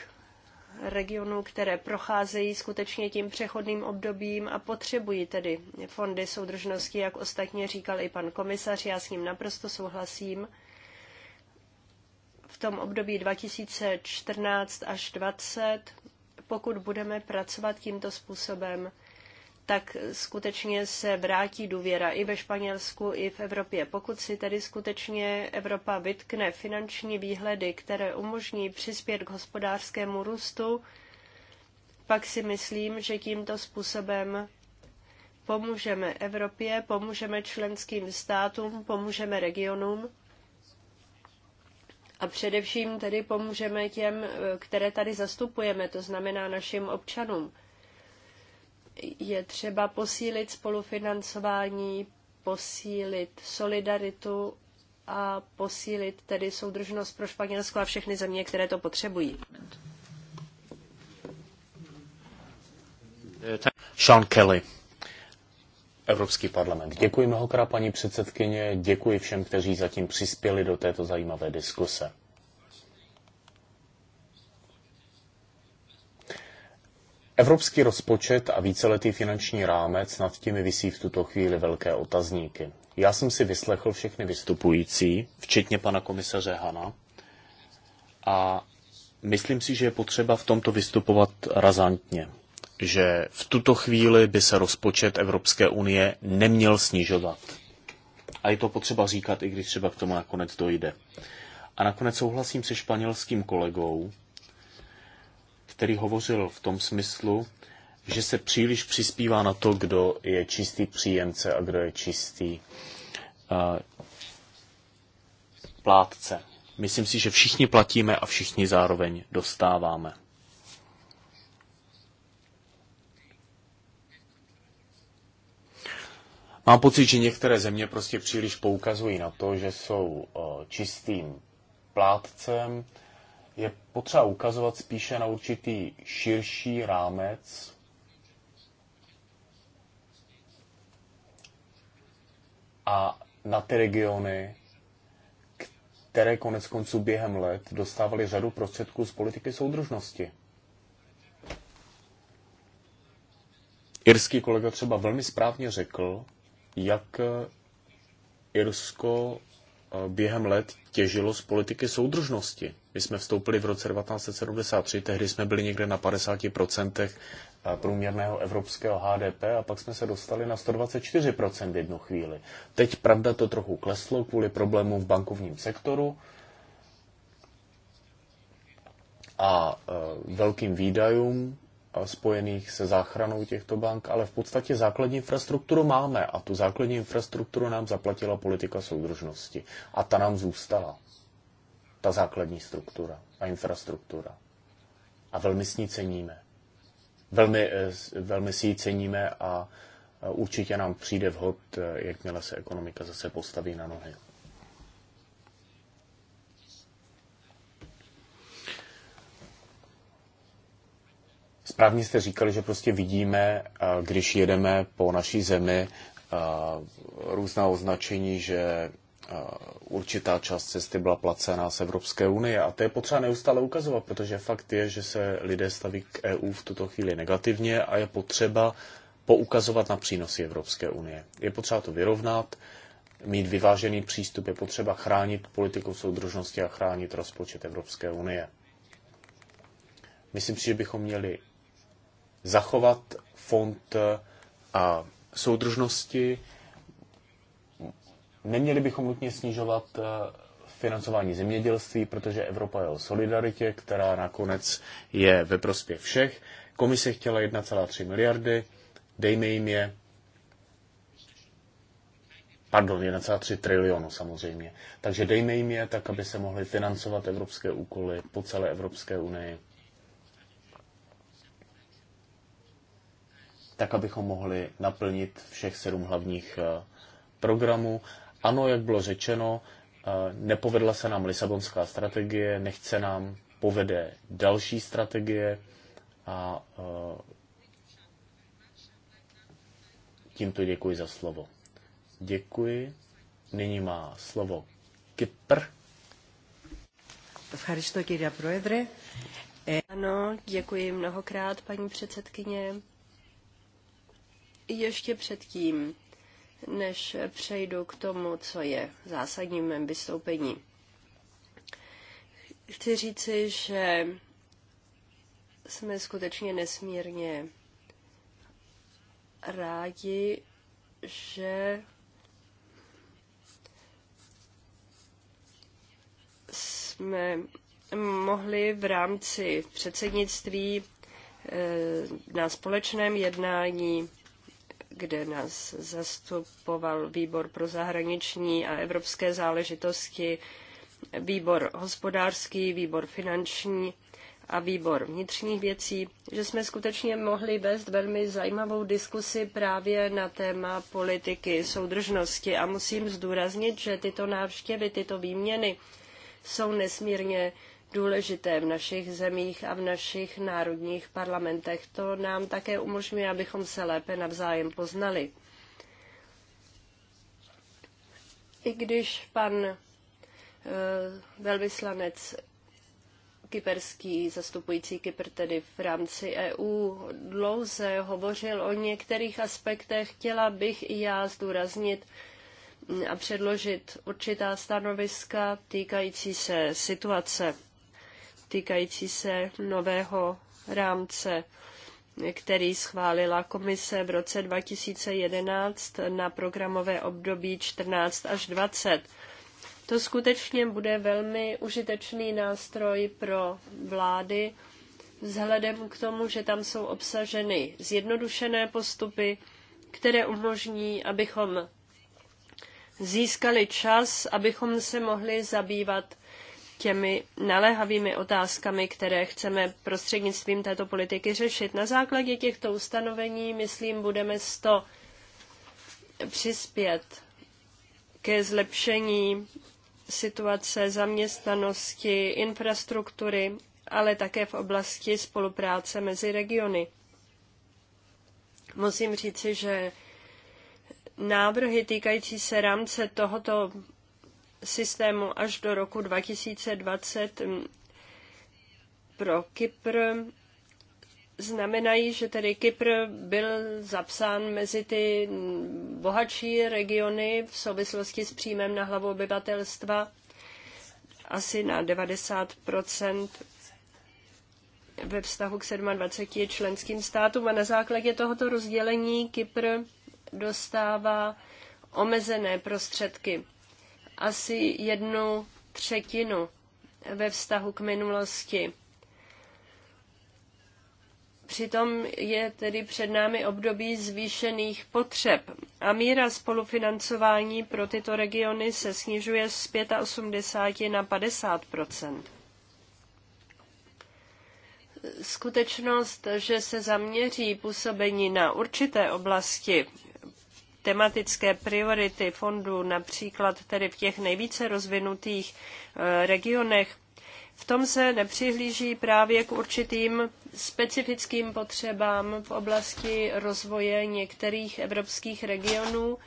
regionů, které procházejí skutečně tím přechodným obdobím a potřebují tedy fondy soudržnosti, jak ostatně říkal i pan komisař, já s ním naprosto souhlasím v tom období 2014 až 2020, pokud budeme pracovat tímto způsobem, tak skutečně se vrátí důvěra i ve Španělsku, i v Evropě. Pokud si tedy skutečně Evropa vytkne finanční výhledy, které umožní přispět k hospodářskému růstu, pak si myslím, že tímto způsobem pomůžeme Evropě, pomůžeme členským státům, pomůžeme regionům a především tedy pomůžeme těm, eh, které tady zastupujeme, to znamená našim občanům. Je třeba posílit spolufinancování, posílit solidaritu a posílit tedy soudržnost pro Španělsko a všechny země, které to potřebují. Sean Kelly. Evropský parlament. Děkuji mnohokrát, paní předsedkyně, děkuji všem, kteří zatím přispěli do této zajímavé diskuse. Evropský rozpočet a víceletý finanční rámec nad těmi vysí v tuto chvíli velké otazníky. Já jsem si vyslechl všechny vystupující, včetně pana komisaře Hana, a myslím si, že je potřeba v tomto vystupovat razantně že v tuto chvíli by se rozpočet Evropské unie neměl snižovat. A je to potřeba říkat, i když třeba k tomu nakonec dojde. A nakonec souhlasím se španělským kolegou, který hovořil v tom smyslu, že se příliš přispívá na to, kdo je čistý příjemce a kdo je čistý uh, plátce. Myslím si, že všichni platíme a všichni zároveň dostáváme. Mám pocit, že některé země prostě příliš poukazují na to, že jsou eh, čistým plátcem. Je potřeba ukazovat spíše na určitý širší rámec. A na ty regiony, které konec konců během let dostávaly řadu prostředků z politiky soudržnosti. Irský kolega třeba velmi správně řekl, jak eh, Irsko eh, během let těžilo z politiky soudržnosti. My jsme vstoupili v roce 1973, tehdy jsme byli někde na 50% eh, průměrného evropského HDP a pak jsme se dostali na 124% v jednu chvíli. Teď pravda to trochu kleslo kvůli problémům v bankovním sektoru a velkým výdajům spojených se záchranou těchto bank, ale v podstatě základní infrastrukturu máme a tu základní infrastrukturu nám zaplatila politika soudržnosti a ta nám zůstala. Ta základní struktura a infrastruktura. A velmi s ní ceníme. Velmi, eh, velmi si ji ceníme a eh, určitě nám přijde vhod, eh, jakmile se ekonomika zase postaví na nohy. Správně jste říkali, že prostě vidíme, eh, když jedeme po naší zemi, eh, různá označení, že eh, určitá část cesty byla placená z Evropské unie. A to je potřeba neustále ukazovat, protože fakt je, že se lidé staví k EU v tuto chvíli negativně a je potřeba poukazovat na přínosy Evropské unie. Je potřeba to vyrovnat, mít vyvážený přístup, je potřeba chránit politiku soudržnosti a chránit rozpočet Evropské unie. Myslím si, že bychom měli zachovat fond a soudržnosti. Neměli bychom nutně snižovat eh, financování zemědělství, protože Evropa je o solidaritě, která nakonec je ve prospěch všech. Komise chtěla 1,3 miliardy, dejme jim je, pardon, 1,3 trilionu samozřejmě. Takže dejme jim je tak, aby se mohly financovat evropské úkoly po celé Evropské unii. tak abychom mohli naplnit všech sedm hlavních eh, programů. Ano, jak bylo řečeno, eh, nepovedla se nám Lisabonská strategie, nechce nám povede další strategie a eh, tímto děkuji za slovo. Děkuji. Nyní má slovo Kypr. Ano, děkuji mnohokrát, paní předsedkyně. Ještě předtím, než přejdu k tomu, co je zásadním mém vystoupení, chci říci, že jsme skutečně nesmírně rádi, že jsme mohli v rámci předsednictví eh, na společném jednání kde nás zastupoval výbor pro zahraniční a evropské záležitosti, výbor hospodářský, výbor finanční a výbor vnitřních věcí, že jsme skutečně mohli vést velmi zajímavou diskusi právě na téma politiky soudržnosti. A musím zdůraznit, že tyto návštěvy, tyto výměny jsou nesmírně důležité v našich zemích a v našich národních parlamentech. To nám také umožňuje, abychom se lépe navzájem poznali. I když pan eh, velvyslanec kyperský, zastupující Kypr tedy v rámci EU, dlouze hovořil o některých aspektech. Chtěla bych i já zdůraznit a předložit určitá stanoviska týkající se situace týkající se nového rámce, který schválila komise v roce 2011 na programové období 14 až 20. To skutečně bude velmi užitečný nástroj pro vlády, vzhledem k tomu, že tam jsou obsaženy zjednodušené postupy, které umožní, abychom získali čas, abychom se mohli zabývat těmi naléhavými otázkami, které chceme prostřednictvím této politiky řešit. Na základě těchto ustanovení, myslím, budeme z to přispět ke zlepšení situace zaměstnanosti, infrastruktury, ale také v oblasti spolupráce mezi regiony. Musím říci, že návrhy týkající se rámce tohoto systému až do roku 2020 mm, pro Kypr znamenají, že tedy Kypr byl zapsán mezi ty bohatší regiony v souvislosti s příjmem na hlavu obyvatelstva asi na 90 ve vztahu k 27 členským státům a na základě tohoto rozdělení Kypr dostává omezené prostředky asi jednu třetinu ve vztahu k minulosti. Přitom je tedy před námi období zvýšených potřeb a míra spolufinancování pro tyto regiony se snižuje z 85 na 50 Skutečnost, že se zaměří působení na určité oblasti tematické priority fondů, například tedy v těch nejvíce rozvinutých eh, regionech, v tom se nepřihlíží právě k určitým specifickým potřebám v oblasti rozvoje některých evropských regionů,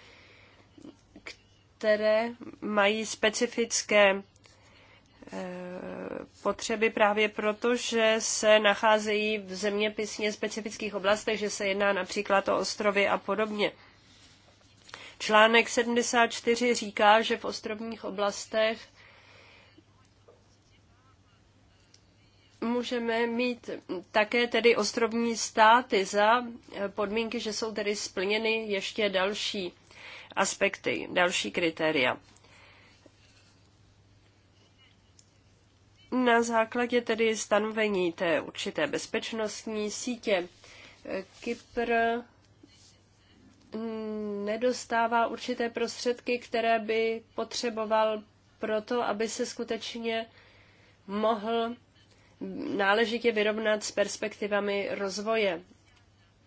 které mají specifické eh, potřeby právě proto, že se nacházejí v zeměpisně specifických oblastech, že se jedná například o ostrovy a podobně. Článek 74 říká, že v ostrovních oblastech můžeme mít také tedy ostrovní státy za podmínky, že jsou tedy splněny ještě další aspekty, další kritéria. Na základě tedy stanovení té určité bezpečnostní sítě eh, Kypr nedostává určité prostředky, které by potřeboval pro to, aby se skutečně mohl náležitě vyrovnat s perspektivami rozvoje.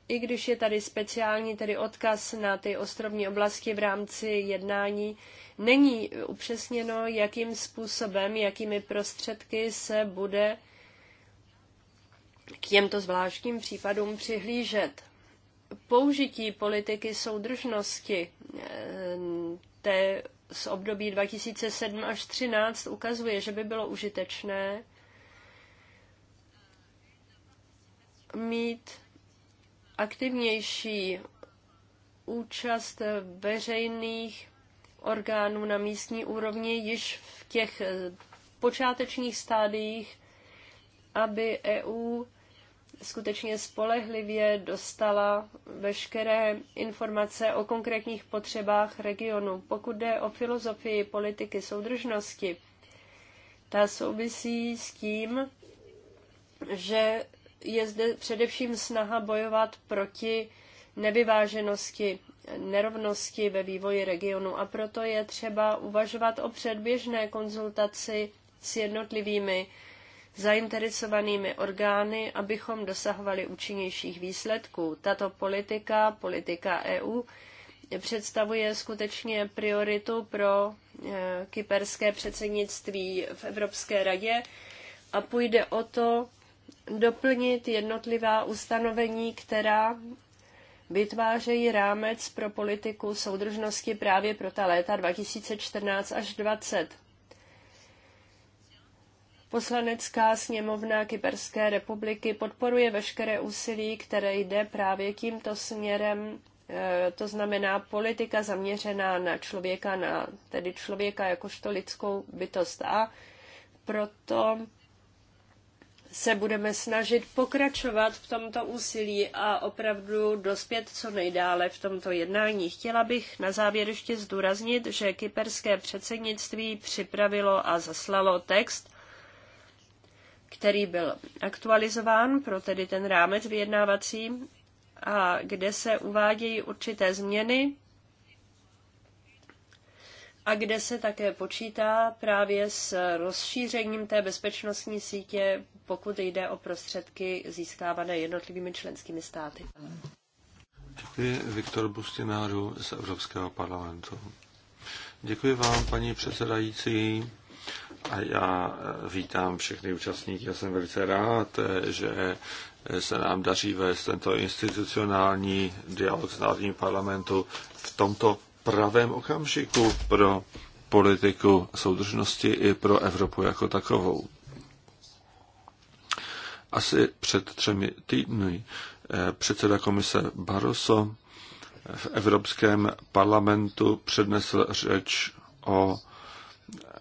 I když je tady speciální tedy odkaz na ty ostrovní oblasti v rámci jednání, není upřesněno, jakým způsobem, jakými prostředky se bude k těmto zvláštním případům přihlížet použití politiky soudržnosti eh, té z období 2007 až 2013 ukazuje, že by bylo užitečné mít aktivnější účast veřejných orgánů na místní úrovni již v těch eh, počátečních stádiích, aby EU skutečně spolehlivě dostala veškeré informace o konkrétních potřebách regionu. Pokud jde o filozofii politiky soudržnosti, ta souvisí s tím, že je zde především snaha bojovat proti nevyváženosti, nerovnosti ve vývoji regionu a proto je třeba uvažovat o předběžné konzultaci s jednotlivými zainteresovanými orgány, abychom dosahovali účinnějších výsledků. Tato politika, politika EU, představuje skutečně prioritu pro eh, kyperské předsednictví v Evropské radě a půjde o to doplnit jednotlivá ustanovení, která vytvářejí rámec pro politiku soudržnosti právě pro ta léta 2014 až 2020. Poslanecká sněmovna Kyperské republiky podporuje veškeré úsilí, které jde právě tímto směrem, eh, to znamená politika zaměřená na člověka, na tedy člověka jakožto lidskou bytost. A proto se budeme snažit pokračovat v tomto úsilí a opravdu dospět co nejdále v tomto jednání. Chtěla bych na závěr ještě zdůraznit, že kyperské předsednictví připravilo a zaslalo text který byl aktualizován pro tedy ten rámec vyjednávací a kde se uvádějí určité změny a kde se také počítá právě s rozšířením té bezpečnostní sítě, pokud jde o prostředky získávané jednotlivými členskými státy. Děkuji Viktor Bustináru z Evropského parlamentu. Děkuji vám, paní předsedající. A já eh, vítám všechny účastníky. Já jsem velice rád, eh, že se nám daří vést tento institucionální dialog s Národním parlamentu v tomto pravém okamžiku pro politiku soudržnosti i pro Evropu jako takovou. Asi před třemi týdny eh, předseda komise Barroso v Evropském parlamentu přednesl řeč o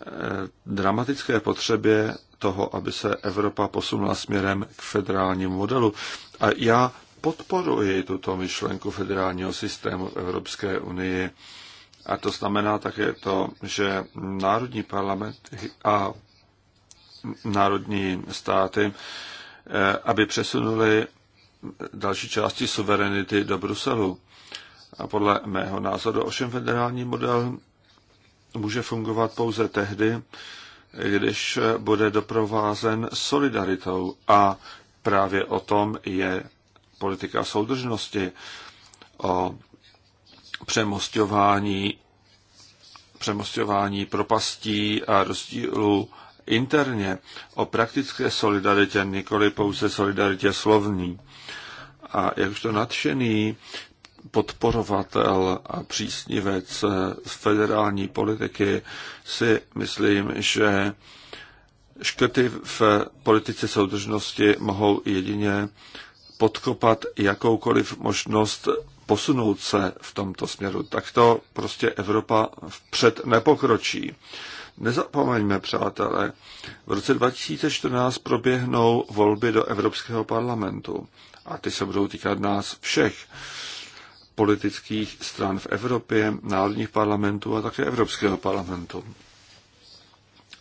Eh, dramatické potřebě toho, aby se Evropa posunula směrem k federálnímu modelu. A já podporuji tuto myšlenku federálního systému v Evropské unii. A to znamená také to, že národní parlament a národní státy, eh, aby přesunuli další části suverenity do Bruselu. A podle mého názoru ovšem federální model může fungovat pouze tehdy, když bude doprovázen solidaritou. A právě o tom je politika soudržnosti, o přemostování, přemostování propastí a rozdílů interně, o praktické solidaritě, nikoli pouze solidaritě slovní. A jak to nadšený podporovatel a přísnivec federální politiky si myslím, že škrty v politice soudržnosti mohou jedině podkopat jakoukoliv možnost posunout se v tomto směru. Tak to prostě Evropa vpřed nepokročí. Nezapomeňme, přátelé, v roce 2014 proběhnou volby do Evropského parlamentu a ty se budou týkat nás všech politických stran v Evropě, národních parlamentů a také Evropského parlamentu.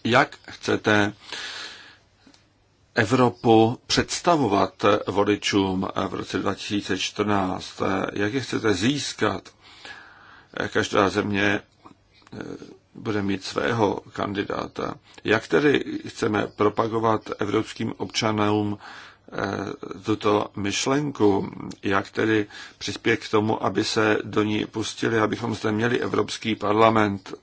Jak chcete Evropu představovat voličům v roce 2014? Jak je chcete získat? Každá země eh, bude mít svého kandidáta. Jak tedy chceme propagovat evropským občanům Eh, tuto myšlenku, jak tedy přispět k tomu, aby se do ní pustili, abychom zde měli Evropský parlament, eh,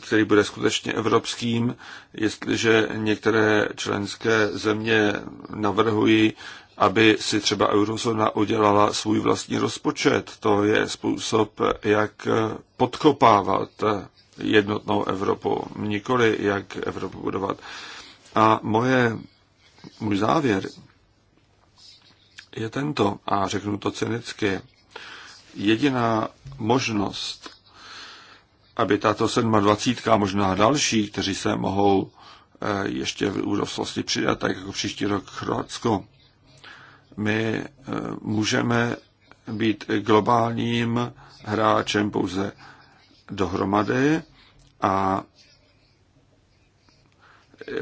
který bude skutečně evropským, jestliže některé členské země navrhují, aby si třeba eurozóna udělala svůj vlastní rozpočet. To je způsob, jak podkopávat jednotnou Evropu, nikoli jak Evropu budovat. A moje, můj závěr je tento, a řeknu to cynicky, jediná možnost, aby tato 27 a možná další, kteří se mohou eh, ještě v úrovnosti přidat, tak jako příští rok Chorvatsko, my eh, můžeme být globálním hráčem pouze dohromady a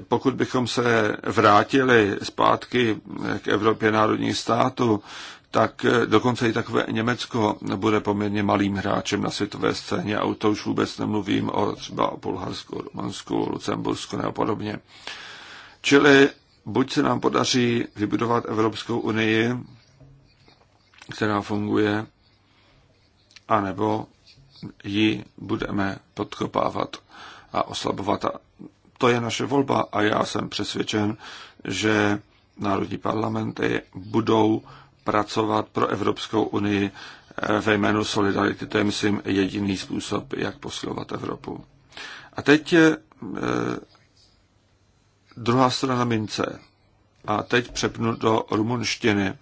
pokud bychom se vrátili zpátky k Evropě národních států, tak dokonce i takové Německo bude poměrně malým hráčem na světové scéně a to už vůbec nemluvím o třeba o Bulharsku, Rumunsku, Lucembursku nebo podobně. Čili buď se nám podaří vybudovat Evropskou unii, která funguje, anebo ji budeme podkopávat a oslabovat a to je naše volba a já jsem přesvědčen, že národní parlamenty budou pracovat pro Evropskou unii eh, ve jménu solidarity. To je, myslím, jediný způsob, jak posilovat Evropu. A teď je eh, druhá strana mince. A teď přepnu do rumunštiny,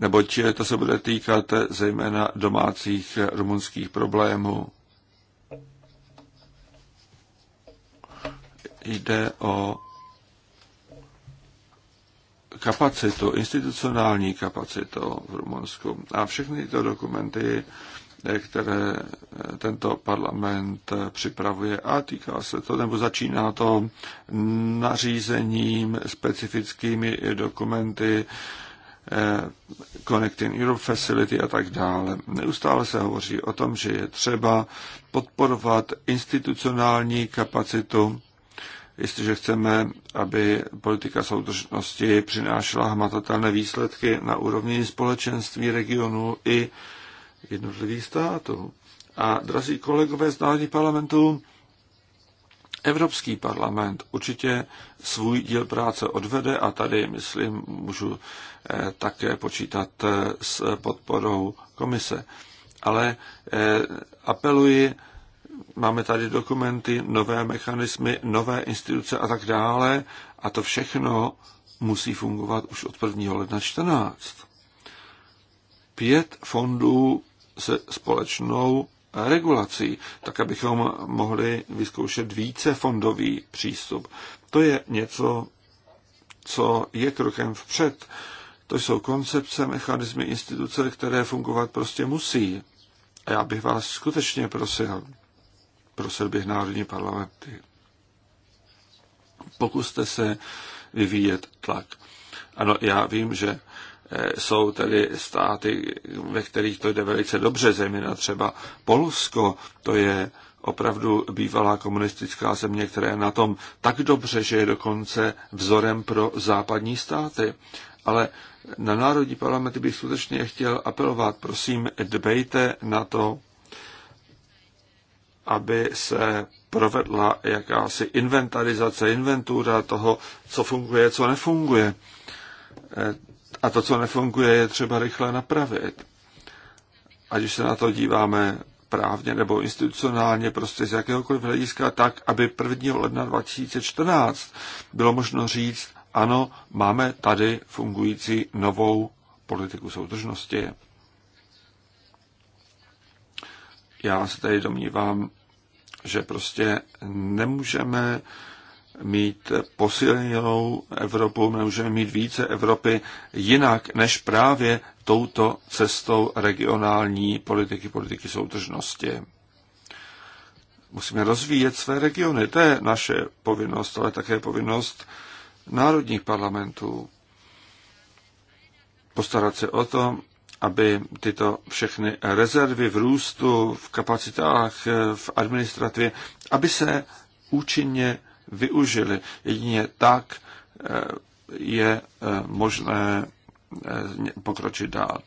neboť to se bude týkat zejména domácích rumunských problémů. jde o kapacitu, institucionální kapacitu v Rumunsku. A všechny tyto dokumenty, které tento parlament připravuje a týká se to, nebo začíná to nařízením, specifickými dokumenty, eh, Connecting Europe Facility a tak dále. Neustále se hovoří o tom, že je třeba podporovat institucionální kapacitu Jestliže chceme, aby politika soudržnosti přinášela hmatatelné výsledky na úrovni společenství, regionu i jednotlivých států. A drazí kolegové z národních parlamentů, Evropský parlament určitě svůj díl práce odvede a tady, myslím, můžu eh, také počítat eh, s podporou komise. Ale eh, apeluji Máme tady dokumenty, nové mechanismy, nové instituce a tak dále. A to všechno musí fungovat už od 1. ledna 14. Pět fondů se společnou regulací, tak abychom mohli vyzkoušet více fondový přístup. To je něco, co je krokem vpřed. To jsou koncepce, mechanismy, instituce, které fungovat prostě musí. A já bych vás skutečně prosil, prosil bych národní parlamenty. Pokuste se vyvíjet tlak. Ano, já vím, že eh, jsou tedy státy, ve kterých to jde velice dobře, zejména třeba Polsko, to je opravdu bývalá komunistická země, která je na tom tak dobře, že je dokonce vzorem pro západní státy. Ale na národní parlamenty bych skutečně chtěl apelovat, prosím, dbejte na to, aby se provedla jakási inventarizace, inventura toho, co funguje, co nefunguje. Eh, a to, co nefunguje, je třeba rychle napravit. A když se na to díváme právně nebo institucionálně, prostě z jakéhokoliv hlediska, tak, aby 1. ledna 2014 bylo možno říct, ano, máme tady fungující novou politiku soudržnosti. já se tady domnívám, že prostě nemůžeme mít posilněnou Evropu, nemůžeme mít více Evropy jinak než právě touto cestou regionální politiky, politiky soudržnosti. Musíme rozvíjet své regiony. To je naše povinnost, ale také povinnost národních parlamentů. Postarat se o to, aby tyto všechny rezervy v růstu, v kapacitách, v administrativě, aby se účinně využily. Jedině tak eh, je eh, možné eh, pokročit dál.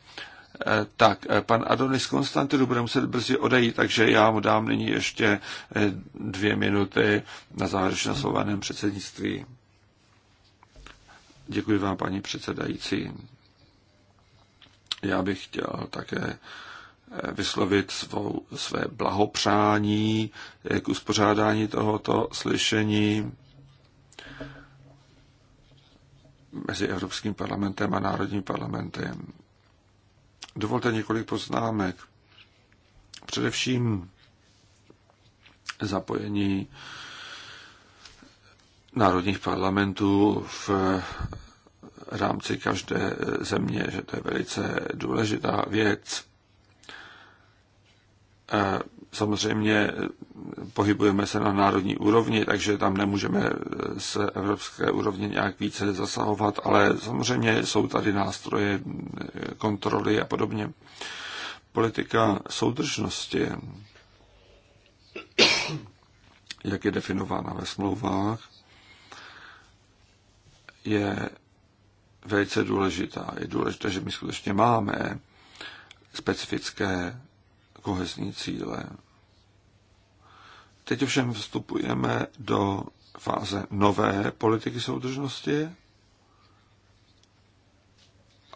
Tak, pan Adonis Konstantinu bude muset brzy odejít, takže já mu dám nyní ještě dvě minuty na závěrečné slovaném předsednictví. Děkuji vám, paní předsedající. Já bych chtěl také eh, vyslovit svou, své blahopřání eh, k uspořádání tohoto slyšení mezi Evropským parlamentem a Národním parlamentem. Dovolte několik poznámek. Především zapojení národních parlamentů v rámci každé eh, země, že to je velice důležitá věc. Eh, samozřejmě eh, pohybujeme se na národní úrovni, takže tam nemůžeme z evropské úrovně nějak více zasahovat, ale samozřejmě jsou tady nástroje kontroly a podobně. Politika soudržnosti, jak je definována ve smlouvách, je velice důležitá. Je důležité, že my skutečně máme specifické kohezní cíle. Teď ovšem vstupujeme do fáze nové politiky soudržnosti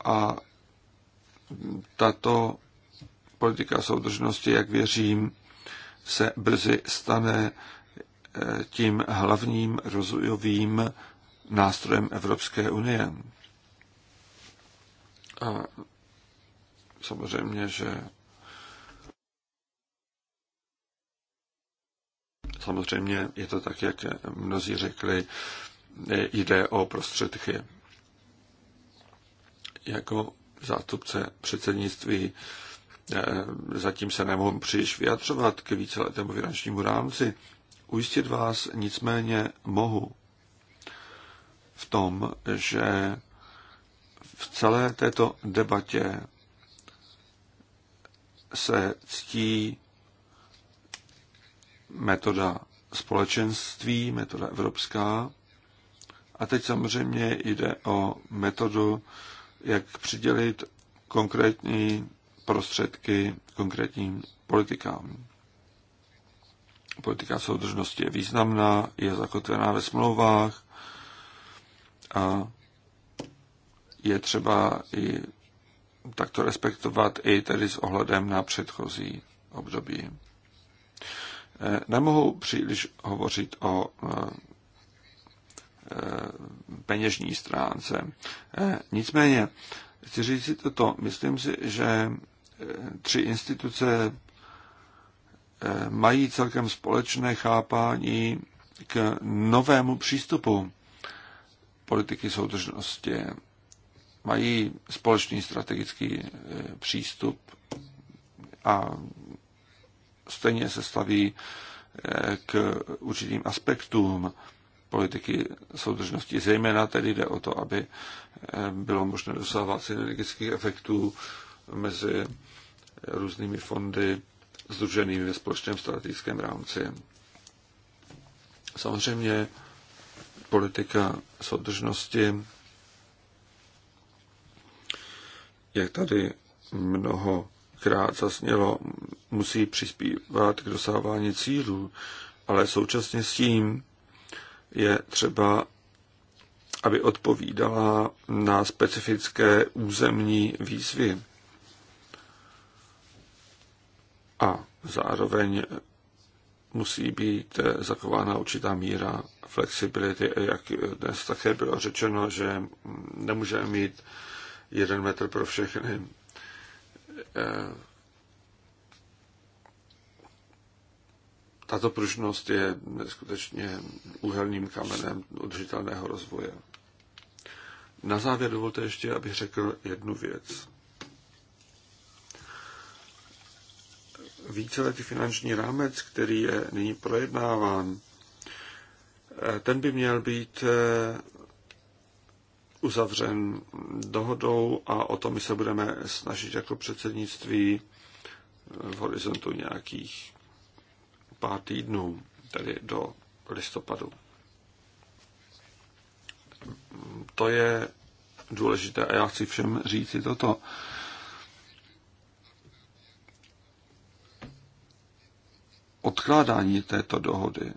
a tato politika soudržnosti, jak věřím, se brzy stane eh, tím hlavním rozvojovým nástrojem Evropské unie. A samozřejmě, že samozřejmě je to tak, jak mnozí řekli, jde o prostředky. Jako zástupce předsednictví eh, zatím se nemohu příliš vyjadřovat k víceletému finančnímu rámci. Ujistit vás nicméně mohu v tom, že v celé této debatě se ctí metoda společenství, metoda evropská. A teď samozřejmě jde o metodu, jak přidělit konkrétní prostředky konkrétním politikám. Politika soudržnosti je významná, je zakotvená ve smlouvách a je třeba i takto respektovat i tedy s ohledem na předchozí období. E, nemohu příliš hovořit o e, e, peněžní stránce. Nicméně, chci říct si toto, myslím si, že tři instituce mají celkem společné chápání k novému přístupu politiky soudržnosti mají společný strategický e, přístup a stejně se staví e, k určitým aspektům politiky soudržnosti. Zejména tedy jde o to, aby e, bylo možné dosávat synergických efektů mezi různými fondy združenými ve společném strategickém rámci. Samozřejmě politika soudržnosti jak tady mnohokrát zasnělo, musí přispívat k dosávání cílů, ale současně s tím je třeba, aby odpovídala na specifické územní výzvy. A zároveň musí být zachována určitá míra flexibility, jak dnes také bylo řečeno, že nemůžeme mít jeden metr pro všechny. Eh, tato pružnost je skutečně úhelným kamenem udržitelného rozvoje. Na závěr dovolte ještě, abych řekl jednu věc. Víceletý finanční rámec, který je nyní projednáván, eh, ten by měl být eh, uzavřen dohodou a o to my se budeme snažit jako předsednictví v horizontu nějakých pár týdnů, tedy do listopadu. To je důležité a já chci všem říct i toto. Odkládání této dohody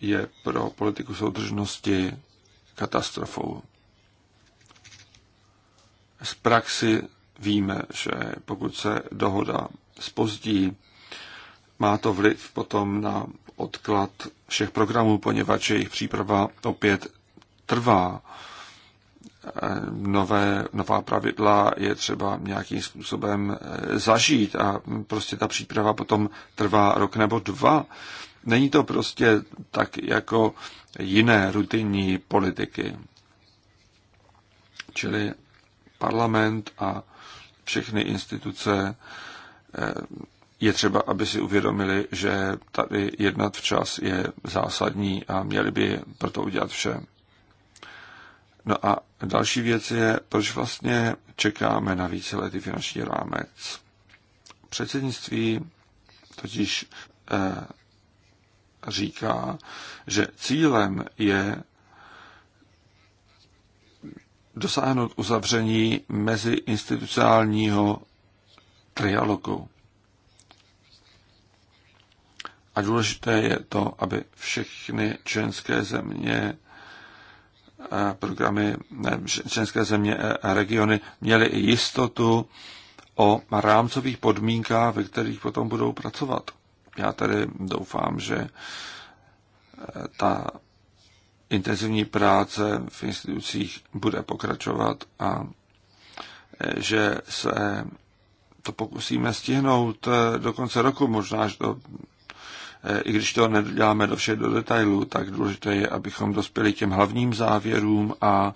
je pro politiku soudržnosti katastrofou. Z praxi víme, že pokud se dohoda spozdí, má to vliv potom na odklad všech programů, poněvadž jejich příprava opět trvá. Nové, nová pravidla je třeba nějakým způsobem eh, zažít a prostě ta příprava potom trvá rok nebo dva. Není to prostě tak jako jiné rutinní politiky. Čili parlament a všechny instituce eh, je třeba, aby si uvědomili, že tady jednat včas je zásadní a měli by proto udělat vše. No a další věc je, proč vlastně čekáme na víceletý finanční rámec. Předsednictví totiž eh, říká, že cílem je dosáhnout uzavření mezi institucionálního trialogu. A důležité je to, aby všechny členské země eh, programy, ne, členské země eh, a regiony měly i jistotu o rámcových podmínkách, ve kterých potom budou pracovat. Já tady doufám, že eh, ta intenzivní práce v institucích bude pokračovat a e, že se to pokusíme stihnout e, do konce roku, možná, že to, e, i když to neděláme do všech do detailů, tak důležité je, abychom dospěli těm hlavním závěrům a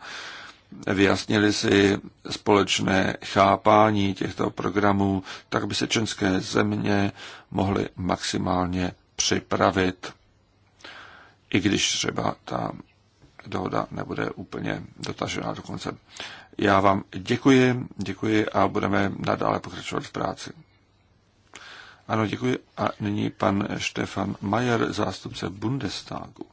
vyjasnili si společné chápání těchto programů, tak by se členské země mohly maximálně připravit i když třeba ta dohoda nebude úplně dotažená do konce. Já vám děkuji, děkuji a budeme nadále pokračovat v práci. Ano, děkuji. A nyní pan Stefan Mayer, zástupce Bundestagu.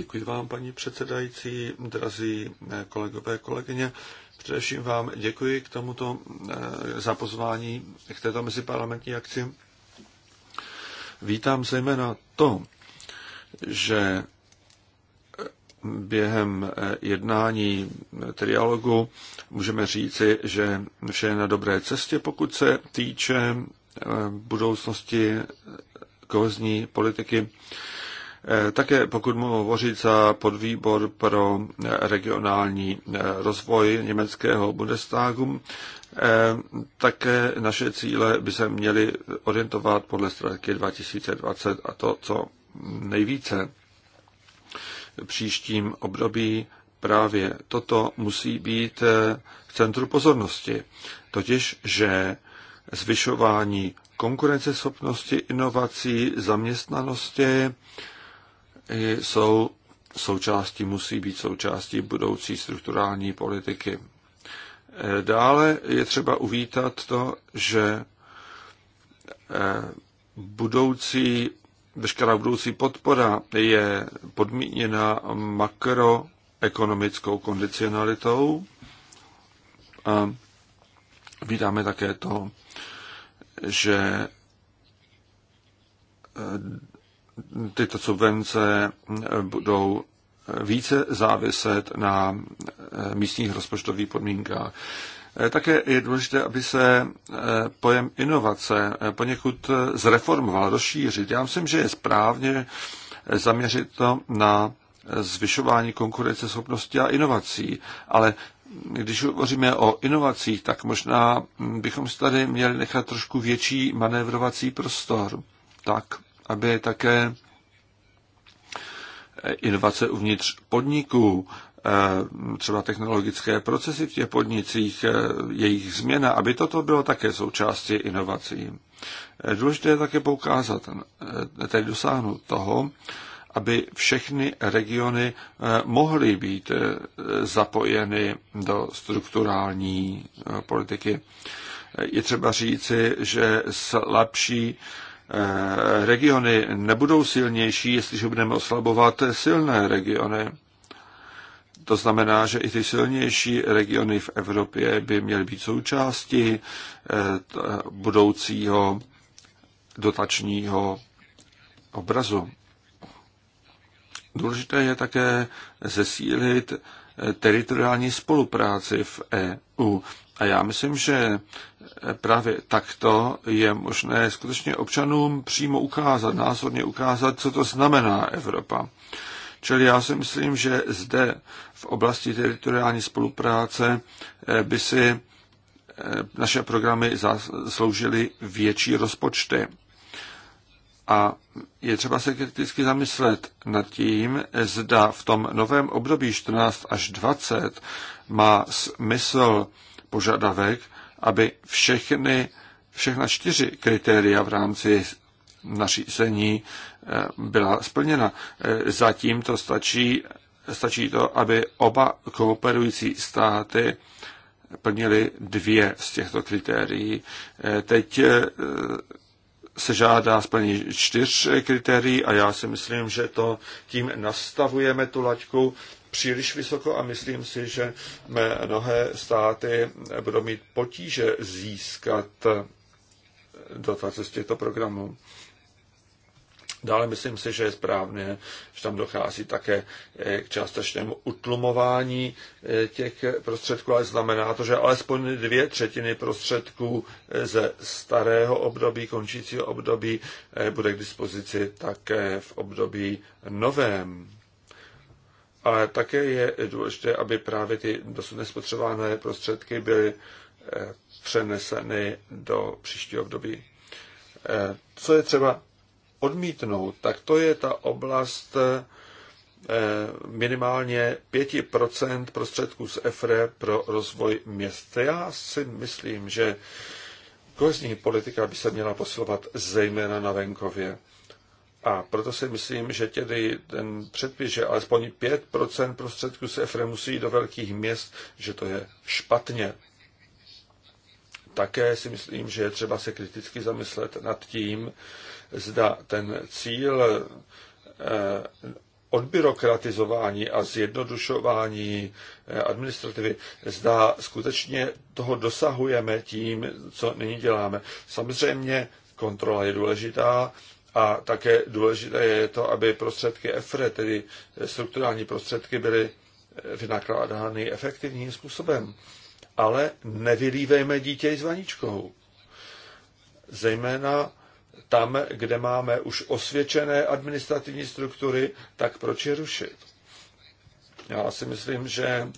Děkuji vám, paní předsedající, drazí eh, kolegové, kolegyně. Především vám děkuji k tomuto eh, za pozvání k této meziparlamentní akci. Vítám zejména to, že eh, během eh, jednání trialogu můžeme říci, že vše je na dobré cestě, pokud se týče budoucnosti kohezní politiky. Eh, také pokud mohu hovořit za podvýbor pro eh, regionální eh, rozvoj německého Bundestagu, také naše cíle by se měly orientovat podle strategie 2020 a to, co nejvíce příštím období právě toto musí být v centru pozornosti. Totiž, že zvyšování konkurenceschopnosti, inovací, zaměstnanosti, jsou součástí, musí být součástí budoucí strukturální politiky. Dále je třeba uvítat to, že eh, budoucí, veškerá budoucí podpora je podmíněna makroekonomickou kondicionalitou. A vítáme také to, že eh, tyto subvence eh, budou více záviset na eh, místních rozpočtových podmínkách. Eh, také je důležité, aby se pojem inovace poněkud zreformoval, rozšířit. Já myslím, že je správně zaměřit to na zvyšování konkurenceschopnosti a inovací, ale když hovoříme o inovacích, tak možná hm, bychom si tady měli nechat trošku větší manévrovací prostor, tak aby také inovace uvnitř podniků, eh, třeba technologické procesy v těch podnicích, eh, jejich změna, aby toto bylo také součástí inovací. Eh, důležité je také poukázat, tedy dosáhnout toho, aby všechny regiony mohly být zapojeny do strukturální politiky. Je třeba říci, že slabší Eh, regiony nebudou silnější, jestliže budeme oslabovat silné regiony. To znamená, že i ty silnější regiony v Evropě by měly být součástí eh, budoucího dotačního obrazu. Důležité je také zesílit eh, teritoriální spolupráci v EU. A já myslím, že právě takto je možné skutečně občanům přímo ukázat, názorně ukázat, co to znamená Evropa. Čili já si myslím, že zde v oblasti teritoriální spolupráce eh, by si eh, naše programy zasloužily větší rozpočty. A je třeba se kriticky zamyslet nad tím, zda v tom novém období 14 až 20 má smysl požadavek, aby všechny, všechna čtyři kritéria v rámci nařízení eh, byla splněna. Eh, zatím to stačí, stačí to, aby oba kooperující státy plnili dvě z těchto kritérií. Eh, teď se žádá splnění čtyř kritérií a já si myslím, že to tím nastavujeme tu laťku příliš vysoko a myslím si, že mnohé státy budou mít potíže získat dotace z těchto programů. Dále myslím si, že je správné, že tam dochází také k částečnému utlumování eh, těch prostředků, ale znamená to, že alespoň dvě třetiny prostředků eh, ze starého období, končícího období, eh, bude k dispozici také v období novém ale také je důležité, aby právě ty dosud nespotřebované prostředky byly eh, přeneseny do příštího období. Eh, co je třeba odmítnout, tak to je ta oblast eh, minimálně 5% prostředků z EFRE pro rozvoj měst. Já si myslím, že kohezní politika by se měla posilovat zejména na venkově. A proto si myslím, že tedy ten předpis, že alespoň 5% prostředků se EFRE musí do velkých měst, že to je špatně. Také si myslím, že je třeba se kriticky zamyslet nad tím, zda ten cíl eh, odbyrokratizování a zjednodušování eh, administrativy, zda skutečně toho dosahujeme tím, co nyní děláme. Samozřejmě kontrola je důležitá, a také důležité je to, aby prostředky EFRE, tedy strukturální prostředky, byly eh, vynakládány efektivním způsobem. Ale nevylívejme dítě s vaničkou. Zejména tam, kde máme už osvědčené administrativní struktury, tak proč je rušit? Já si myslím, že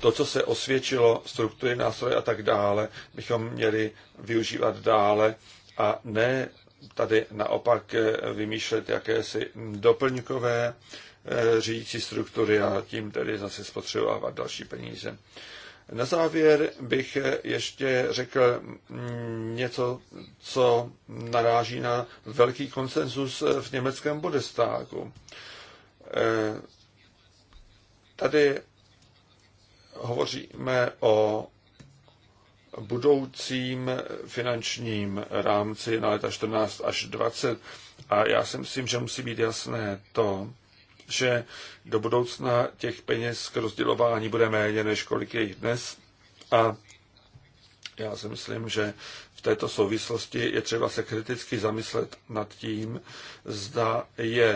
to, co se osvědčilo, struktury, nástroje a tak dále, bychom měli využívat dále a ne tady naopak eh, vymýšlet jakési doplňkové eh, řídící struktury a tím tedy zase spotřebovávat další peníze. Na závěr bych eh, ještě řekl mm, něco, co naráží na velký konsenzus v německém Bundestagu. Tady hovoříme o budoucím finančním rámci na leta 14 až 20. A já si myslím, že musí být jasné to, že do budoucna těch peněz k rozdělování bude méně, než kolik je jich dnes. A já si myslím, že v této souvislosti je třeba se kriticky zamyslet nad tím, zda je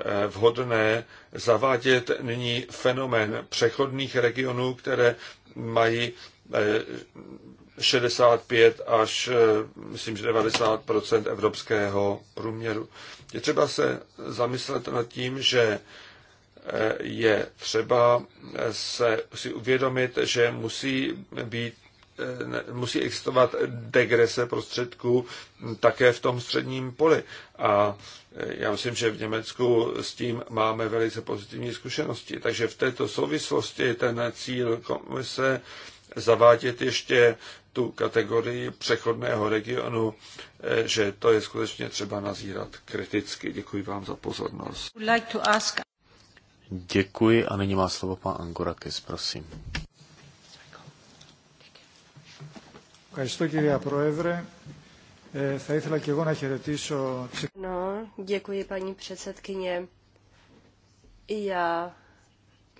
eh, vhodné zavádět nyní fenomén přechodných regionů, které mají 65 eh, až, eh, myslím, že 90 evropského průměru. Je třeba se zamyslet nad tím, že eh, je třeba se, si uvědomit, že musí být musí existovat degrese prostředků také v tom středním poli. A já myslím, že v Německu s tím máme velice pozitivní zkušenosti. Takže v této souvislosti ten cíl komise zavádět ještě tu kategorii přechodného regionu, eh, že to je skutečně třeba nazírat kriticky. Děkuji vám za pozornost. Děkuji a nyní má slovo pan Angorakis, prosím. No, děkuji paní předsedkyně. I já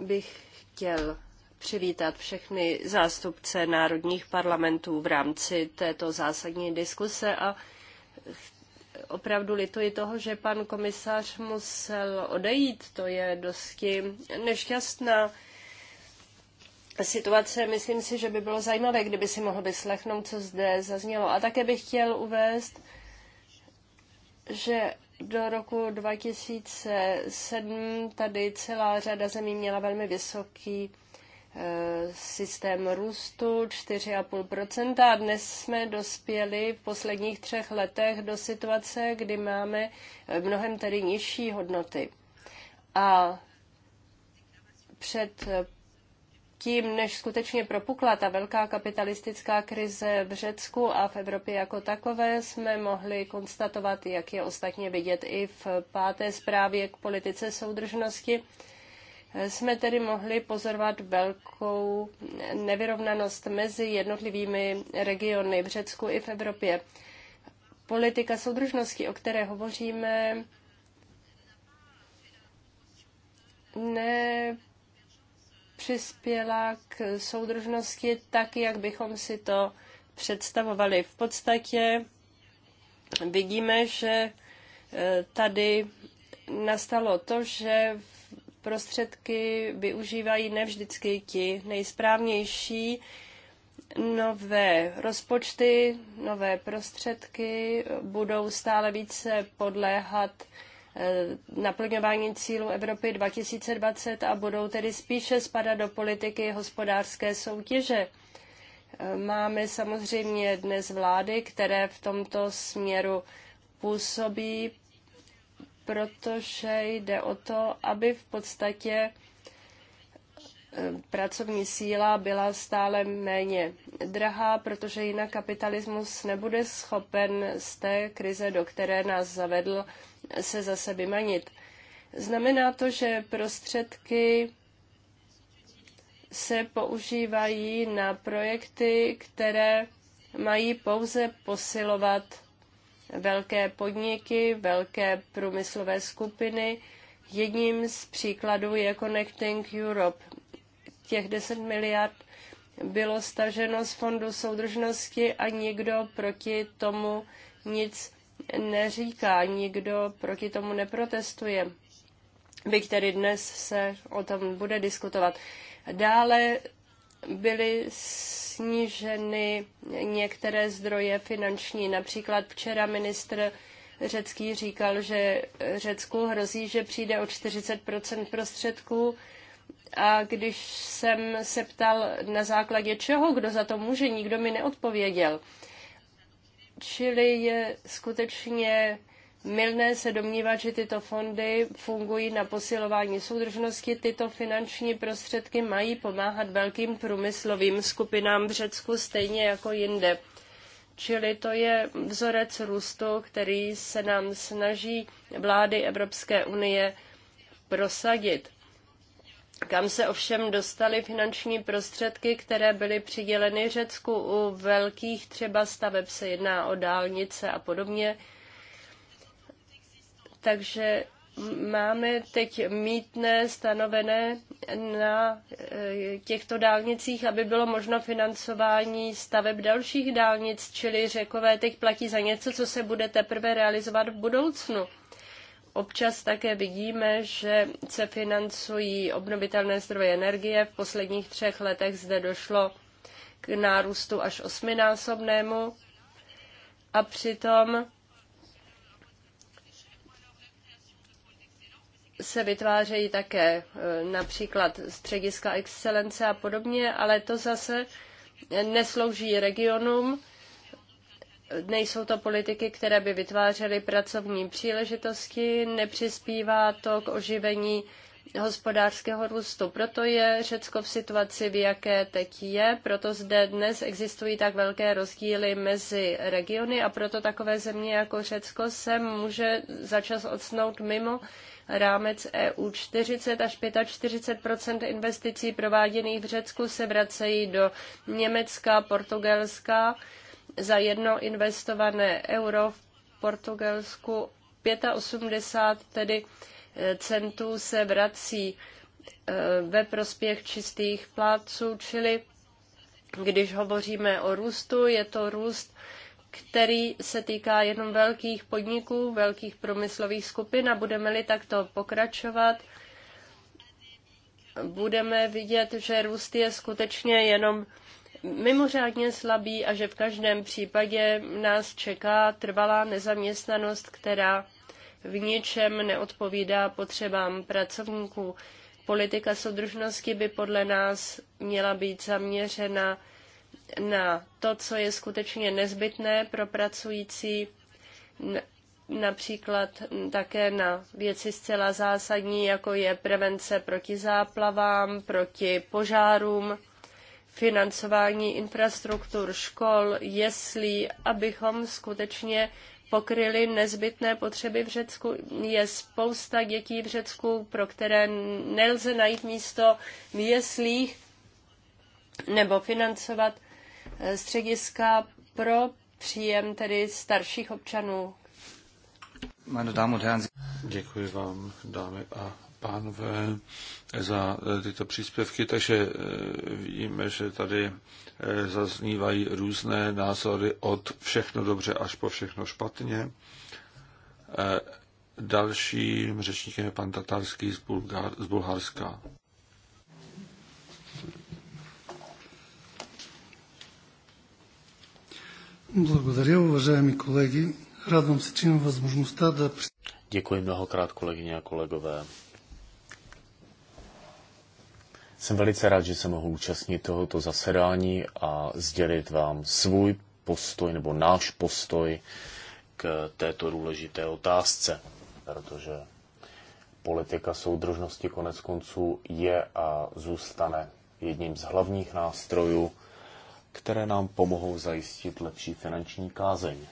bych chtěl přivítat všechny zástupce národních parlamentů v rámci této zásadní diskuse a opravdu lituji toho, že pan komisař musel odejít. To je dosti nešťastná situace. Myslím si, že by bylo zajímavé, kdyby si mohl vyslechnout, co zde zaznělo. A také bych chtěl uvést, že do roku 2007 tady celá řada zemí měla velmi vysoký systém růstu 4,5% a dnes jsme dospěli v posledních třech letech do situace, kdy máme mnohem tedy nižší hodnoty. A před tím, než skutečně propukla ta velká kapitalistická krize v Řecku a v Evropě jako takové, jsme mohli konstatovat, jak je ostatně vidět i v páté zprávě k politice soudržnosti, jsme tedy mohli pozorovat velkou nevyrovnanost mezi jednotlivými regiony v Řecku i v Evropě. Politika soudržnosti, o které hovoříme, nepřispěla k soudržnosti tak, jak bychom si to představovali. V podstatě vidíme, že eh, tady nastalo to, že prostředky využívají nevždycky ti nejsprávnější. Nové rozpočty, nové prostředky budou stále více podléhat eh, naplňování cílů Evropy 2020 a budou tedy spíše spadat do politiky hospodářské soutěže. Eh, máme samozřejmě dnes vlády, které v tomto směru působí protože jde o to, aby v podstatě eh, pracovní síla byla stále méně drahá, protože jinak kapitalismus nebude schopen z té krize, do které nás zavedl, se zase vymanit. Znamená to, že prostředky se používají na projekty, které mají pouze posilovat velké podniky, velké průmyslové skupiny. Jedním z příkladů je Connecting Europe. Těch 10 miliard bylo staženo z fondu soudržnosti a nikdo proti tomu nic neříká, nikdo proti tomu neprotestuje. Byť který dnes se o tom bude diskutovat. Dále byly sníženy některé zdroje finanční. Například včera ministr řecký říkal, že Řecku hrozí, že přijde o 40 prostředků. A když jsem se ptal na základě čeho, kdo za to může, nikdo mi neodpověděl. Čili je skutečně Milné se domnívá, že tyto fondy fungují na posilování soudržnosti. Tyto finanční prostředky mají pomáhat velkým průmyslovým skupinám v Řecku stejně jako jinde. Čili to je vzorec růstu, který se nám snaží vlády Evropské unie prosadit. Kam se ovšem dostaly finanční prostředky, které byly přiděleny Řecku u velkých třeba staveb se jedná o dálnice a podobně. Takže máme teď mítné stanovené na eh, těchto dálnicích, aby bylo možno financování staveb dalších dálnic, čili řekové teď platí za něco, co se bude teprve realizovat v budoucnu. Občas také vidíme, že se financují obnovitelné zdroje energie. V posledních třech letech zde došlo k nárůstu až osminásobnému. A přitom se vytvářejí také e, například střediska excelence a podobně, ale to zase neslouží regionům, nejsou to politiky, které by vytvářely pracovní příležitosti, nepřispívá to k oživení hospodářského růstu. Proto je Řecko v situaci, v jaké teď je, proto zde dnes existují tak velké rozdíly mezi regiony a proto takové země jako Řecko se může začas odsnout mimo rámec EU. 40 až 45 investicí prováděných v Řecku se vracejí do Německa, Portugalska. Za jedno investované euro v Portugalsku 85 tedy eh, centů se vrací eh, ve prospěch čistých plátců, čili když hovoříme o růstu, je to růst který se týká jenom velkých podniků, velkých průmyslových skupin a budeme-li takto pokračovat, budeme vidět, že růst je skutečně jenom mimořádně slabý a že v každém případě nás čeká trvalá nezaměstnanost, která v ničem neodpovídá potřebám pracovníků. Politika soudržnosti by podle nás měla být zaměřena na to, co je skutečně nezbytné pro pracující, například také na věci zcela zásadní, jako je prevence proti záplavám, proti požárům, financování infrastruktur škol, jeslí, abychom skutečně pokryli nezbytné potřeby v Řecku. Je spousta dětí v Řecku, pro které nelze najít místo v jeslích nebo financovat Eh, střediska pro příjem tedy starších občanů. Děkuji vám, dámy a pánové, za eh, tyto příspěvky. Takže eh, vidíme, že tady zaznívají různé názory od všechno dobře až po všechno špatně. Dalším řečníkem je pan Tatarský z, z Bulharska. Благодаря, уважаеми колеги. Радвам се, че имам възможността да... Děkuji mnohokrát, kolegyně a kolegové. Jsem velice rád, že se mohu účastnit tohoto zasedání a sdělit vám svůj postoj nebo náš postoj k této důležité otázce, protože politika soudržnosti konec konců je a zůstane jedním z hlavních nástrojů které nám pomohou zajistit lepší finanční kázeň.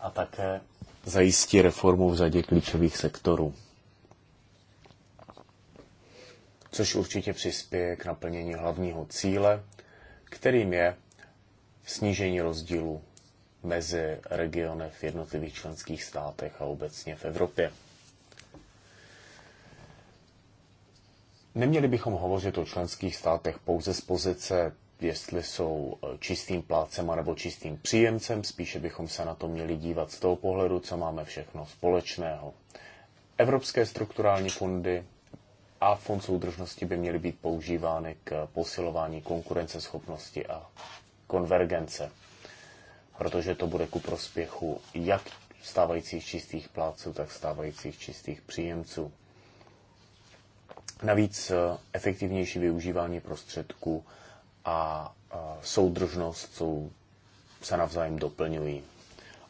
A také zajistí reformu v řadě klíčových sektorů. Což určitě přispěje k naplnění hlavního cíle, kterým je snížení rozdílu mezi regiony v jednotlivých členských státech a obecně v Evropě. Neměli bychom hovořit o členských státech pouze z pozice, jestli jsou eh, čistým plácem nebo čistým příjemcem, spíše bychom se na to měli dívat z toho pohledu, co máme všechno společného. Evropské strukturální fondy a fond soudržnosti by měly být používány k posilování konkurenceschopnosti a konvergence, protože to bude ku prospěchu jak stávajících čistých pláců, tak stávajících čistých příjemců. Navíc eh, efektivnější využívání prostředků a eh, soudržnost jsou, se navzájem doplňují.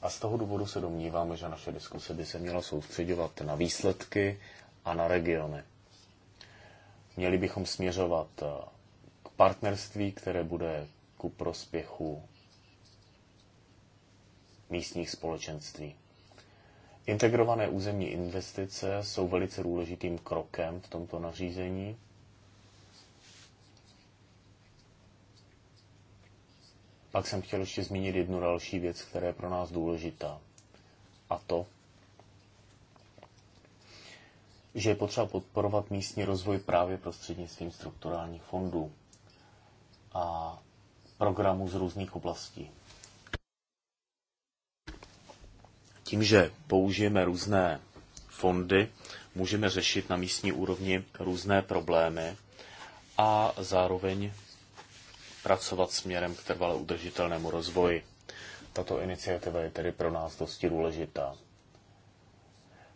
A z toho důvodu se domníváme, že naše diskuse by se měla soustředovat na výsledky a na regiony. Měli bychom směřovat eh, k partnerství, které bude ku prospěchu místních společenství. Integrované územní investice jsou velice důležitým krokem v tomto nařízení. Pak jsem chtěl ještě zmínit jednu další věc, která je pro nás důležitá. A to, že je potřeba podporovat místní rozvoj právě prostřednictvím strukturálních fondů a programů z různých oblastí. Tím, že použijeme různé fondy, můžeme řešit na místní úrovni různé problémy a zároveň pracovat směrem k trvale udržitelnému rozvoji. Tato iniciativa je tedy pro nás dosti důležitá.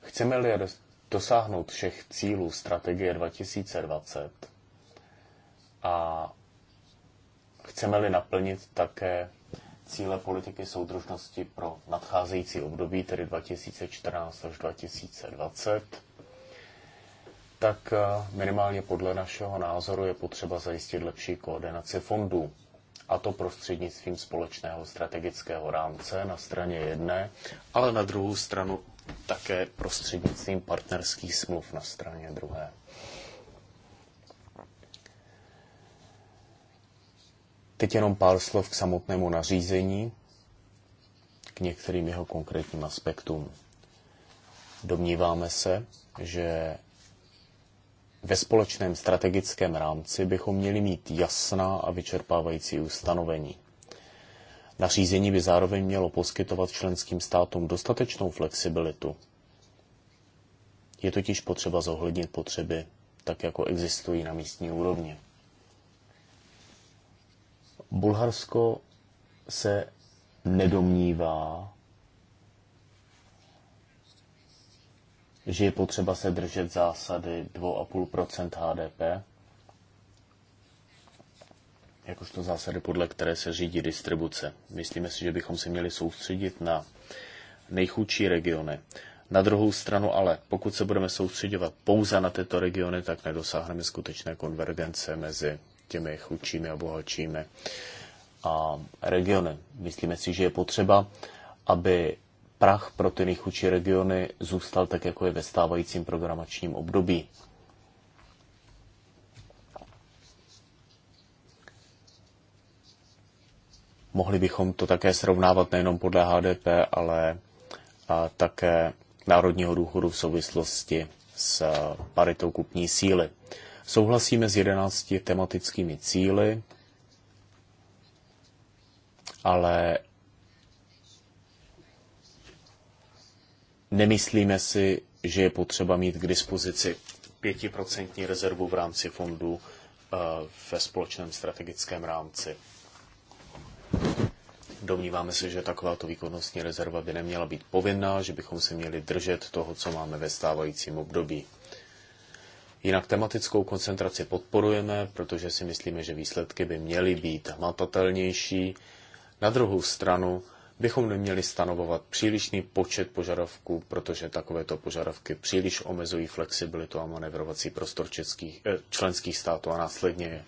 Chceme-li dosáhnout všech cílů strategie 2020 a chceme-li naplnit také cíle politiky soudržnosti pro nadcházející období, tedy 2014 až 2020, tak eh, minimálně podle našeho názoru je potřeba zajistit lepší koordinaci fondů. A to prostřednictvím společného strategického rámce na straně jedné, ale na druhou stranu také prostřednictvím partnerských smluv na straně druhé. Teď jenom pár slov k samotnému nařízení, k některým jeho konkrétním aspektům. Domníváme se, že ve společném strategickém rámci bychom měli mít jasná a vyčerpávající ustanovení. Nařízení by zároveň mělo poskytovat členským státům dostatečnou flexibilitu. Je totiž potřeba zohlednit potřeby tak, jako existují na místní úrovni. Bulharsko se nedomnívá, že je potřeba se držet zásady 2,5 HDP, jakožto zásady, podle které se řídí distribuce. Myslíme si, že bychom se měli soustředit na nejchudší regiony. Na druhou stranu ale, pokud se budeme soustředovat pouze na tyto regiony, tak nedosáhneme skutečné konvergence mezi těmi chudšími a bohatšími a regiony. Myslíme si, že je potřeba, aby prach pro ty nejchudší regiony zůstal tak, jako je ve stávajícím programačním období. Mohli bychom to také srovnávat nejenom podle HDP, ale a také národního důchodu v souvislosti s paritou kupní síly. Souhlasíme s jedenácti tematickými cíly, ale nemyslíme si, že je potřeba mít k dispozici pětiprocentní rezervu v rámci fondu eh, ve společném strategickém rámci. Domníváme se, že takováto výkonnostní rezerva by neměla být povinná, že bychom se měli držet toho, co máme ve stávajícím období. Jinak tematickou koncentraci podporujeme, protože si myslíme, že výsledky by měly být hmatatelnější. Na druhou stranu bychom neměli stanovovat přílišný počet požadavků, protože takovéto požadavky příliš omezují flexibilitu a manevrovací prostor českých, eh, členských států a následně je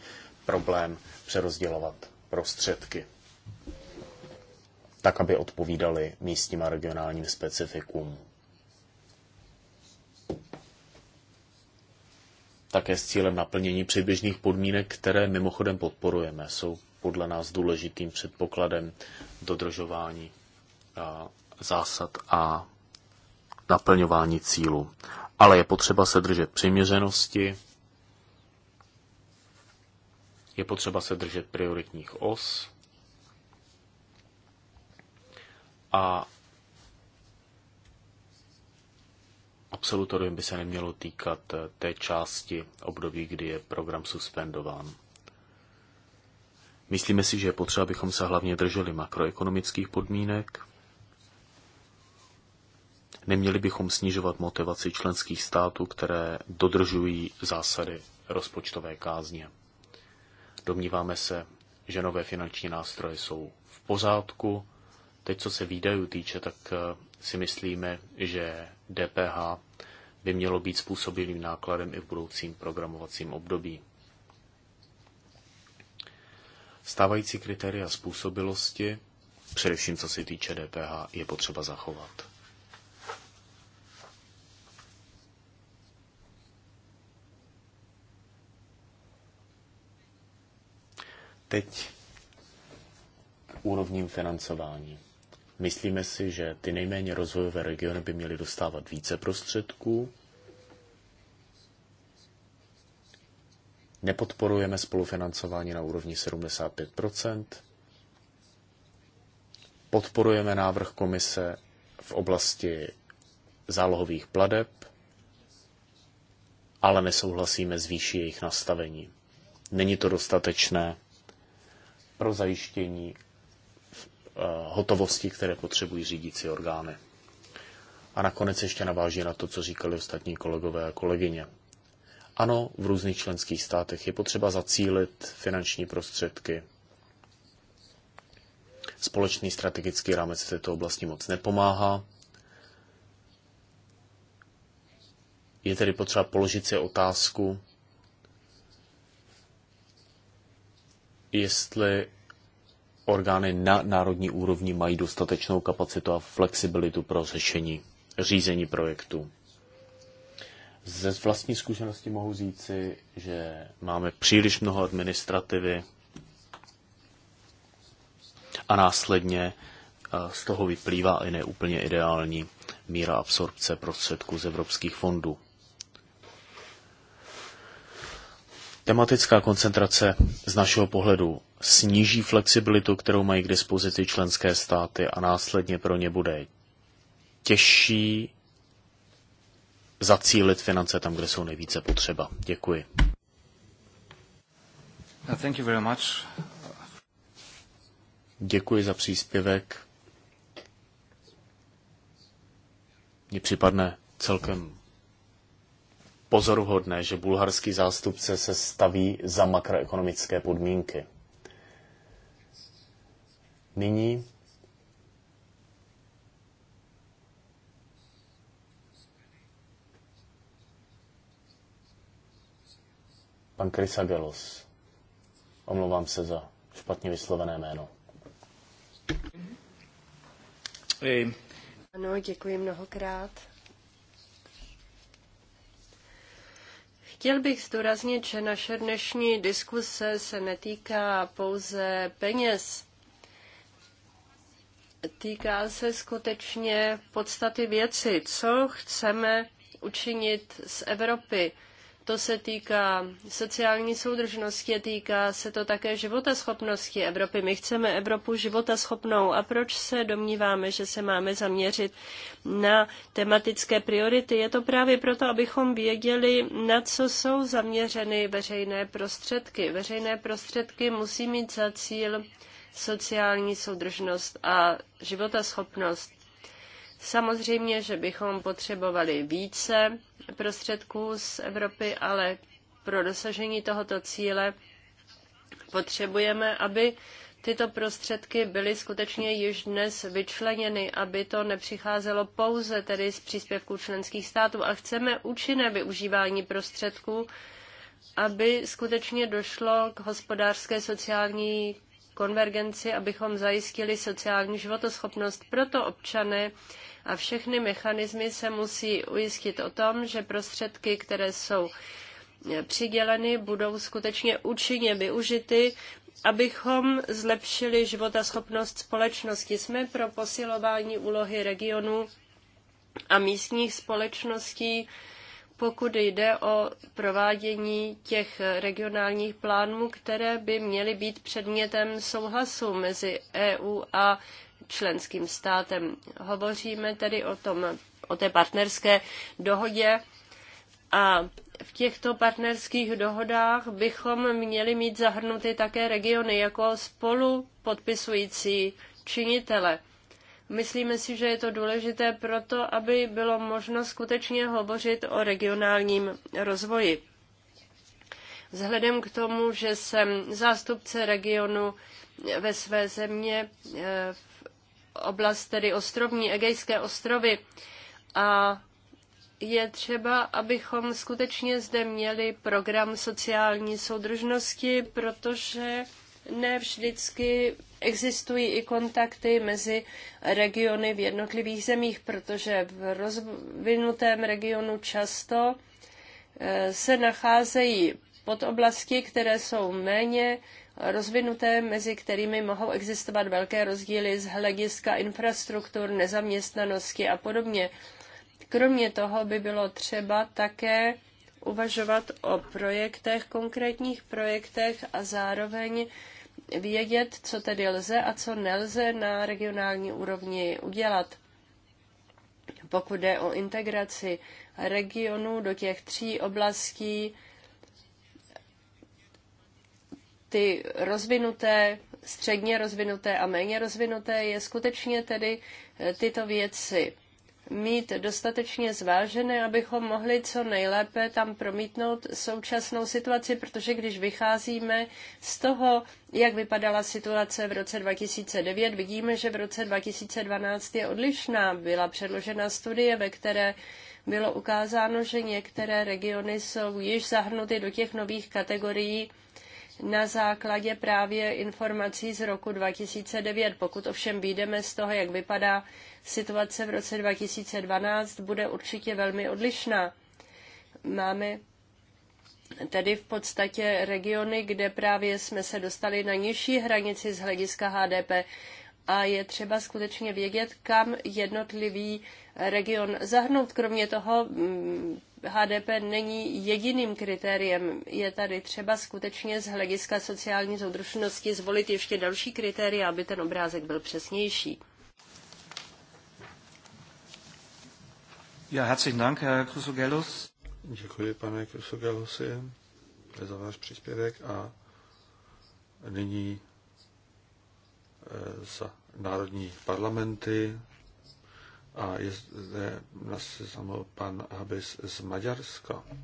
problém přerozdělovat prostředky tak, aby odpovídali místním a regionálním specifikům také s cílem naplnění předběžných podmínek, které mimochodem podporujeme. Jsou podle nás důležitým předpokladem dodržování zásad a naplňování cílu. Ale je potřeba se držet přiměřenosti, je potřeba se držet prioritních os a absolutorium by se nemělo týkat eh, té části období, kdy je program suspendován. Myslíme si, že je potřeba, abychom se hlavně drželi makroekonomických podmínek. Neměli bychom snižovat motivaci členských států, které dodržují zásady rozpočtové kázně. Domníváme se, že nové finanční nástroje jsou v pořádku. Teď, co se výdajů týče, tak eh, si myslíme, že DPH by mělo být způsobilým nákladem i v budoucím programovacím období. Stávající kritéria způsobilosti, především co se týče DPH, je potřeba zachovat. Teď k úrovním financování. Myslíme si, že ty nejméně rozvojové regiony by měly dostávat více prostředků. Nepodporujeme spolufinancování na úrovni 75 Podporujeme návrh komise v oblasti zálohových pladeb, ale nesouhlasíme s výší jejich nastavení. Není to dostatečné pro zajištění Eh, hotovosti, které potřebují řídící orgány. A nakonec ještě naváží na to, co říkali ostatní kolegové a kolegyně. Ano, v různých členských státech je potřeba zacílit finanční prostředky. Společný strategický rámec v této oblasti moc nepomáhá. Je tedy potřeba položit si otázku, jestli orgány na národní úrovni mají dostatečnou kapacitu a flexibilitu pro řešení, řízení projektů. Ze vlastní zkušenosti mohu říci, že máme příliš mnoho administrativy a následně eh, z toho vyplývá i neúplně ideální míra absorpce prostředků z evropských fondů. Tematická koncentrace z našeho pohledu sníží flexibilitu, kterou mají k dispozici členské státy a následně pro ně bude těžší zacílit finance tam, kde jsou nejvíce potřeba. Děkuji. Uh, thank you very much. Děkuji za příspěvek. Mně připadne celkem pozoruhodné, že bulharský zástupce se staví za makroekonomické podmínky. Nyní pan Krysagelos. Omlouvám se za špatně vyslovené jméno. Ano, děkuji mnohokrát. Chtěl bych zdůraznit, že naše dnešní diskuse se netýká pouze peněz, týká se skutečně podstaty věci. Co chceme učinit z Evropy? To se týká sociální soudržnosti, týká se to také životaschopnosti Evropy. My chceme Evropu životaschopnou. A proč se domníváme, že se máme zaměřit na tematické priority? Je to právě proto, abychom věděli, na co jsou zaměřeny veřejné prostředky. Veřejné prostředky musí mít za cíl sociální soudržnost a životaschopnost. Samozřejmě, že bychom potřebovali více prostředků z Evropy, ale pro dosažení tohoto cíle potřebujeme, aby tyto prostředky byly skutečně již dnes vyčleněny, aby to nepřicházelo pouze tedy z příspěvků členských států. A chceme účinné využívání prostředků, aby skutečně došlo k hospodářské, sociální, konvergenci, abychom zajistili sociální životoschopnost. Proto občané a všechny mechanismy se musí ujistit o tom, že prostředky, které jsou přiděleny, budou skutečně účinně využity, abychom zlepšili životaschopnost společnosti. Jsme pro posilování úlohy regionů a místních společností pokud jde o provádění těch regionálních plánů, které by měly být předmětem souhlasu mezi EU a členským státem. Hovoříme tedy o, tom, o té partnerské dohodě a v těchto partnerských dohodách bychom měli mít zahrnuty také regiony jako spolu podpisující činitele. Myslíme si, že je to důležité proto, aby bylo možno skutečně hovořit o regionálním rozvoji. Vzhledem k tomu, že jsem zástupce regionu ve své země, eh, v oblast tedy ostrovní, Egejské ostrovy, a je třeba, abychom skutečně zde měli program sociální soudržnosti, protože ne vždycky existují i kontakty mezi regiony v jednotlivých zemích, protože v rozvinutém regionu často eh, se nacházejí podoblasti, které jsou méně rozvinuté, mezi kterými mohou existovat velké rozdíly z hlediska infrastruktur, nezaměstnanosti a podobně. Kromě toho by bylo třeba také uvažovat o projektech, konkrétních projektech a zároveň vědět, co tedy lze a co nelze na regionální úrovni udělat. Pokud jde o integraci regionu do těch tří oblastí, ty rozvinuté, středně rozvinuté a méně rozvinuté, je skutečně tedy eh, tyto věci mít dostatečně zvážené, abychom mohli co nejlépe tam promítnout současnou situaci, protože když vycházíme z toho, jak vypadala situace v roce 2009, vidíme, že v roce 2012 je odlišná. Byla předložena studie, ve které bylo ukázáno, že některé regiony jsou již zahrnuty do těch nových kategorií na základě právě informací z roku 2009. Pokud ovšem výjdeme z toho, jak vypadá situace v roce 2012 bude určitě velmi odlišná. Máme tedy v podstatě regiony, kde právě jsme se dostali na nižší hranici z hlediska HDP a je třeba skutečně vědět, kam jednotlivý region zahrnout. Kromě toho mm, HDP není jediným kritériem. Je tady třeba skutečně z hlediska sociální soudržnosti zvolit ještě další kritéria, aby ten obrázek byl přesnější. Ja, herzlichen Dank, Herr Chrysogelos. Děkuji, pane Chrysogelosi, za váš příspěvek a nyní eh, za národní parlamenty a je zde na samo pan Habis z Maďarska. jste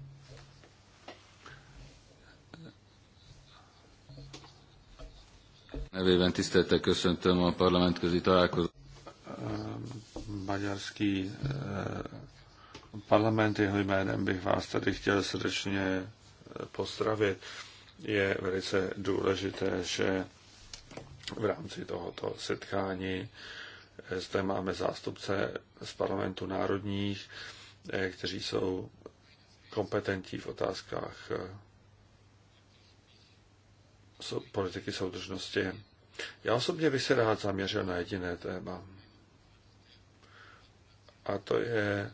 Nevében tisztelettel köszöntöm a parlamentközi jako... Maďarský eh, parlament jeho jménem bych vás tady chtěl srdečně eh, pozdravit. Je velice důležité, že v rámci tohoto setkání eh, zde máme zástupce z parlamentu národních, eh, kteří jsou kompetentní v otázkách politiky soudržnosti. Já osobně bych se rád zaměřil na jediné téma. A to je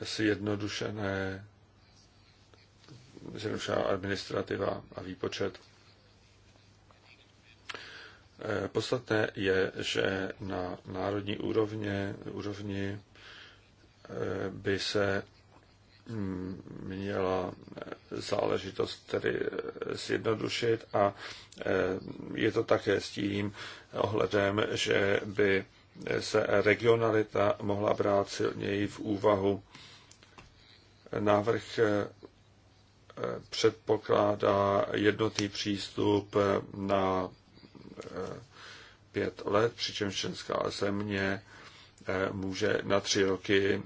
zjednodušené zjednodušená administrativa a výpočet. Eh, podstatné je, že na národní úrovně, úrovni eh, by se mm, měla eh, záležitost tedy zjednodušit a je to také s tím ohledem, že by se regionalita mohla brát silněji v úvahu. Návrh eh, předpokládá jednotný přístup na eh, pět let, přičemž Česká země eh, může na tři roky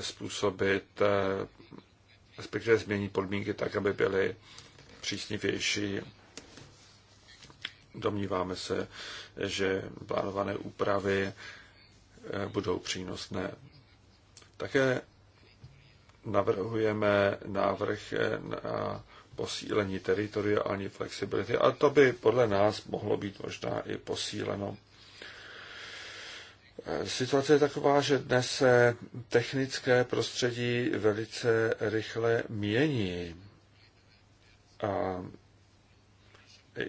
způsobit, respektive změnit podmínky tak, aby byly přísnivější. Domníváme se, že plánované úpravy eh, budou přínosné. Také navrhujeme návrh eh, na posílení teritoriální flexibility a to by podle nás mohlo být možná i posíleno. Eh, situace je taková, že dnes se technické prostředí velice rychle mění a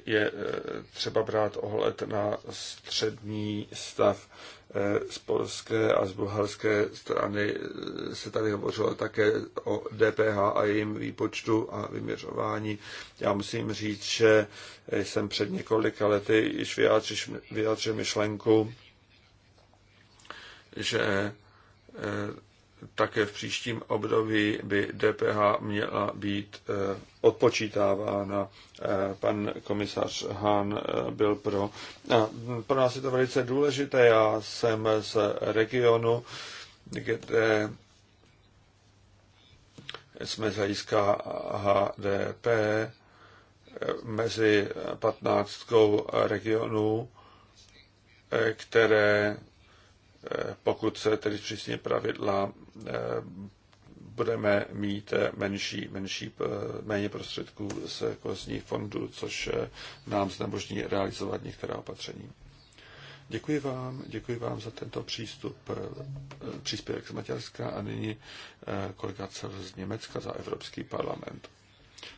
je eh, třeba brát ohled na střední stav eh, z polské a z bulharské strany. Eh, se tady hovořilo také o DPH a jejím výpočtu a vyměřování. Já musím říct, že jsem před několika lety již vyjádřil myšlenku, že také v příštím období by DPH měla být eh, odpočítávána. Eh, pan komisař Hahn eh, byl pro. A hm, pro nás je to velice důležité. Já jsem z regionu, kde jsme z hlediska HDP mezi patnáctkou regionů, které Eh, pokud se tedy zpřísní pravidla, eh, budeme mít eh, menší, menší, méně prostředků z kohezních fondů, což nám znemožní realizovat některá opatření. Děkuji vám, děkuji vám za tento přístup, příspěvek z Maďarska a nyní kolega z Německa za Evropský parlament.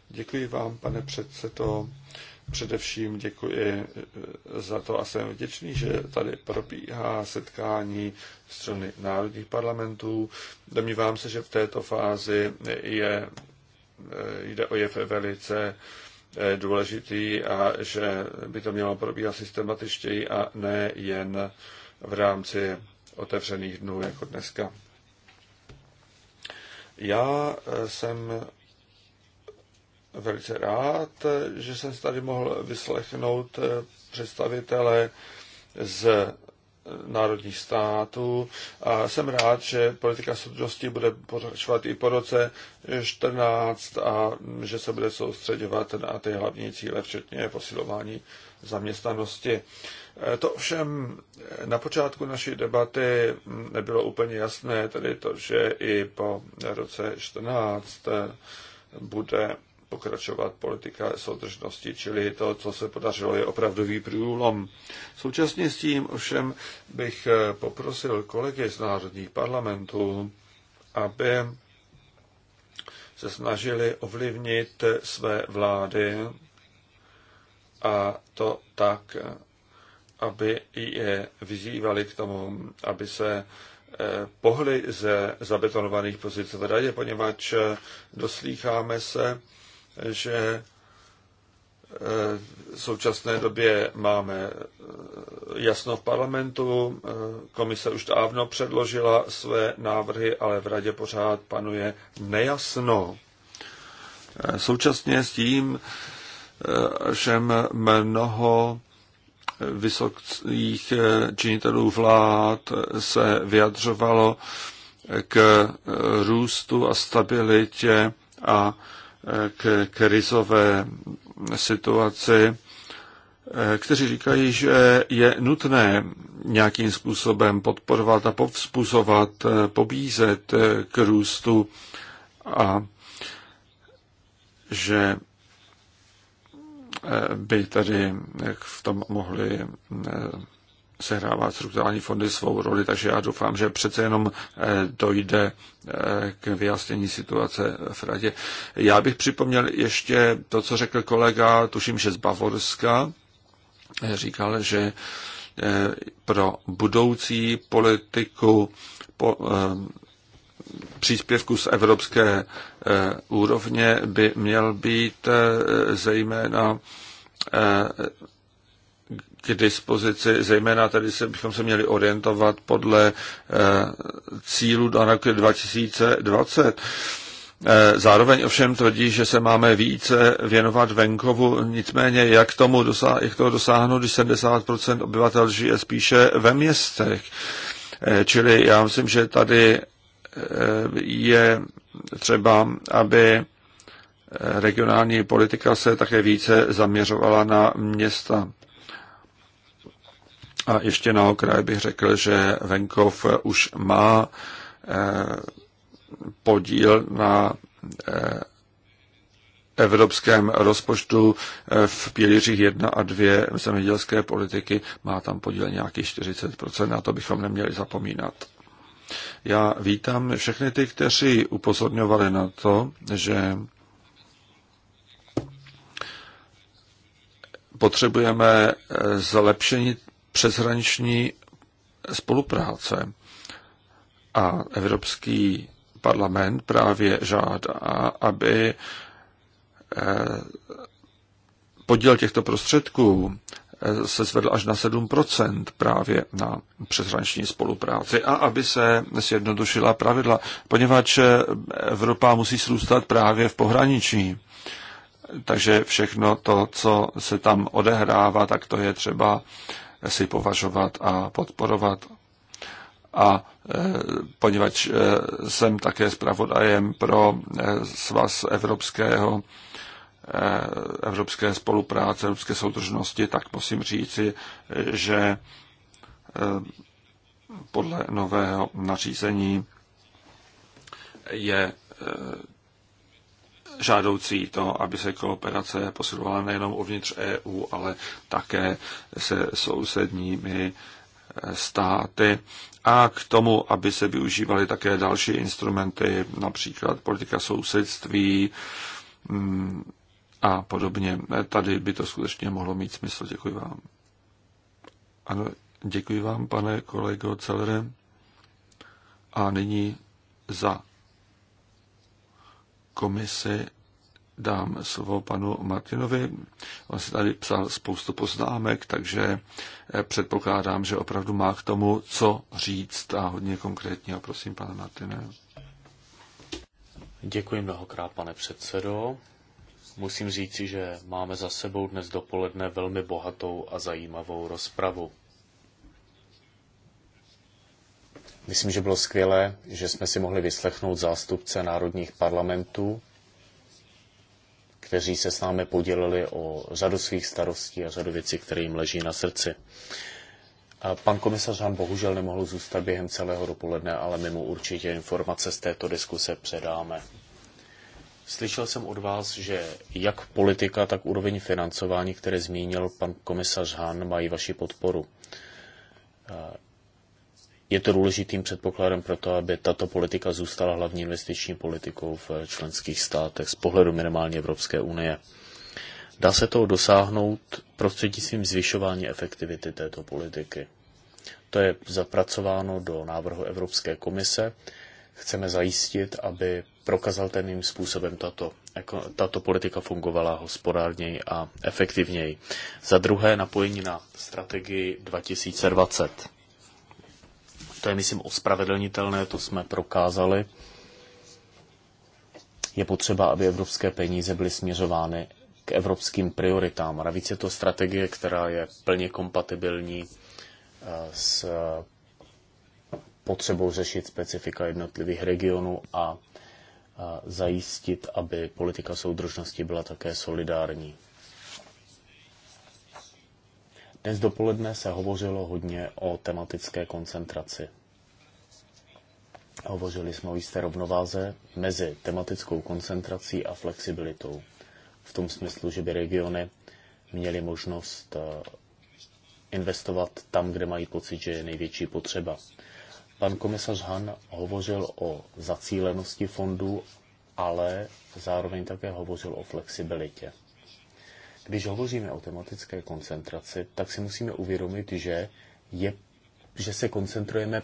Děkuji vám, pane předsedo. Především děkuji eh, za to a jsem vděčný, že tady probíhá setkání strany národních parlamentů. Domnívám se, že v této fázi je, eh, jde o jev velice eh, důležitý a že by to mělo probíhat systematičtěji a ne jen v rámci otevřených dnů jako dneska. Já jsem velice rád, že jsem se tady mohl vyslechnout eh, představitele z národních států a jsem rád, že politika soudnosti bude pokračovat i po roce 14 a že se bude soustředovat na ty hlavní cíle, včetně posilování zaměstnanosti. Eh, to ovšem eh, na počátku naší debaty hm, nebylo úplně jasné, tedy to, že i po roce 14 bude pokračovat politika soudržnosti, čili to, co se podařilo, je opravdový průlom. Současně s tím ovšem bych eh, poprosil kolegy z národních parlamentů, aby se snažili ovlivnit své vlády a to tak, aby je vyzývali k tomu, aby se eh, pohly ze zabetonovaných pozic v radě, poněvadž eh, doslýcháme se, že eh, v současné době máme eh, jasno v parlamentu, eh, komise už dávno předložila své návrhy, ale v radě pořád panuje nejasno. Současně s tím že mnoho vysokých činitelů vlád se vyjadřovalo k růstu a stabilitě a k krizové situaci, eh, kteří říkají, že je nutné nějakým způsobem podporovat a povzbuzovat, eh, pobízet eh, k růstu a že by tady v tom mohli sehrává strukturální fondy svou roli, takže já doufám, že přece jenom eh, dojde eh, k vyjasnění situace v radě. Já bych připomněl ještě to, co řekl kolega, tuším, že z Bavorska, eh, říkal, že pro budoucí politiku po, příspěvku z evropské úrovně by měl být zejména k dispozici, zejména tady se, bychom se měli orientovat podle eh, cílu do roku 2020. Zároveň ovšem tvrdí, že se máme více věnovat venkovu, nicméně jak, tomu dosáh- jak toho dosáhnout, když 70% obyvatel žije spíše ve městech. Eh, čili já myslím, že tady eh, je třeba, aby regionální politika se také více zaměřovala na města. A ještě na okraj bych řekl, že venkov už má eh, podíl na eh, evropském rozpočtu eh, v pilířích 1 a 2 zemědělské politiky má tam podíl nějakých 40%, na to bychom neměli zapomínat. Já vítám všechny ty, kteří upozorňovali na to, že potřebujeme zlepšení přeshraniční spolupráce. A Evropský parlament právě žádá, aby eh, podíl těchto prostředků eh, se zvedl až na 7 právě na přeshraniční spolupráci a aby se zjednodušila pravidla, poněvadž eh, Evropa musí zrůstat právě v pohraničí. Takže všechno to, co se tam odehrává, tak to je třeba si považovat a podporovat. A e, poněvadž e, jsem také zpravodajem pro e, svaz evropského evropské spolupráce, evropské soudržnosti, tak musím říci, že podle nového nařízení je žádoucí to, aby se kooperace posilovala nejenom uvnitř EU, ale také se sousedními eh, státy a k tomu, aby se využívaly také další instrumenty, například politika sousedství mm, a podobně. Tady by to skutečně mohlo mít smysl. Děkuji vám. Ano, děkuji vám, pane kolego Celere. A nyní za komisi dám slovo panu Martinovi. On si tady psal spoustu poznámek, takže eh, předpokládám, že opravdu má k tomu co říct a hodně konkrétně. A prosím, pane Martine. Děkuji mnohokrát, pane předsedo. Musím říci, že máme za sebou dnes dopoledne velmi bohatou a zajímavou rozpravu. Myslím, že bylo skvělé, že jsme si mohli vyslechnout zástupce národních parlamentů, kteří se s námi podělili o řadu svých starostí a řadu věcí, které jim leží na srdci. A pan komisař Han bohužel nemohl zůstat během celého dopoledne, ale my mu určitě informace z této diskuse předáme. Slyšel jsem od vás, že jak politika, tak úroveň financování, které zmínil pan komisař Han, mají vaši podporu je to důležitým předpokladem pro to, aby tato politika zůstala hlavní investiční politikou v členských státech z pohledu minimálně Evropské unie. Dá se toho dosáhnout prostřednictvím zvyšování efektivity této politiky. To je zapracováno do návrhu Evropské komise. Chceme zajistit, aby prokazatelným způsobem tato, tato politika fungovala hospodárněji a efektivněji. Za druhé napojení na strategii 2020 to je, myslím, ospravedlnitelné, to jsme prokázali. Je potřeba, aby evropské peníze byly směřovány k evropským prioritám. A navíc je to strategie, která je plně kompatibilní eh, s potřebou řešit specifika jednotlivých regionů a eh, zajistit, aby politika soudržnosti byla také solidární. Dnes dopoledne se hovořilo hodně o tematické koncentraci. Hovořili jsme o jisté rovnováze mezi tematickou koncentrací a flexibilitou. V tom smyslu, že by regiony měly možnost eh, investovat tam, kde mají pocit, že je největší potřeba. Pan komisař Han hovořil o zacílenosti fondů, ale zároveň také hovořil o flexibilitě. Když hovoříme o tematické koncentraci, tak si musíme uvědomit, že, je, že se koncentrujeme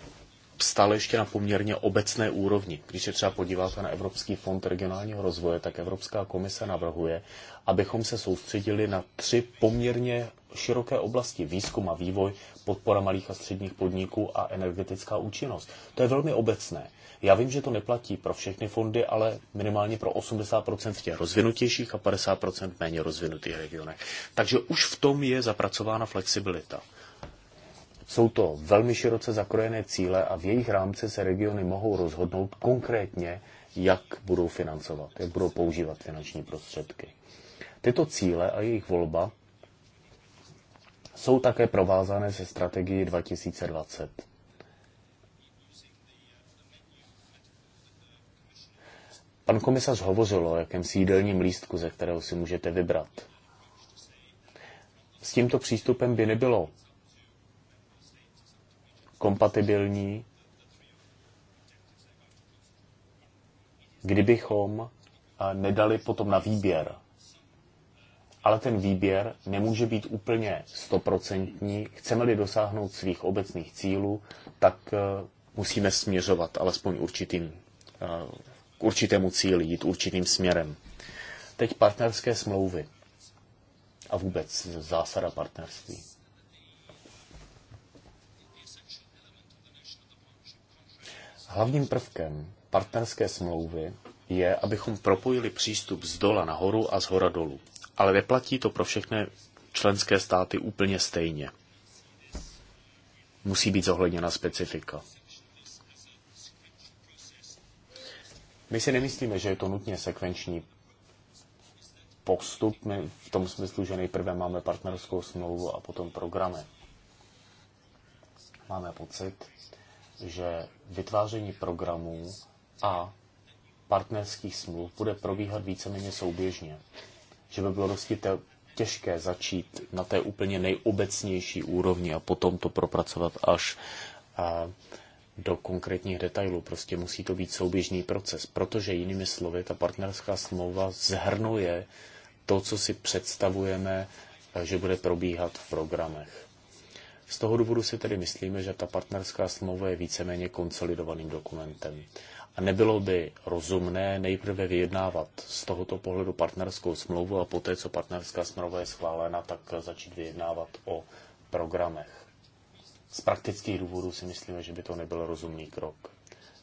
stále ještě na poměrně obecné úrovni. Když se třeba podíváte na Evropský fond regionálního rozvoje, tak Evropská komise navrhuje, abychom se soustředili na tři poměrně široké oblasti výzkum a vývoj, podpora malých a středních podniků a energetická účinnost. To je velmi obecné. Já vím, že to neplatí pro všechny fondy, ale minimálně pro 80% v těch rozvinutějších a 50% méně rozvinutých regionech. Takže už v tom je zapracována flexibilita. Jsou to velmi široce zakrojené cíle a v jejich rámci se regiony mohou rozhodnout konkrétně, jak budou financovat, jak budou používat finanční prostředky. Tyto cíle a jejich volba jsou také provázané se strategií 2020. Pan komisař hovořil o jakémsi jídelním lístku, ze kterého si můžete vybrat. S tímto přístupem by nebylo kompatibilní, kdybychom eh, nedali potom na výběr. Ale ten výběr nemůže být úplně stoprocentní. Chceme-li dosáhnout svých obecných cílů, tak eh, musíme směřovat alespoň určitým eh, k určitému cíli, jít určitým směrem. Teď partnerské smlouvy a vůbec zásada partnerství. Hlavním prvkem partnerské smlouvy je, abychom propojili přístup z dola nahoru a z hora dolů. Ale neplatí to pro všechny členské státy úplně stejně. Musí být zohledněna specifika. My si nemyslíme, že je to nutně sekvenční postup, my v tom smyslu, že nejprve máme partnerskou smlouvu a potom programy. Máme pocit, že vytváření programů a partnerských smluv bude probíhat víceméně souběžně. Že by bylo dosti těžké začít na té úplně nejobecnější úrovni a potom to propracovat až eh, do konkrétních detailů. Prostě musí to být souběžný proces, protože jinými slovy ta partnerská smlouva zhrnuje to, co si představujeme, eh, že bude probíhat v programech. Z toho důvodu si tedy myslíme, že ta partnerská smlouva je víceméně konsolidovaným dokumentem. A nebylo by rozumné nejprve vyjednávat z tohoto pohledu partnerskou smlouvu a poté, co partnerská smlouva je schválena, tak eh, začít vyjednávat o programech. Z praktických důvodů si myslíme, že by to nebyl rozumný krok.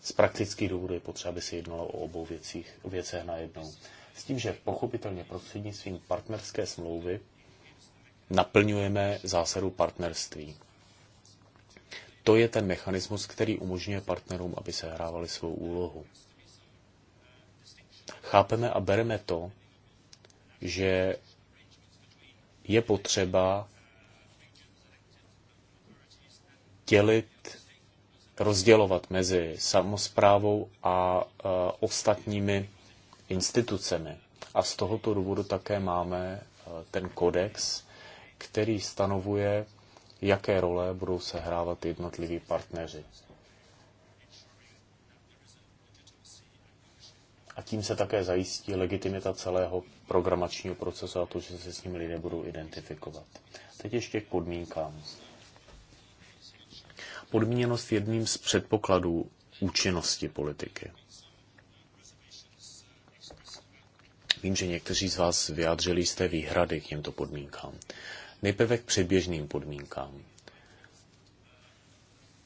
Z praktických důvodů je potřeba, aby se jednalo o obou věcích, věcech najednou. S tím, že pochopitelně prostřednictvím partnerské smlouvy naplňujeme zásadu partnerství. To je ten mechanismus, který umožňuje partnerům, aby se hrávali svou úlohu. Chápeme a bereme to, že je potřeba dělit, rozdělovat mezi samozprávou a e, ostatními institucemi. A z tohoto důvodu také máme e, ten kodex, který stanovuje, jaké role budou sehrávat jednotliví partneři. A tím se také zajistí legitimita celého programačního procesu a to, že se s ním lidé budou identifikovat. Teď ještě k podmínkám podmíněnost jedním z předpokladů účinnosti politiky. Vím, že někteří z vás vyjádřili jste výhrady k těmto podmínkám. Nejprve k předběžným podmínkám,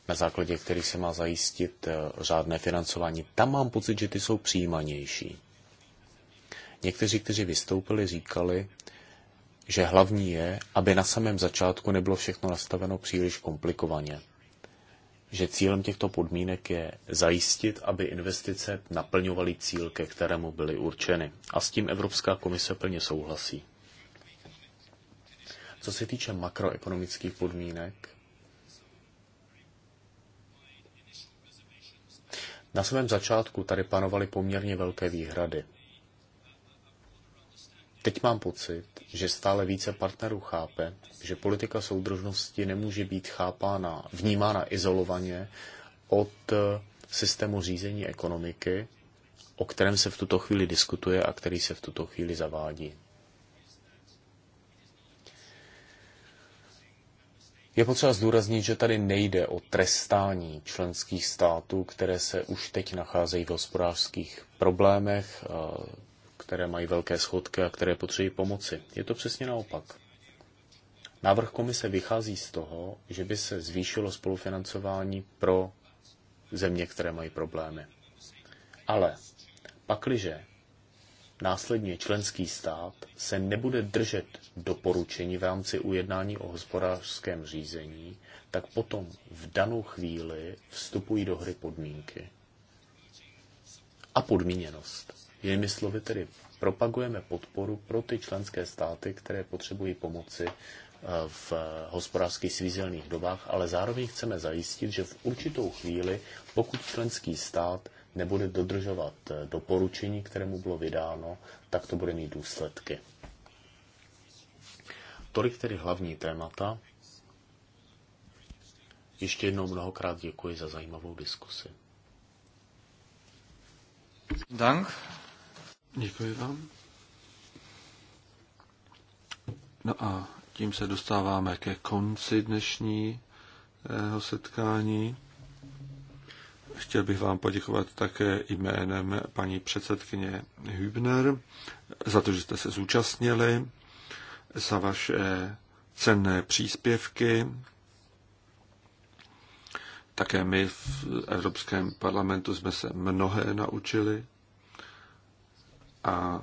na základě kterých se má zajistit eh, řádné financování. Tam mám pocit, že ty jsou přijímanější. Někteří, kteří vystoupili, říkali, že hlavní je, aby na samém začátku nebylo všechno nastaveno příliš komplikovaně že cílem těchto podmínek je zajistit, aby investice naplňovaly cíl, ke kterému byly určeny. A s tím Evropská komise plně souhlasí. Co se týče makroekonomických podmínek, na svém začátku tady panovaly poměrně velké výhrady. Teď mám pocit, že stále více partnerů chápe, že politika soudržnosti nemůže být chápána, vnímána izolovaně od eh, systému řízení ekonomiky, o kterém se v tuto chvíli diskutuje a který se v tuto chvíli zavádí. Je potřeba zdůraznit, že tady nejde o trestání členských států, které se už teď nacházejí v hospodářských problémech, eh, které mají velké schodky a které potřebují pomoci. Je to přesně naopak. Návrh komise vychází z toho, že by se zvýšilo spolufinancování pro země, které mají problémy. Ale pakliže následně členský stát se nebude držet doporučení v rámci ujednání o hospodářském řízení, tak potom v danou chvíli vstupují do hry podmínky a podmíněnost. Jinými slovy tedy propagujeme podporu pro ty členské státy, které potřebují pomoci eh, v hospodářských svízelných dobách, ale zároveň chceme zajistit, že v určitou chvíli, pokud členský stát nebude dodržovat eh, doporučení, kterému bylo vydáno, tak to bude mít důsledky. Tolik tedy hlavní témata. Ještě jednou mnohokrát děkuji za zajímavou diskusi. Dank. Děkuji vám. No a tím se dostáváme ke konci dnešního setkání. Chtěl bych vám poděkovat také jménem paní předsedkyně Hübner za to, že jste se zúčastnili, za vaše cenné příspěvky. Také my v Evropském parlamentu jsme se mnohé naučili a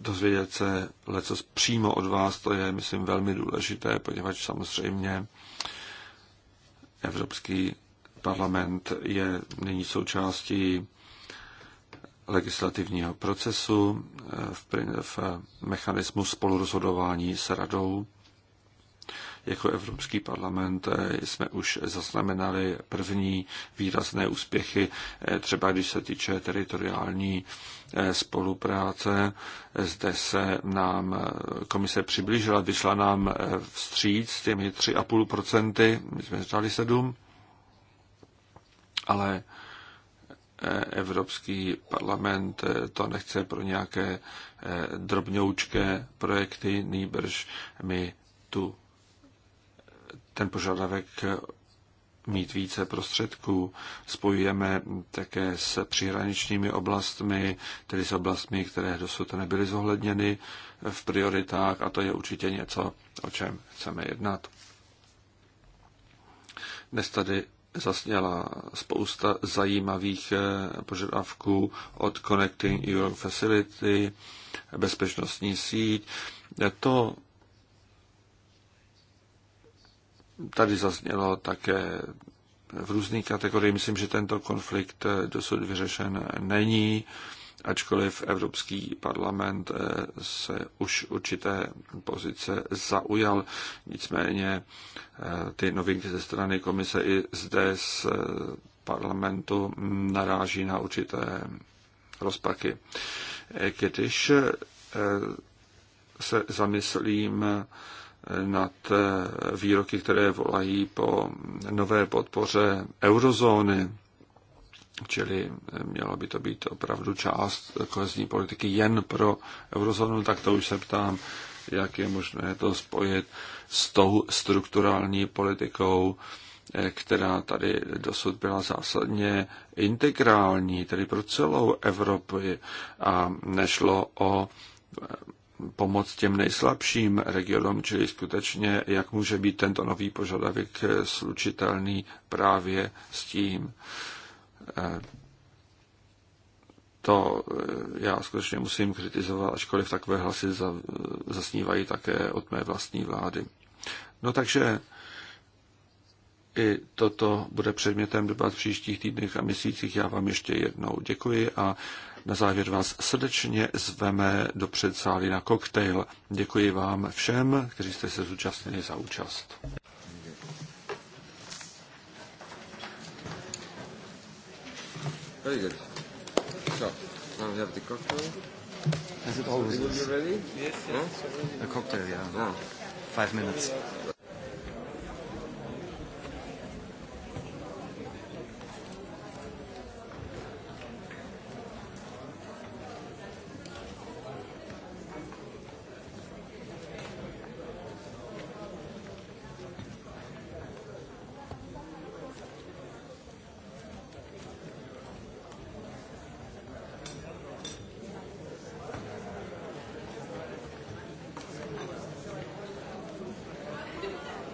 dozvědět se leco přímo od vás, to je, myslím, velmi důležité, poněvadž samozřejmě Evropský parlament je nyní součástí legislativního procesu eh, v, v eh, mechanismu spolurozhodování s radou jako Evropský parlament eh, jsme už zaznamenali první výrazné úspěchy, eh, třeba když se týče teritoriální eh, spolupráce. Zde se nám komise přiblížila, vyšla nám vstříc s těmi 3,5%, my jsme říkali 7, ale Evropský parlament to nechce pro nějaké drobňoučké projekty, nýbrž my tu ten požadavek mít více prostředků. Spojujeme také s přihraničními oblastmi, tedy s oblastmi, které dosud nebyly zohledněny v prioritách a to je určitě něco, o čem chceme jednat. Dnes tady zasněla spousta zajímavých eh, požadavků od Connecting Europe Facility, bezpečnostní síť. To Tady zaznělo také v různých kategoriích. Myslím, že tento konflikt dosud vyřešen není, ačkoliv Evropský parlament eh, se už určité pozice zaujal. Nicméně eh, ty novinky ze strany komise i zde z eh, parlamentu naráží na určité rozpaky. Když se zamyslím nad eh, výroky, které volají po nové podpoře eurozóny, čili eh, mělo by to být opravdu část kohezní politiky jen pro eurozónu, tak to už se ptám, jak je možné to spojit s tou strukturální politikou, eh, která tady dosud byla zásadně integrální, tedy pro celou Evropu a nešlo o pomoc těm nejslabším regionům, čili skutečně, jak může být tento nový požadavek slučitelný právě s tím. Eh, to eh, já skutečně musím kritizovat, ačkoliv takové hlasy eh, zasnívají také od mé vlastní vlády. No takže i toto bude předmětem debat v příštích týdnech a měsících. Já vám ještě jednou děkuji a na závěr vás srdečně zveme do předsály na koktejl. Děkuji vám všem, kteří jste se zúčastnili za účast. Very good. So, now we have the cocktail. Is it always? Will you ready? Yes, yes. Yeah? A cocktail, yeah. yeah. Five minutes.